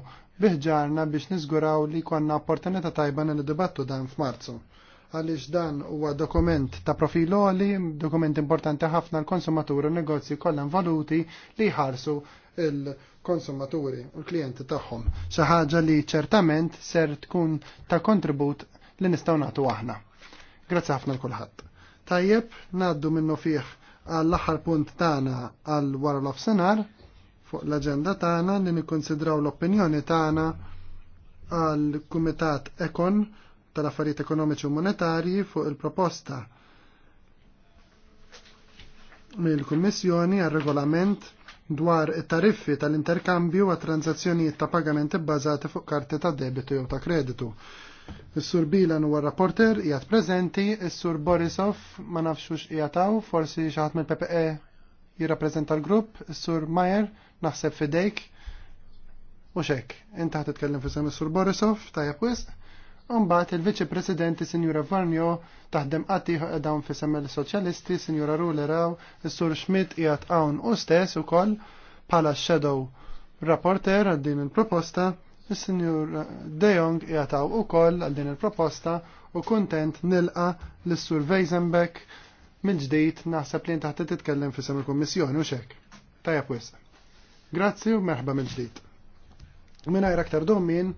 biħġarna biex niżguraw li konna opportunità tajba nel dibattu dan f'Marzu. Għaliex dan huwa dokument ta' profil oli, dokument importanti ħafna l-konsumaturi u negozji kollha valuti li jħarsu il-konsumaturi u l-klijenti tagħhom. Xi ħaġa li ċertament ser tkun ta' kontribut li nistgħu nagħtu aħna. Grazzi ħafna l kulħadd. Tajjeb, naddu minnu fih għall-aħħar punt tagħna għal wara l-offsenar fuq l-aġenda tagħna li nikkonsidraw l-opinjoni tagħna għal Kumitat Ekon tal-Affarijiet Ekonomiċi u Monetarji fuq il-proposta mill-Kummissjoni għal regolament dwar it-tariffi tal-interkambju għat transazzjonijiet ta' pagamenti bbażati fuq karti ta' debitu jew ta' kreditu. Is-sur Bilan huwa rapporter qiegħed preżenti, is-sur Borisov ma nafx hux taw, forsi xi ħadd mill-PPE jirrappreżenta l-grupp, is-sur Majer naħseb fidejk. U xek, inti ħadd titkellem fisem is-sur Borisov tajjeb wisq, u mbagħad il-Viċi Presidenti Sinjura Varmjo taħdem qatt ieħor dawn fisem il-Soċjalisti, Sinjura Ruleraw, is-sur Schmidt qiegħed hawn u stess ukoll bħala shadow rapporter għad din il-proposta Is-Sinjur De Jong jataw ukoll għal din il-proposta u kuntent nilqa l-Sur Weizenbeck mill-ġdejt naħseb li taħt titkellem fissam il-Kummissjoni u xek. Tajja wis. Grazzi u merħba mill-ġdejt. Minajr aktar domin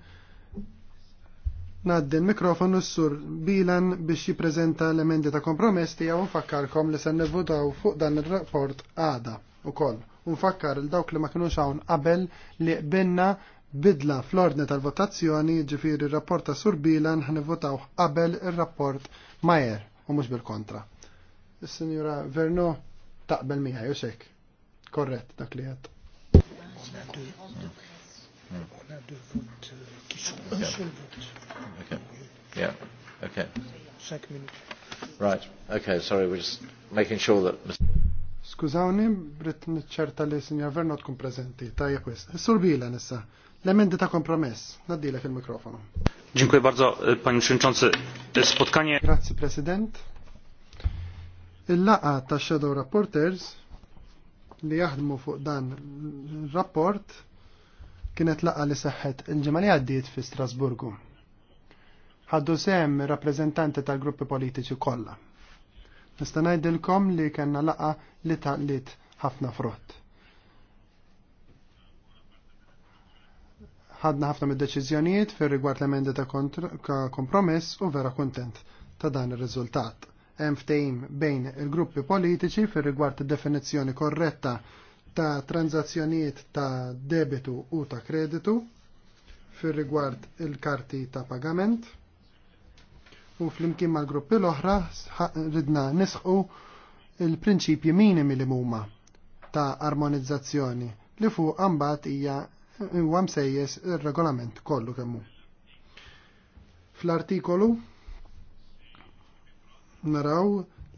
Naddi l-mikrofonu s-sur Bilan biex jiprezenta l-emendi ta' kompromess tijaw nfakkarkom li sen nivvotaw fuq dan il-rapport għada u koll. Unfakkar il dawk li ma kienux hawn qabel li qbilna bidla fl-ordni tal-votazzjoni ġifiri il-rapport ta' Surbilan ħnivotaw qabel il-rapport Majer u mux bil-kontra. Is-Sinjura Verno taqbel miħaj u xek. Korret dak li għed. Right, okay, sorry, we're just making sure that... Skużawni, Britt niċċerta li sinja Verno tkun prezenti, tajja kwis. Sur bila nissa, L-emendi ta' kompromess. Naddilek il-mikrofonu. Dziękuję bardzo, e, panie przewodniczący. E, spotkanie. Grazie, president. Il-laqa ta' Shadow Rapporters li jaħdmu fuq dan rapport kienet laqa li seħħet il-ġimgħa li għaddiet fi Strasburgu. Għaddu sem rappreżentanti tal-gruppi politiċi kollha. Nista' ngħidilkom li kellna laqa li taqlit ħafna frott. ħadna ħafna mid-deċiżjonijiet fir rigward l-emendi ta' kompromess u vera kontent ta' dan ir-riżultat. Hemm ftehim bejn il-gruppi politiċi fir rigward id-definizzjoni korretta ta' tranzazzjonijiet ta' debitu u ta' kreditu fir rigward il-karti ta' pagament u fl-imkien mal-gruppi l-oħra ridna nisħu il-prinċipji minimi li muma ta' armonizzazzjoni li fuq ambat hija Għam sejjes il regolament kollu kemm hu. Fl-artikolu naraw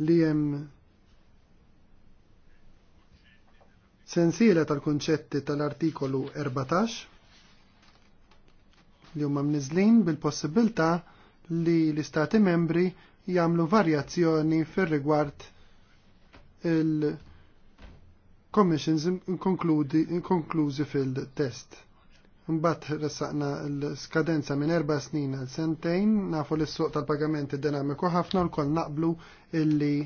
li hemm sensiela tal-kunċetti tal-artikolu 14 li huma mniżlin bil-possibilità li l-istati membri jagħmlu varjazzjoni fir-rigward il- commissions inkonklużi fil-test. Mbatt ressaqna l-skadenza minn erba snin għal sentejn, nafu l-suq tal-pagamenti dinamiku ħafna l-koll naqblu illi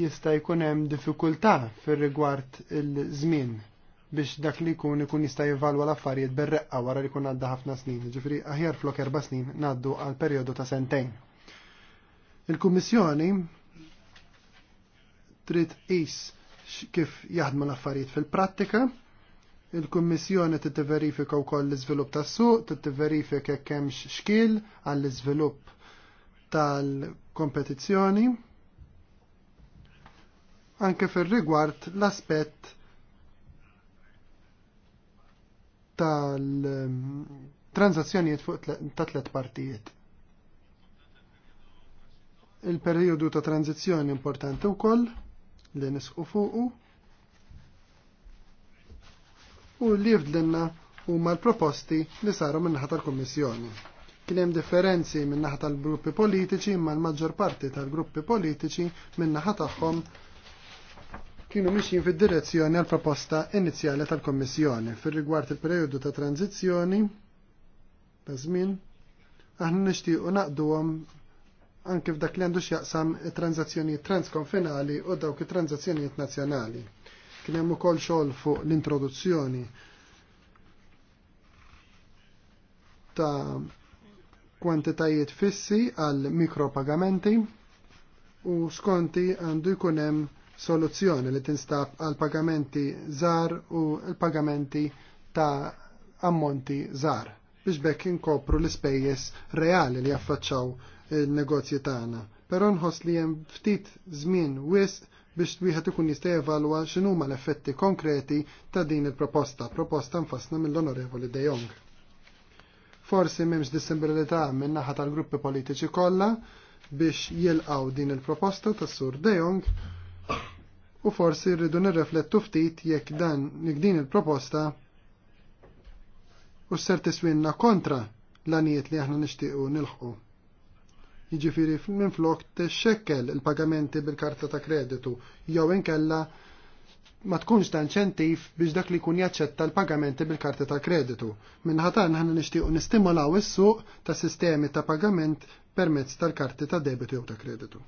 jista' jkun hemm diffikultà fir-rigward il-żmien biex dak li jkun ikun jista' jevalwa l-affarijiet berreqqa wara li jkun għadda ħafna snin, ġifri aħjar flok erba' snin ngħaddu għal perjodu ta' sentejn. Il-Kummissjoni trid qis kif jaħdmu l-affarijiet fil-prattika. Il-Kummissjoni trid tivverifika wkoll l-iżvilupp tas-suq, trid tivverifika jekk hemmx xkil għall-iżvilupp tal-kompetizzjoni. Anke fir-rigward l-aspett tal-transazzjonijiet fuq ta' tliet partijiet il-periodu ta' tranzizjoni importanti u koll li nisqu fuqu u li fdlenna huma l-proposti li saru minnaħa tal-Kummissjoni. Kien hemm differenzi minnaħa tal-gruppi politiċi imma l-maġġor parti tal-gruppi politiċi minnaħa tagħhom kienu mixjin fid-direzzjoni għal proposta inizjali tal-Kommissjoni fir rigward il-periodu ta' tranzizzjoni ta' żmien aħna nixtiequ naqduhom anke f'dak li għandu x'jaqsam tranzazzjonijiet transkonfinali u dawk it-tranzazzjonijiet nazzjonali. Kien hemm ukoll xogħol fuq l-introduzzjoni ta' kwantitajiet fissi għal mikropagamenti u skonti għandu jkun hemm soluzzjoni li tinstab għal pagamenti żar u l-pagamenti ta' ammonti żar biex bekk inkopru l-ispejjeż reali li jaffaċċaw il-negozji tagħna. Però nħoss li hemm ftit żmien wisq biex wieħed ikun jista' jevalwa x'inhuma l-effetti konkreti ta' din il-proposta, proposta nfassna mill-Onorevoli De Jong. Forsi m'hemmx dissibilità min naħa tal-gruppi politiċi kollha biex jilqaw din il-proposta tas Sur De Jong u forsi rridu nirreflettu ftit jekk dan jekk din il-proposta u s-ser tiswinna kontra l-anijiet li aħna nixtiequ nilħqu. Jiġifieri minn flok tixxekkel il-pagamenti bil-karta ta' kreditu jew inkella ma tkunx ta' inċentiv biex dak li kun jaċċetta l-pagamenti bil-karta ta' kreditu. Minħatan ħana nixtiequ nistimolaw is-suq ta' sistemi ta' pagament permezz tal-karti ta' debitu jew ta' kreditu.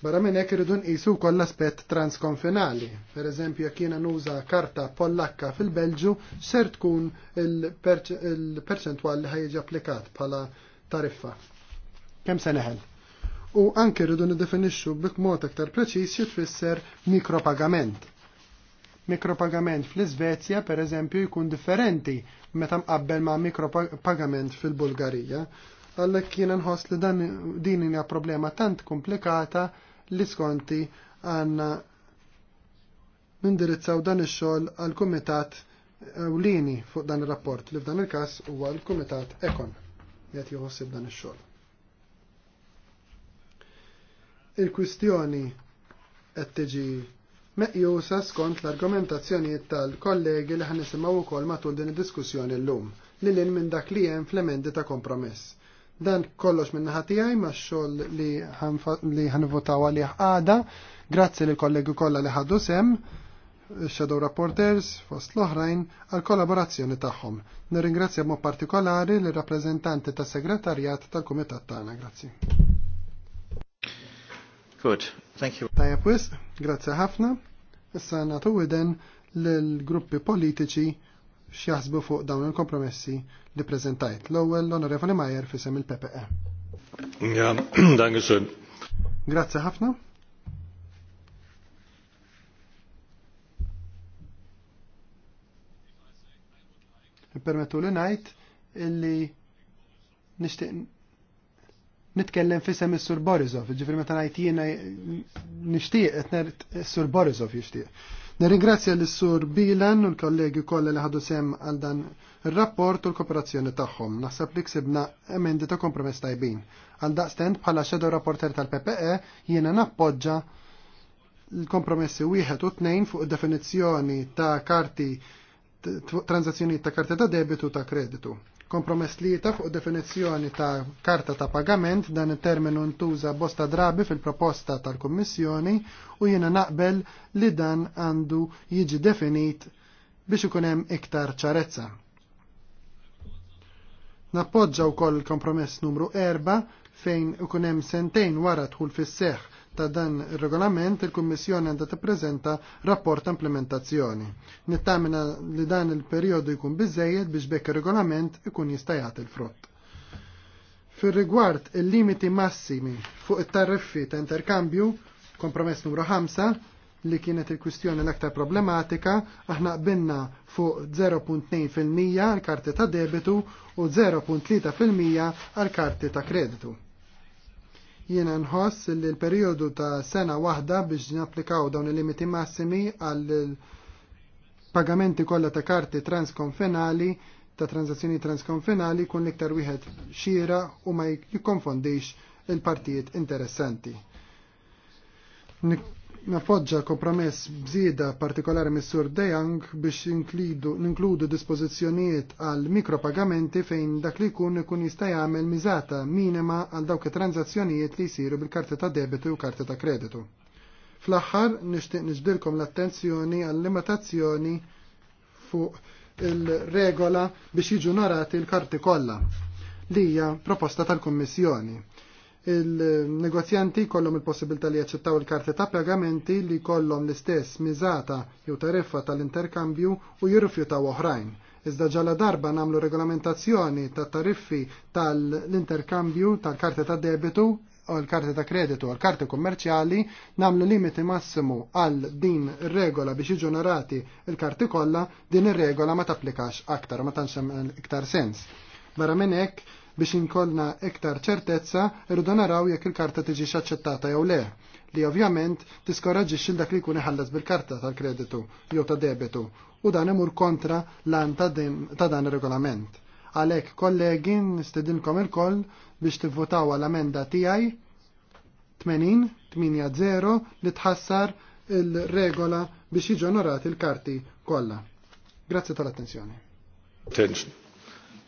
Barra minn hekk irridu nqisu wkoll l-aspett transkonfinali. Pereżempju jekk jiena nuża karta Pollakka fil-Belġu ser tkun il-perċentwal li ħajġi applikat bħala tariffa. Kemm se neħel? U anke rridu niddefinixxu b'mod aktar preċiż xi tfisser mikropagament. Mikropagament fl-Iżvezja pereżempju jkun differenti meta mqabbel ma' mikropagament fil-Bulgarija. Għallek jiena nħoss li dan din hija problema tant komplikata li skonti għanna nindirizzaw dan ix-xogħol għal kumitat ewlieni fuq dan ir-rapport li f'dan il-każ huwa l-Kumitat Ekon qed joħossib dan ix-xogħol. Il-kwistjoni qed tiġi meqjusa skont l-argumentazzjonijiet tal-kollegi li ħanisimgħu wkoll matul din id-diskussjoni llum li lin minn dak li hemm fl-emendi ta' kompromess. Dan kollox minn ħatijaj ma' xoll li ħanvotaw għalli għada. Grazzi li kollegi kollha li ħadu sem, shadow rapporters, fost l-oħrajn, għal kollaborazzjoni tagħhom. Nirringrazzja mod partikolari l rappreżentanti tas segretarjat tal-Kumitat tagħna. Grazzi. Good, thank you. Tajja wisq, grazzi ħafna. Issa nagħtu widen lill-gruppi politiċi x'jaħsbu fuq dawn il-kompromessi li prezentajt L-ewwel l-Onorevoli Majer fisem il-PPE. Ja, [clears throat] dankeschön. Grazzi ħafna. Permettu li ngħid illi nixtieq nitkellem fisem is-Sur Borisov, ġifir meta ngħid jiena nixtieq qed sur Borisov jixtieq. Nirringrazzja l-Sur Bilan u l-kollegi kollha li ħadu sem għal dan ir-rapport u l-kooperazzjoni tagħhom. Naħseb li ksibna emendi ta' kompromess tajbin. Għal daqstend bħala xedo rapporter tal-PPE jiena nappoġġa l-kompromessi wieħed u tnejn fuq definizzjoni ta' karti transazzjoni ta' karti ta' debitu ta' kreditu. Kompromess li fuq definizzjoni ta' karta ta' pagament dan il-terminu ntuża bosta drabi fil-proposta tal-Kommissjoni u jiena naqbel li dan għandu jiġi definit biex ikun hemm iktar ċarezza. Nappoġġa wkoll kompromess numru 4 fejn ikun hemm sentejn wara tħul fis-seħħ ta' dan il-regolament il-Kummissjoni għandha tippreżenta rapport ta' implementazzjoni. Nittamina li dan il periodu jkun bizzejed biex bekk ir-regolament ikun jista' jagħti l-frott. fil rigward il-limiti massimi fuq it-tariffi ta' interkambju, kompromess numru 5, li kienet il-kwistjoni l-aktar problematika, aħna qbinna fuq 0.2% għal-karti ta' debitu u 0.3% għal-karti ta' kreditu. Jiena nħoss li l-perjodu ta' sena waħda biex napplikaw dawn il-limiti massimi għal pagamenti kollha ta' karti transkonfinali ta' transazzjoni transkonfinali kun liktar wieħed xira u ma jikkonfondix il-partijiet interessanti nafodġa kompromess bżieda partikolari mis-sur Dejang biex ninkludu dispozizjoniet għal mikropagamenti fejn dak li jkun ikun jista' jagħmel miżata minima għal dawk it-tranzazzjonijiet li jsiru bil-karti ta' debitu u karti ta' kreditu. Fl-aħħar nixtieq niġdilkom l-attenzjoni għal limitazzjoni fuq il-regola biex jiġu narati l-karti kollha li hija proposta tal-Kummissjoni il-negozjanti kollom il-possibilità li jaċċettaw il-karti ta' pagamenti li kollom l-istess miżata jew tariffa tal-interkambju u jirrifjutaw oħrajn. Iżda ġala darba namlu regolamentazzjoni ta' tariffi tal-interkambju tal-karti ta' debitu u l-karti ta' kreditu u l-karti kummerċjali namlu limiti massimu għal din regola biex jiġu narati il-karti kollha din ir-regola ma tapplikax aktar ma tantx iktar sens. Barra minn hekk Biex inkolna iktar ċertezza, irridu naraw jekk il-karta tiġi xaċċettata jew le li ovvjament tiskoraġġi xil dak li jkun iħallas bil-karta tal-kreditu jew ta' debitu u dan imur kontra lan ta' dan ir-regolament. Għalhekk kollegi nistedinkom il-koll biex tivvutaw għal amenda tiegħi 80-80 li tħassar il-regola biex jiġu onorati il-karti kollha. Grazzi tal-attenzjoni. Attention.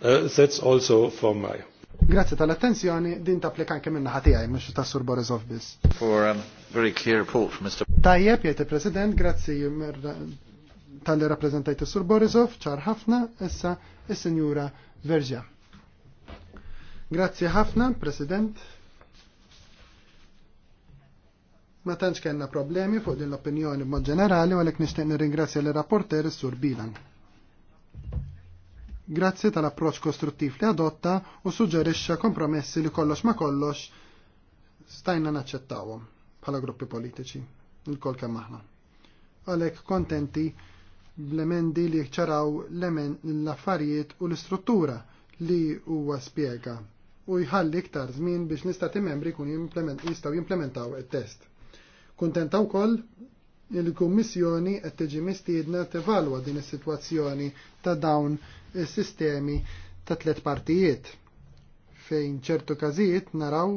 Uh, that's also from my. Grazie tal-attenzjoni, din tapplika anke minna ħatijaj, mux ta' Sur Borisov bis. For a um, very clear report from Mr. Tajjeb, jajte President, grazzi tal-li rappresentajte Sur Borisov, ċar ħafna, issa, il-Senjura Verġa. Grazzi ħafna, President. Ma tantx kellna problemi fuq din l-opinjoni mod ġenerali, għalek għalhekk nixtieq nirringrazzja l-rapporter Sur Bilan grazzi tal-approċ kostruttiv li adotta u suġġerixxa kompromessi li kollox ma kollox stajna naċċettawhom bħala gruppi politiċi il-kol kemm aħna. Għalhekk kontenti bl-emendi li ċaraw l-affarijiet u l-istruttura li huwa spjega u jħalli iktar żmien biex l-istati membri kun jistgħu jimplementaw it-test. Kuntenta wkoll il-Kummissjoni qed tiġi mistiedna tevalwa din is-sitwazzjoni ta' dawn sistemi ta' tliet partijiet fejn ċertu każijiet naraw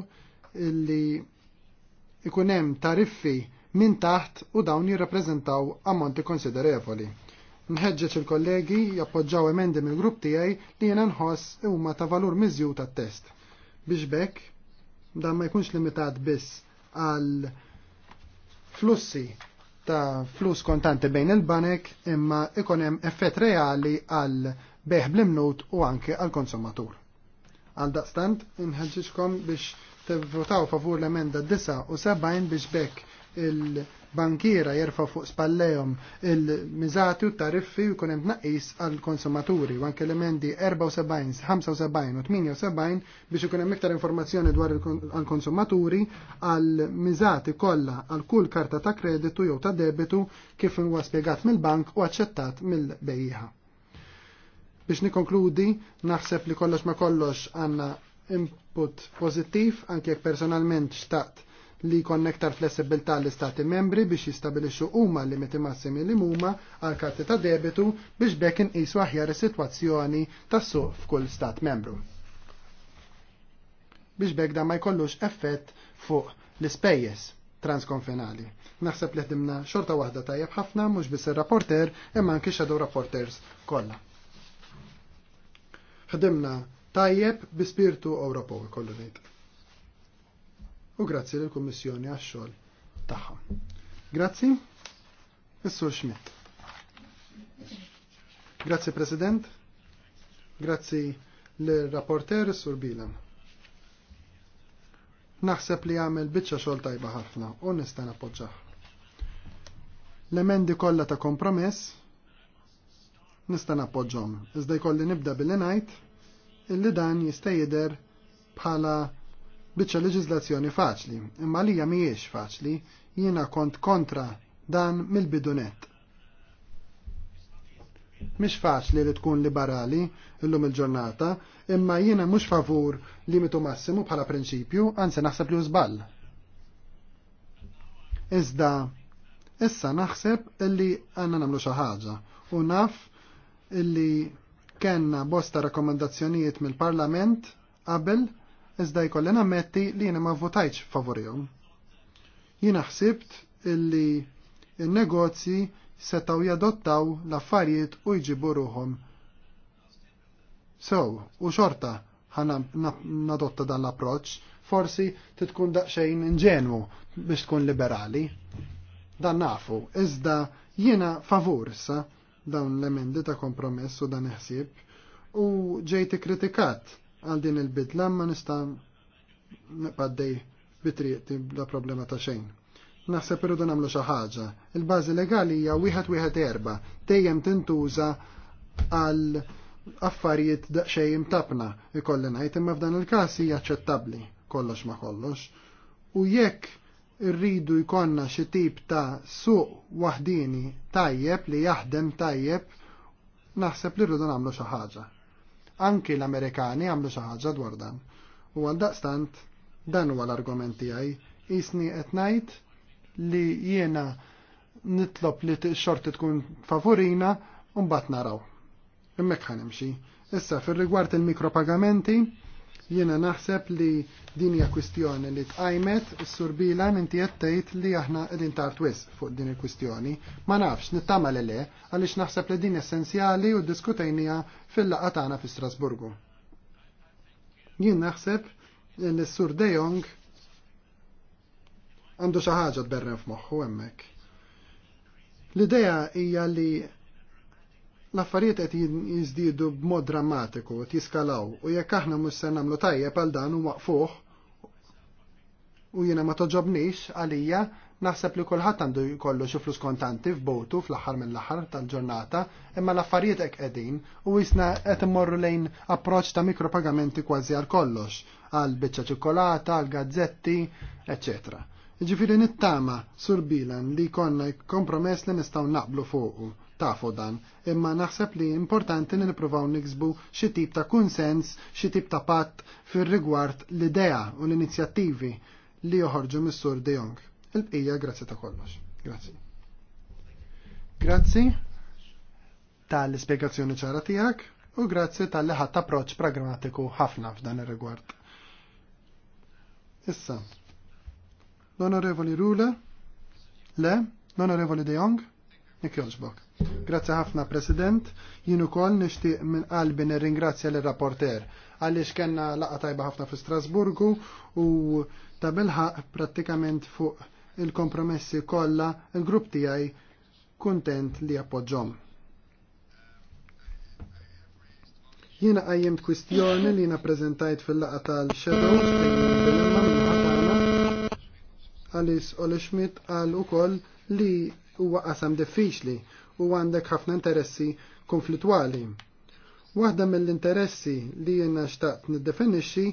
li ikun hemm tariffi minn taħt u dawn jirrappreżentaw ammonti konsiderevoli. Nħeġġeġ il-kollegi jappoġġaw emendi mill grupp tiegħi li jiena nħoss huma ta' valur miżju tat-test. Biex bekk dan ma jkunx limitat biss għal flussi ta' flus kontanti bejn il-banek imma ikun hemm effett reali għal beħ bl-imnut u anke għal-konsumatur. Għal daqstant, inħedġiġkom biex tevvotaw favur l-emenda 79 biex bekk il-bankiera jerfa fuq spallejhom il-miżati u tariffi u kunem tnaqis għal-konsumaturi u anke l-emendi 74, 75 u 78 biex ikun hemm iktar informazzjoni dwar għal-konsumaturi għal mizati kollha għal kull karta ta' kreditu jew ta' debitu kif huwa spjegat mill-bank u aċċettat mill bejjiħa Biex nikonkludi, naħseb li kollox ma kollox għanna input pozittiv, anke jekk personalment xtaqt li konnektar flessibilità l-istati membri biex jistabilixxu huma limiti massimi li huma għal karti ta' debitu biex bekk inqisu aħjar is-sitwazzjoni tas-suq f'kull stat membru. Biex bekk dan ma jkollux effett fuq l-ispejjeż transkonfinali. Naħseb li ħdimna xorta waħda tajjeb ħafna mhux biss ir-rapporter imma anke shadow rapporters kollha ħdimna tajjeb bi spirtu Ewropew kollu ngħid. U grazzi lill kummissjoni għax-xogħol tagħha. Grazzi. Is-Sur Schmidt. Grazzi President. Grazzi l-rapporter Sur Bilan. Naħseb li jagħmel biċċa xogħol tajba ħafna u nista' nappoġġah. L-emendi kollha ta' kompromess nista' nappoġġhom. Iżda jkolli nibda billi ngħid illi dan jista' jidher bħala biċċa leġiżlazzjoni faċli, imma lija mhijiex faċli, jiena kont kontra dan mill-bidunet. Mhix faċli li tkun liberali illum il-ġurnata, imma jiena mhux favur limitu massimu bħala prinċipju, anzi naħseb li żball. Iżda issa naħseb illi għandna nagħmlu xi ħaġa u naf illi kenna bosta rakomendazzjonijiet mill-Parlament qabel iżda jkolli nammetti li jiena ma votajċ favorihom. Jiena ħsibt illi il-negozji setaw jadottaw l-affarijiet u jġibu ruhom. So, u xorta ħana nadotta dan l-approċ, forsi titkun daqxejn inġenwu biex tkun liberali. Dan nafu, iżda jiena favur sa' dawn l-emendi ta' kompromess u dan iħsieb u ġejti kritikat għal din il-bidla ma nista' nqaddej bitriq la problema ta' xejn. Naħseb irridu nagħmlu xi ħaġa. Il-bażi legali hija wieħed wieħed erba' dejjem tintuża għal affarijiet daqsxejn tapna ikolli ngħid imma f'dan il-każ hija aċċettabbli kollox ma kollox. U jekk rridu jkollna xi tip ta' suq waħdini tajjeb li jaħdem tajjeb, naħseb li rridu nagħmlu xi ħaġa. Anki l-Amerikani għamlu xi ħaġa dwar dan. U għaldaqstant dan huwa l-argument tiegħi isni qed ngħid li jiena nitlob li x-xorti tkun favorina u mbagħad naraw. Immek ħanimxi. Issa fir rigward il-mikropagamenti, Jiena naħseb li din hija kwistjoni li tqajmet s sur minn inti qed tgħid li aħna qegħdin tard wisq fuq din il-kwistjoni. Ma nafx nittama li le għaliex naħseb li din essenzjali u ddiskutejniha fil-laqgħa tagħna fi Strasburgu. Jien naħseb li s-sur De Jong għandu xi ħaġa tberren f'moħħu hemmhekk. L-idea hija li L-affarijiet qed jiżdiedu b'mod drammatiku, u jiskalaw u jekk aħna mhux se nagħmlu tajjeb għal dan u waqfuh u jiena ma toġobniex għalija naħseb li kulħadd għandu jkollu xi flus kontanti f'botu fl-aħħar mill-aħħar tal-ġurnata, imma l-affarijiet hekk qegħdin u jisna qed immorru lejn approċċ ta' mikropagamenti kważi għal kollox għal biċċa ċikkolata, għal gazzetti, eċetera. Ġifiri nittama sur bilan li konna kompromess li nistaw naqblu fuqu tafu dan, imma naħseb li importanti li nipruvaw niksbu xi tip ta' kunsens, xi tip ta' patt fir-rigward l-idea u l-inizjattivi li joħorġu mis-sur De Jong. Il-bqija grazzi ta' kollox. Grazzi. Grazzi tal-ispjegazzjoni ċara tiegħek u grazzi tal-li ħadd approċċ pragmatiku ħafna f'dan ir-rigward. Issa. L-Onorevoli Rule? Le? L-Onorevoli De Jong? Nik Grazzi ħafna President, jien ukoll nixtieq minn qalbi nirringrazzja l rapporter għaliex kellna laqgħa tajba ħafna fi Strasburgu u ta' prattikament fuq il-kompromessi kollha il-grupp tiegħi kuntent li appoġġhom. Jiena qajjimt kwistjoni li jiena preżentajt fil laqgħa tal-Shadow għalis Ole Schmidt għal ukoll li huwa qasam diffiċli u għandek ħafna interessi konflittwali. Waħda mill-interessi li jenna xtaqt niddefinixxi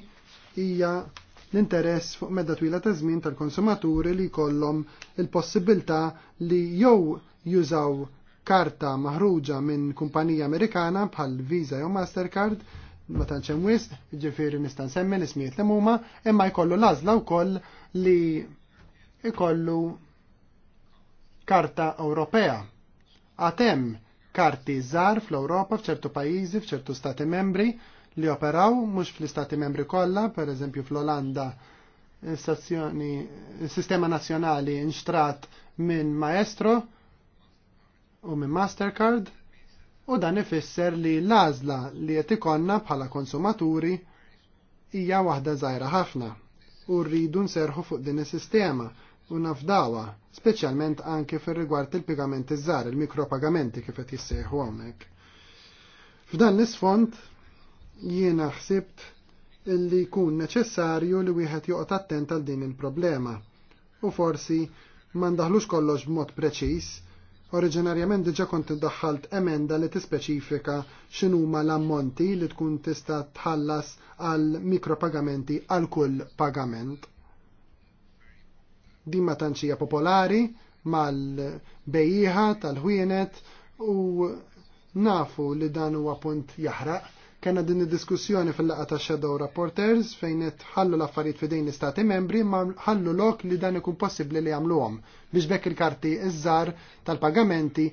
hija l-interess fuq medda twila ta' żmien tal-konsumaturi li jkollhom il-possibilità li jew jużaw karta maħruġa minn kumpanija Amerikana bħal Visa jew Mastercard ma tantx hemm wisq, ġifieri nista' nsemmi l-ismijiet li huma, imma jkollu l-għażla wkoll li ikollu karta Ewropea Għatem karti żgħar fl-Ewropa f'ċertu pajjiżi, f'ċertu stati membri li operaw mhux fl-istati membri kollha, per eżempju fl-Olanda il-sistema nazzjonali nxtrat minn Maestro u minn Mastercard u dan ifisser li l-għażla li qed ikonna bħala konsumaturi hija waħda żgħira ħafna u rridu nserħu fuq din is-sistema u nafdawa, speċjalment anke fir rigward il-pigamenti żgħar, il-mikropagamenti kif qed jissejħu hawnhekk. F'dan l-isfond jiena ħsibt illi jkun neċessarju li wieħed joqgħod attent għal din il-problema u forsi ma ndaħlux kollox b'mod preċiż, Oriġinarjament diġa kont iddaħħalt emenda li tispeċifika x'inhuma l-ammonti li tkun tista tħallas għal mikropagamenti għal kull pagament din ma tantxija popolari mal-bejjiħa tal-ħwienet u nafu li dan huwa punt jaħraq. Kena din id-diskussjoni fil-laqa ta' Shadow Reporters fejn ħallu l-affarijiet fidejn l-istati membri ma ħallu lok li dan ikun possibbli li jagħmluhom biex bekk il-karti iż-żar tal-pagamenti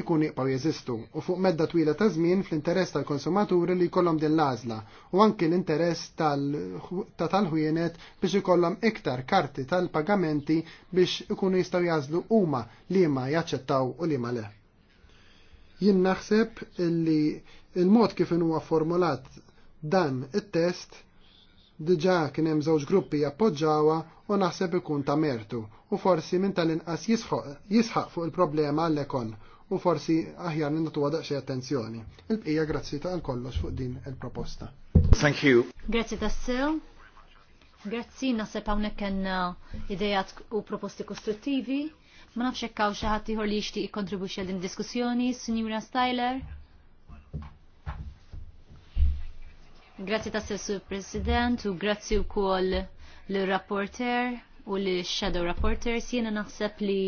ikun iqpaw jeżistu u fuq medda twila ta' żmien fl-interess tal-konsumaturi li jkollhom din l-għażla u anki l-interess tal-ħwienet biex ikollhom iktar karti tal-pagamenti biex ikunu jistgħu jażlu huma li ma jaċċettaw u li ma le. Jien naħseb li il-mod kif huwa formulat dan it-test diġa kien hemm żewġ gruppi jappoġġawha u naħseb ikun ta' mertu u forsi minn tal-inqas jisħaq fuq il-problema għall-ekon u forsi aħjar nintu għadaxi attenzjoni. Il-bqija grazzi ta' kollox fuq din il-proposta. Thank you. Grazzi ta' sew. Grazzi nasib hawnhekk kenna idejat u proposti kostruttivi. Ma nafx hekk xaħati xi ħadd ieħor li jixtieq jikkontribwixxi għal din diskussjoni, Signora Styler. Grazzi ta' sew President u grazzi wkoll l-rapporter u l-shadow rapporters jiena naħseb li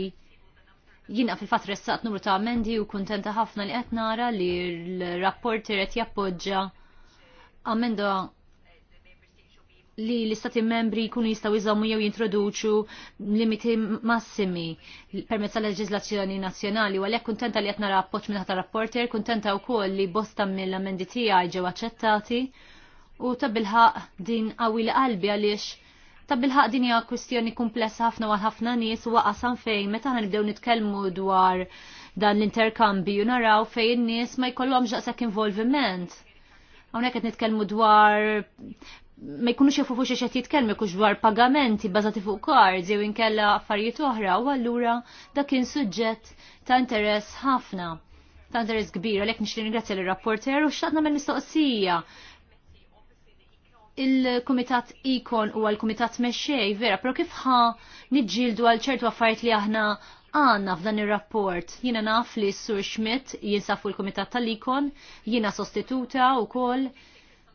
jina fil-fat ressaqt numru ta' amendi u kontenta ħafna li qed nara li l-rapport irid jappoġġa amenda li l-istati membri jkunu jistgħu jżommu jew jintroduċu limiti massimi permezz tal-leġislazzjoni nazzjonali u għalhekk kuntenta li qed nara appoġġ minn ta' rapporter, kuntenta wkoll li bosta mill-amendi tiegħi ġew aċċettati u tabilħaq din qawwi li qalbi għaliex Ta' bilħaq din hija kwistjoni komplessa ħafna wa ħafna nies u qasam fejn meta nibdew nitkellmu dwar dan l-interkambju naraw fejn in-nies ma jkollhomx daqshekk involviment. Hawnhekk qed nitkellmu dwar ma jkunux jafu fuq xi jitkellmu jkunx dwar pagamenti bażati fuq kards jew inkella affarijiet oħra u allura dak kien suġġett ta' interess ħafna ta' interess kbir għalhekk nixtieq ningrazzja lir rapporter u x'taqna mill-mistoqsija il-Kumitat Ikon u għal-Kumitat Mexxej, vera, pero kif ħa nidġildu għal ċertu affarijiet li aħna għanna f'dan il-rapport. Jina naf li Sur Schmidt jinsa l il-Kumitat tal-Ikon, jina sostituta u kol,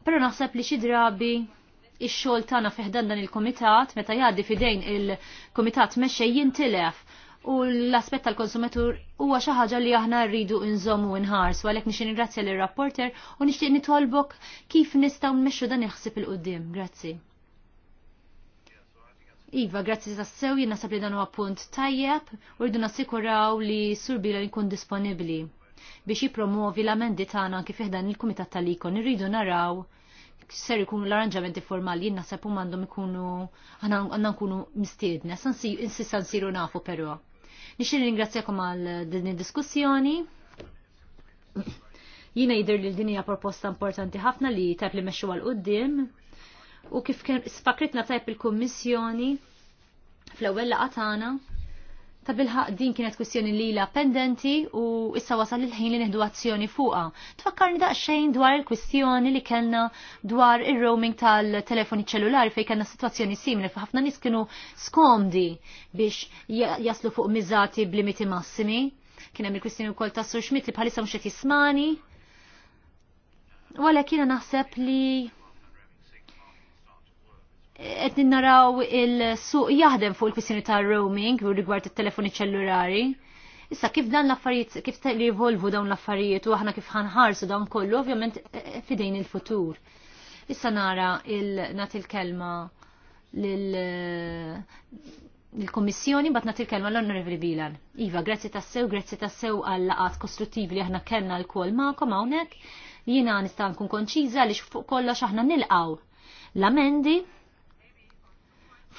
pero naħseb li xi drabi ix-xogħol tagħna fiħdan dan il-kumitat meta jaddi fidejn il-kumitat mexxej jintilef u l-aspett tal-konsumatur huwa xi ħaġa li aħna rridu nżommu nħarsu għalhekk nixtieq nirrazzja lir rapporter u nixtieq nitolbok kif nistgħu nmexxu dan jaħsib il-qudiem. Grazzi. Iva, grazzi tassew, jien nasab li dan huwa punt tajjeb u rridu nassikuraw li Sur Bila jkun disponibbli biex jipromuovi l-amendi tagħna kif iħdan il-Kumitat tal-Ikon irridu naraw ser ikunu l-arranġamenti formali jien naħseb għandhom ikunu għandna nkunu mistiedna, insi sansiru nafu però. Nixin ringrazzjakom għal din diskussjoni Jina jidir li dinija proposta importanti ħafna li tajb li meċu għal uddim. u kif fakritna tajb il-kommissjoni fl-ewwel għatana ta' bilħaq din kienet kwistjoni li la pendenti u issa wasal il-ħin li neħdu azzjoni fuqa. Tfakkarni daqsxejn dwar il-kwistjoni li kellna dwar il-roaming tal-telefoni ċellulari fej kellna situazzjoni simili f'ħafna nis kienu skomdi biex jaslu fuq miżati b'limiti massimi. Kien hemm il-kwistjoni wkoll ta' Sur Schmidt li bħalissa mhux qed jismani. Wala kiena naħseb li qed ninaraw il-suq jaħdem fuq il-kwissjoni ta' roaming u rigward it-telefoni ċellulari. Issa kif dan l-affarijiet, kif li jivolvu dawn l-affarijiet u aħna kif ħanħarsu dawn kollu, ovvjament e- e- e- fidejn il-futur. Issa nara il-nat il-kelma l-Komissjoni bat nagħti l-kelma l-Onorevoli Bilan. Iva, grazzi tassew, grazzi tassew għal laqat kostruttiv li aħna kellna l-kol ma'kom hawnhekk. Jiena nista' nkun konċiża li fuq kollox aħna nilqaw l-amendi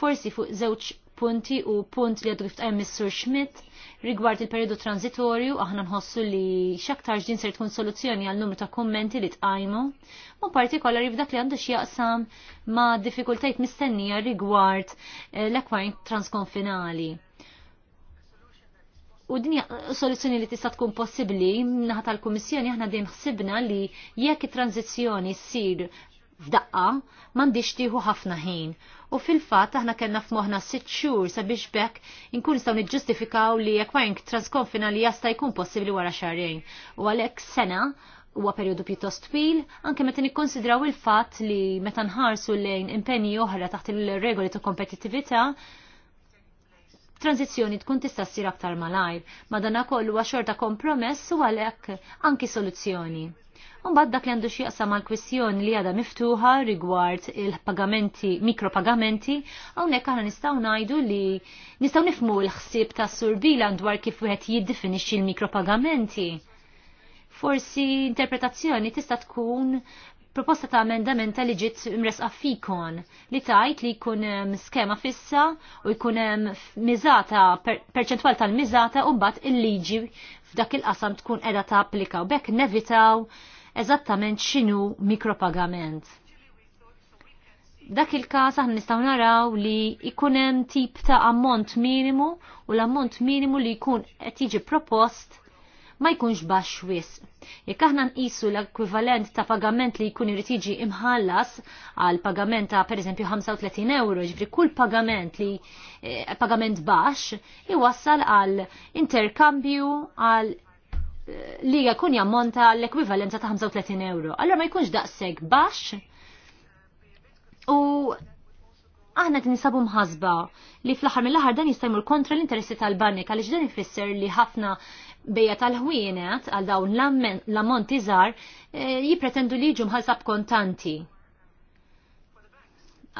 forsi fuq żewġ punti u punt li għadu għiftajm Mr. Schmidt rigward il-periodu transitorju aħna nħossu li xaktar din ser tkun soluzzjoni għal numru ta' kommenti li tqajmu, u partikolari f'dak li għandu x'jaqsam ma' diffikultajt mistennija rigward eh, l-akwajn transkonfinali. U din soluzzjoni li tista' tkun possibbli naħa tal-Kummissjoni aħna dejjem ħsibna li jekk it-tranzizzjoni ssir f'daqqa m'għandix tieħu ħafna ħin u fil-fatt aħna kellna f'moħħna sitt xhur sabiex bekk inkun nistgħu niġġustifikaw li acquiring transkonfina li jasta jkun possibbli wara xarrejn. U għalhekk sena huwa perjodu pjuttost twil, anke meta nikkonsidraw il-fatt li meta nħarsu lejn impenji oħra taħt il-regoli ta' kompetittività, tranzizzjoni tkun tista' ssir aktar malajr, madana kollu xorta kompromess u għalhekk anki soluzzjoni. Mbagħad dak li għandu ma' mal kwistjoni li għadha miftuħa rigward il-pagamenti, mikropagamenti, hawnhekk aħna nistgħu ngħidu li nistgħu nifmu l-ħsieb ta' surbila dwar kif wieħed jiddefinixxi l-mikropagamenti. Forsi interpretazzjoni tista' tkun proposta ta' amendament li ġiet imresqa fikon li tajt li jkun um, skema fissa u jkun um, miżata perċentwal tal mizata u bat il-liġi f'dak il-qasam tkun qiegħda ta' applika u bekk nevitaw eżattament x'inhu mikropagament dak il-kas aħna nistgħu naraw li ikun hemm tip ta' ammont minimu u l-ammont minimu li jkun qed jiġi propost ma jkunx baxx wis. Jekk aħna nqisu l-ekwivalent ta' pagament li jkun irid jiġi imħallas għal pagament ta' pereżempju 35 euro, ġifri kull pagament li eh, pagament baxx iwassal għal interkambju għal eh, li jkun jammonta l-ekwivalenza ta' 35 euro. Allora ma jkunx daqshekk baxx u aħna qed nisabu mħasba li fl-aħħar mill-aħħar dan jista' jmur kontra l-interessi tal-banek għaliex dan ifisser li ħafna bejja tal-ħwienet għal dawn l-ammonti żgħar eh, jippretendu li jiġu mħalsa kontanti.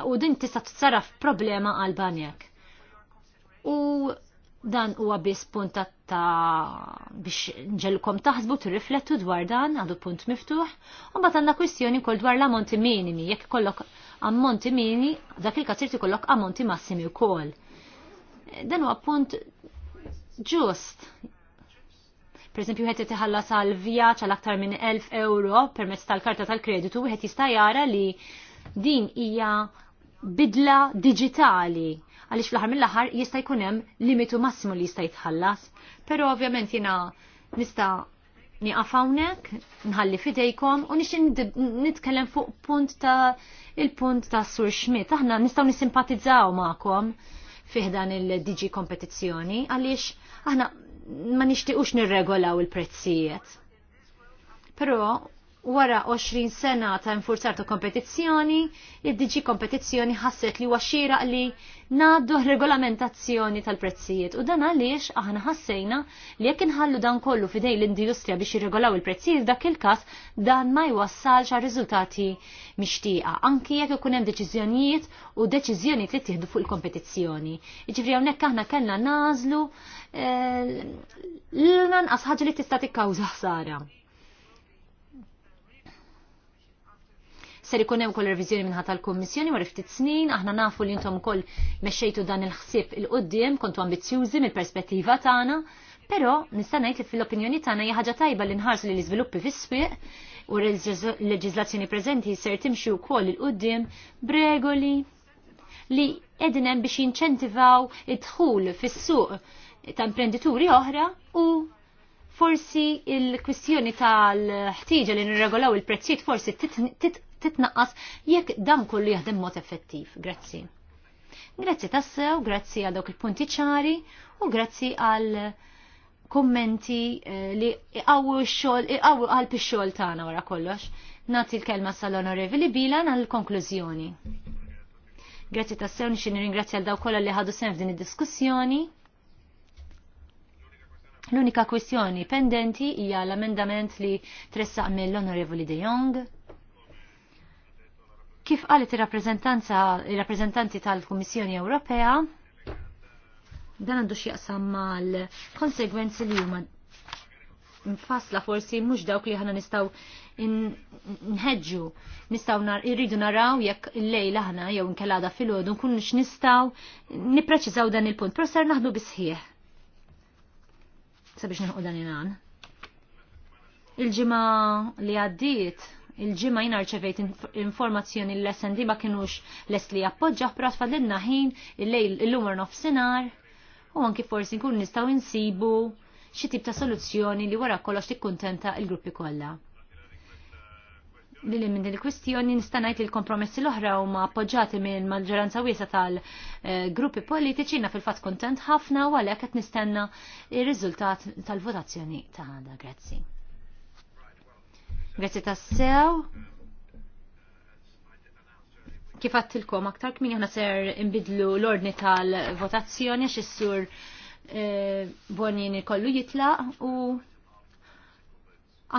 U din tista' tsaraf problema għal banjek. U dan huwa biss punt ta' biex nġelkom taħsbu tirriflettu dwar dan għadu punt miftuħ. U mbagħad għandna kwistjoni wkoll dwar l-ammonti minimi, jekk kollok ammonti minimi, dak il-każ irid ikollok ammonti massimi wkoll. Eh, dan huwa punt ġust Per esempio, għet jitħallas għal vjaċ għal aktar minn 1000 euro permezz tal-karta tal-kreditu, għet jista' jara li din hija bidla digitali għalix fl-ħar mill-ħar jista' jkun hemm limitu massimu li jista' jitħallas. Però ovvjament jiena nista' nieqaf hawnhekk, nħalli fidejkom u nixtieq nitkellem fuq punt ta' il-punt ta' Sur Schmidt. Aħna nistgħu nissimpatizzaw magħkom fih dan il digi kompetizzjoni għaliex aħna ma nishtiqux nirregolaw il-prezzijiet. Però wara 20 sena ta' nfurzar ta' kompetizzjoni, id diġi kompetizzjoni ħasset li waxira li naddu regolamentazzjoni tal-prezzijiet u dan għaliex aħna ħassejna li jekk inħallu dan kollu fidej l-industrija biex jirregolaw il-prezzijiet dak il-każ dan ma jwassalx għal riżultati mixtieqa anki jekk ikun hemm deċiżjonijiet u deċiżjonijiet li tieħdu fuq il-kompetizzjoni. Jiġifieri hawnhekk aħna kellna nażlu eh, l-lanqas ħaġa li tista' tikkawża ħsara ser ikun hemm revizjoni reviżjoni minnħat tal-Kummissjoni wara ftit snin, aħna nafu li intom ukoll mexxejtu dan il-ħsieb il-qudiem, kontu ambizzjużi mill-perspettiva tagħna, però nista' ngħid li fil-opinjoni tagħna hija ħaġa tajba li nħarsu li l-iżviluppi fis-swieq u l-leġiżlazzjoni preżenti ser timxi wkoll il-qudiem b'regoli li qegħdin hemm biex jinċentivaw id-dħul fis-suq ta' imprendituri oħra u forsi il-kwistjoni tal-ħtiġa li nirregolaw il-prezzijiet forsi titnaqqas jekk dan kollu jaħdem mod effettiv. Grazzi. Grazzi tassew, grazzi għal dawk il-punti ċari u grazzi għal kommenti eh, li iqawu xol, iqawu għalpi xogħol tana wara kollox. Nati l-kelma sal-onorevoli Bilan għal-konklużjoni. Grazzi tassew, nixin ringrazzja għal daw kollha li ħadu sen f'din id-diskussjoni. L-unika kwistjoni pendenti hija l-amendament li tressaq mill-onorevoli De Jong. Kif qalet ir-rappreżentanti tal-Kummissjoni Ewropea, dan għandu x'jaqsam mal-konsegwenzi li huma nfasla forsi mhux dawk li ħana nistgħu nħeġġu nistgħu nar irridu naraw jekk il-lej aħna jew inkelada filgħodu nkunu x'nistgħu nippreċiżaw dan il-punt, però ser naħdu bisħieħ. Sabiex nieħu dan il Il-ġimgħa li għaddiet il-ġimma jina rċevejt informazzjoni l-SND ma kienux les li appoġġaħ, pero tfadlilna ħin il-lejl il-lumar u anki forsi nkun nistaw insibu xi tip ta' soluzzjoni li wara kollox tikkuntenta il-gruppi kollha. Lili minn din il-kwistjoni nistanajt li l-kompromessi l-oħra u ma appoġġati minn maġġoranza wiesa tal-gruppi eh, politiċi na fil-fat kontent ħafna u għalhekk qed nistenna il riżultat tal-votazzjoni ta' għada. Grazzi. Grazzi tassew. Kif għattilkom aktar kmin aħna ser imbidlu l-ordni tal-votazzjoni għax is-sur e, eh, Bonjini kollu jitlaq u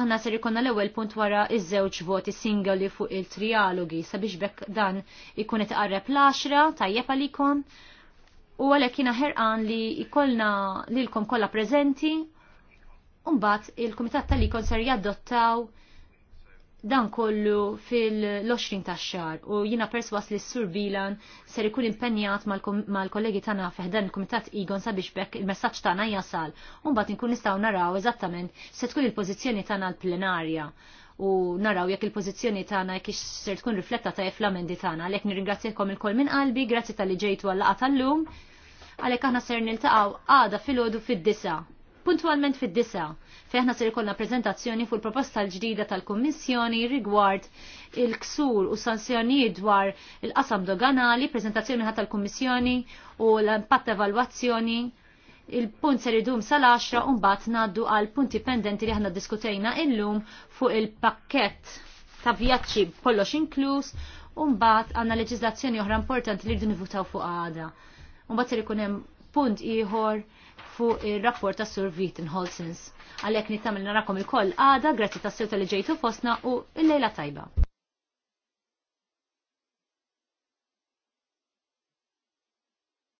aħna ser ikonna l-ewwel punt wara iż-żewġ voti singoli fuq il-trialogi sabiex bekk dan ikun qarreb l-10 tajjeb għalikom u għalhekk jina ħerqan li jkollna lilkom kollha prezenti, u mbagħad il-kumitat tal-ikon ser jaddottaw dan kollu fil-20 ta' xar u jina perswas li s-sur Bilan ser ikun impenjat mal-kollegi mal tana fiħdan il-Komitat Igon sabiex bekk il-messagġ tana jasal un bat nkun nistaw naraw eżattament se tkun il-pozizjoni tana l-plenarja u naraw jekk il-pozizjoni tana jekk ser tkun riflettata ta' l-amendi tana għalek nirringrazzjakom il-kol minn qalbi grazzi tal-li ġejtu għallaqa tal għalek aħna ser niltaqaw għada fil-ħodu fid-disa puntualment fid-disa fejn ser ikollna prezentazzjoni fuq il-proposta l-ġdida tal-Kummissjoni rigward il-ksur u sanzjoni dwar il-qasam doganali, prezentazzjoni minħat tal-Kummissjoni u l-impatt evalwazzjoni il-punt ser idum sal-10 u mbagħad ngħaddu għal punti pendenti li aħna diskutejna illum fuq il-pakkett ta' vjaġġi kollox inkluż u mbagħad għandna leġiżlazzjoni oħra importanti li rridu nivutaw fuq għada. Mbagħad ser ikun hemm punt ieħor fuq il-rapport ta' Sur Vitin Holsens. Għalek nittamil narakom il-koll għada, grazzi ta' sewta li ġejtu fosna u il-lejla tajba.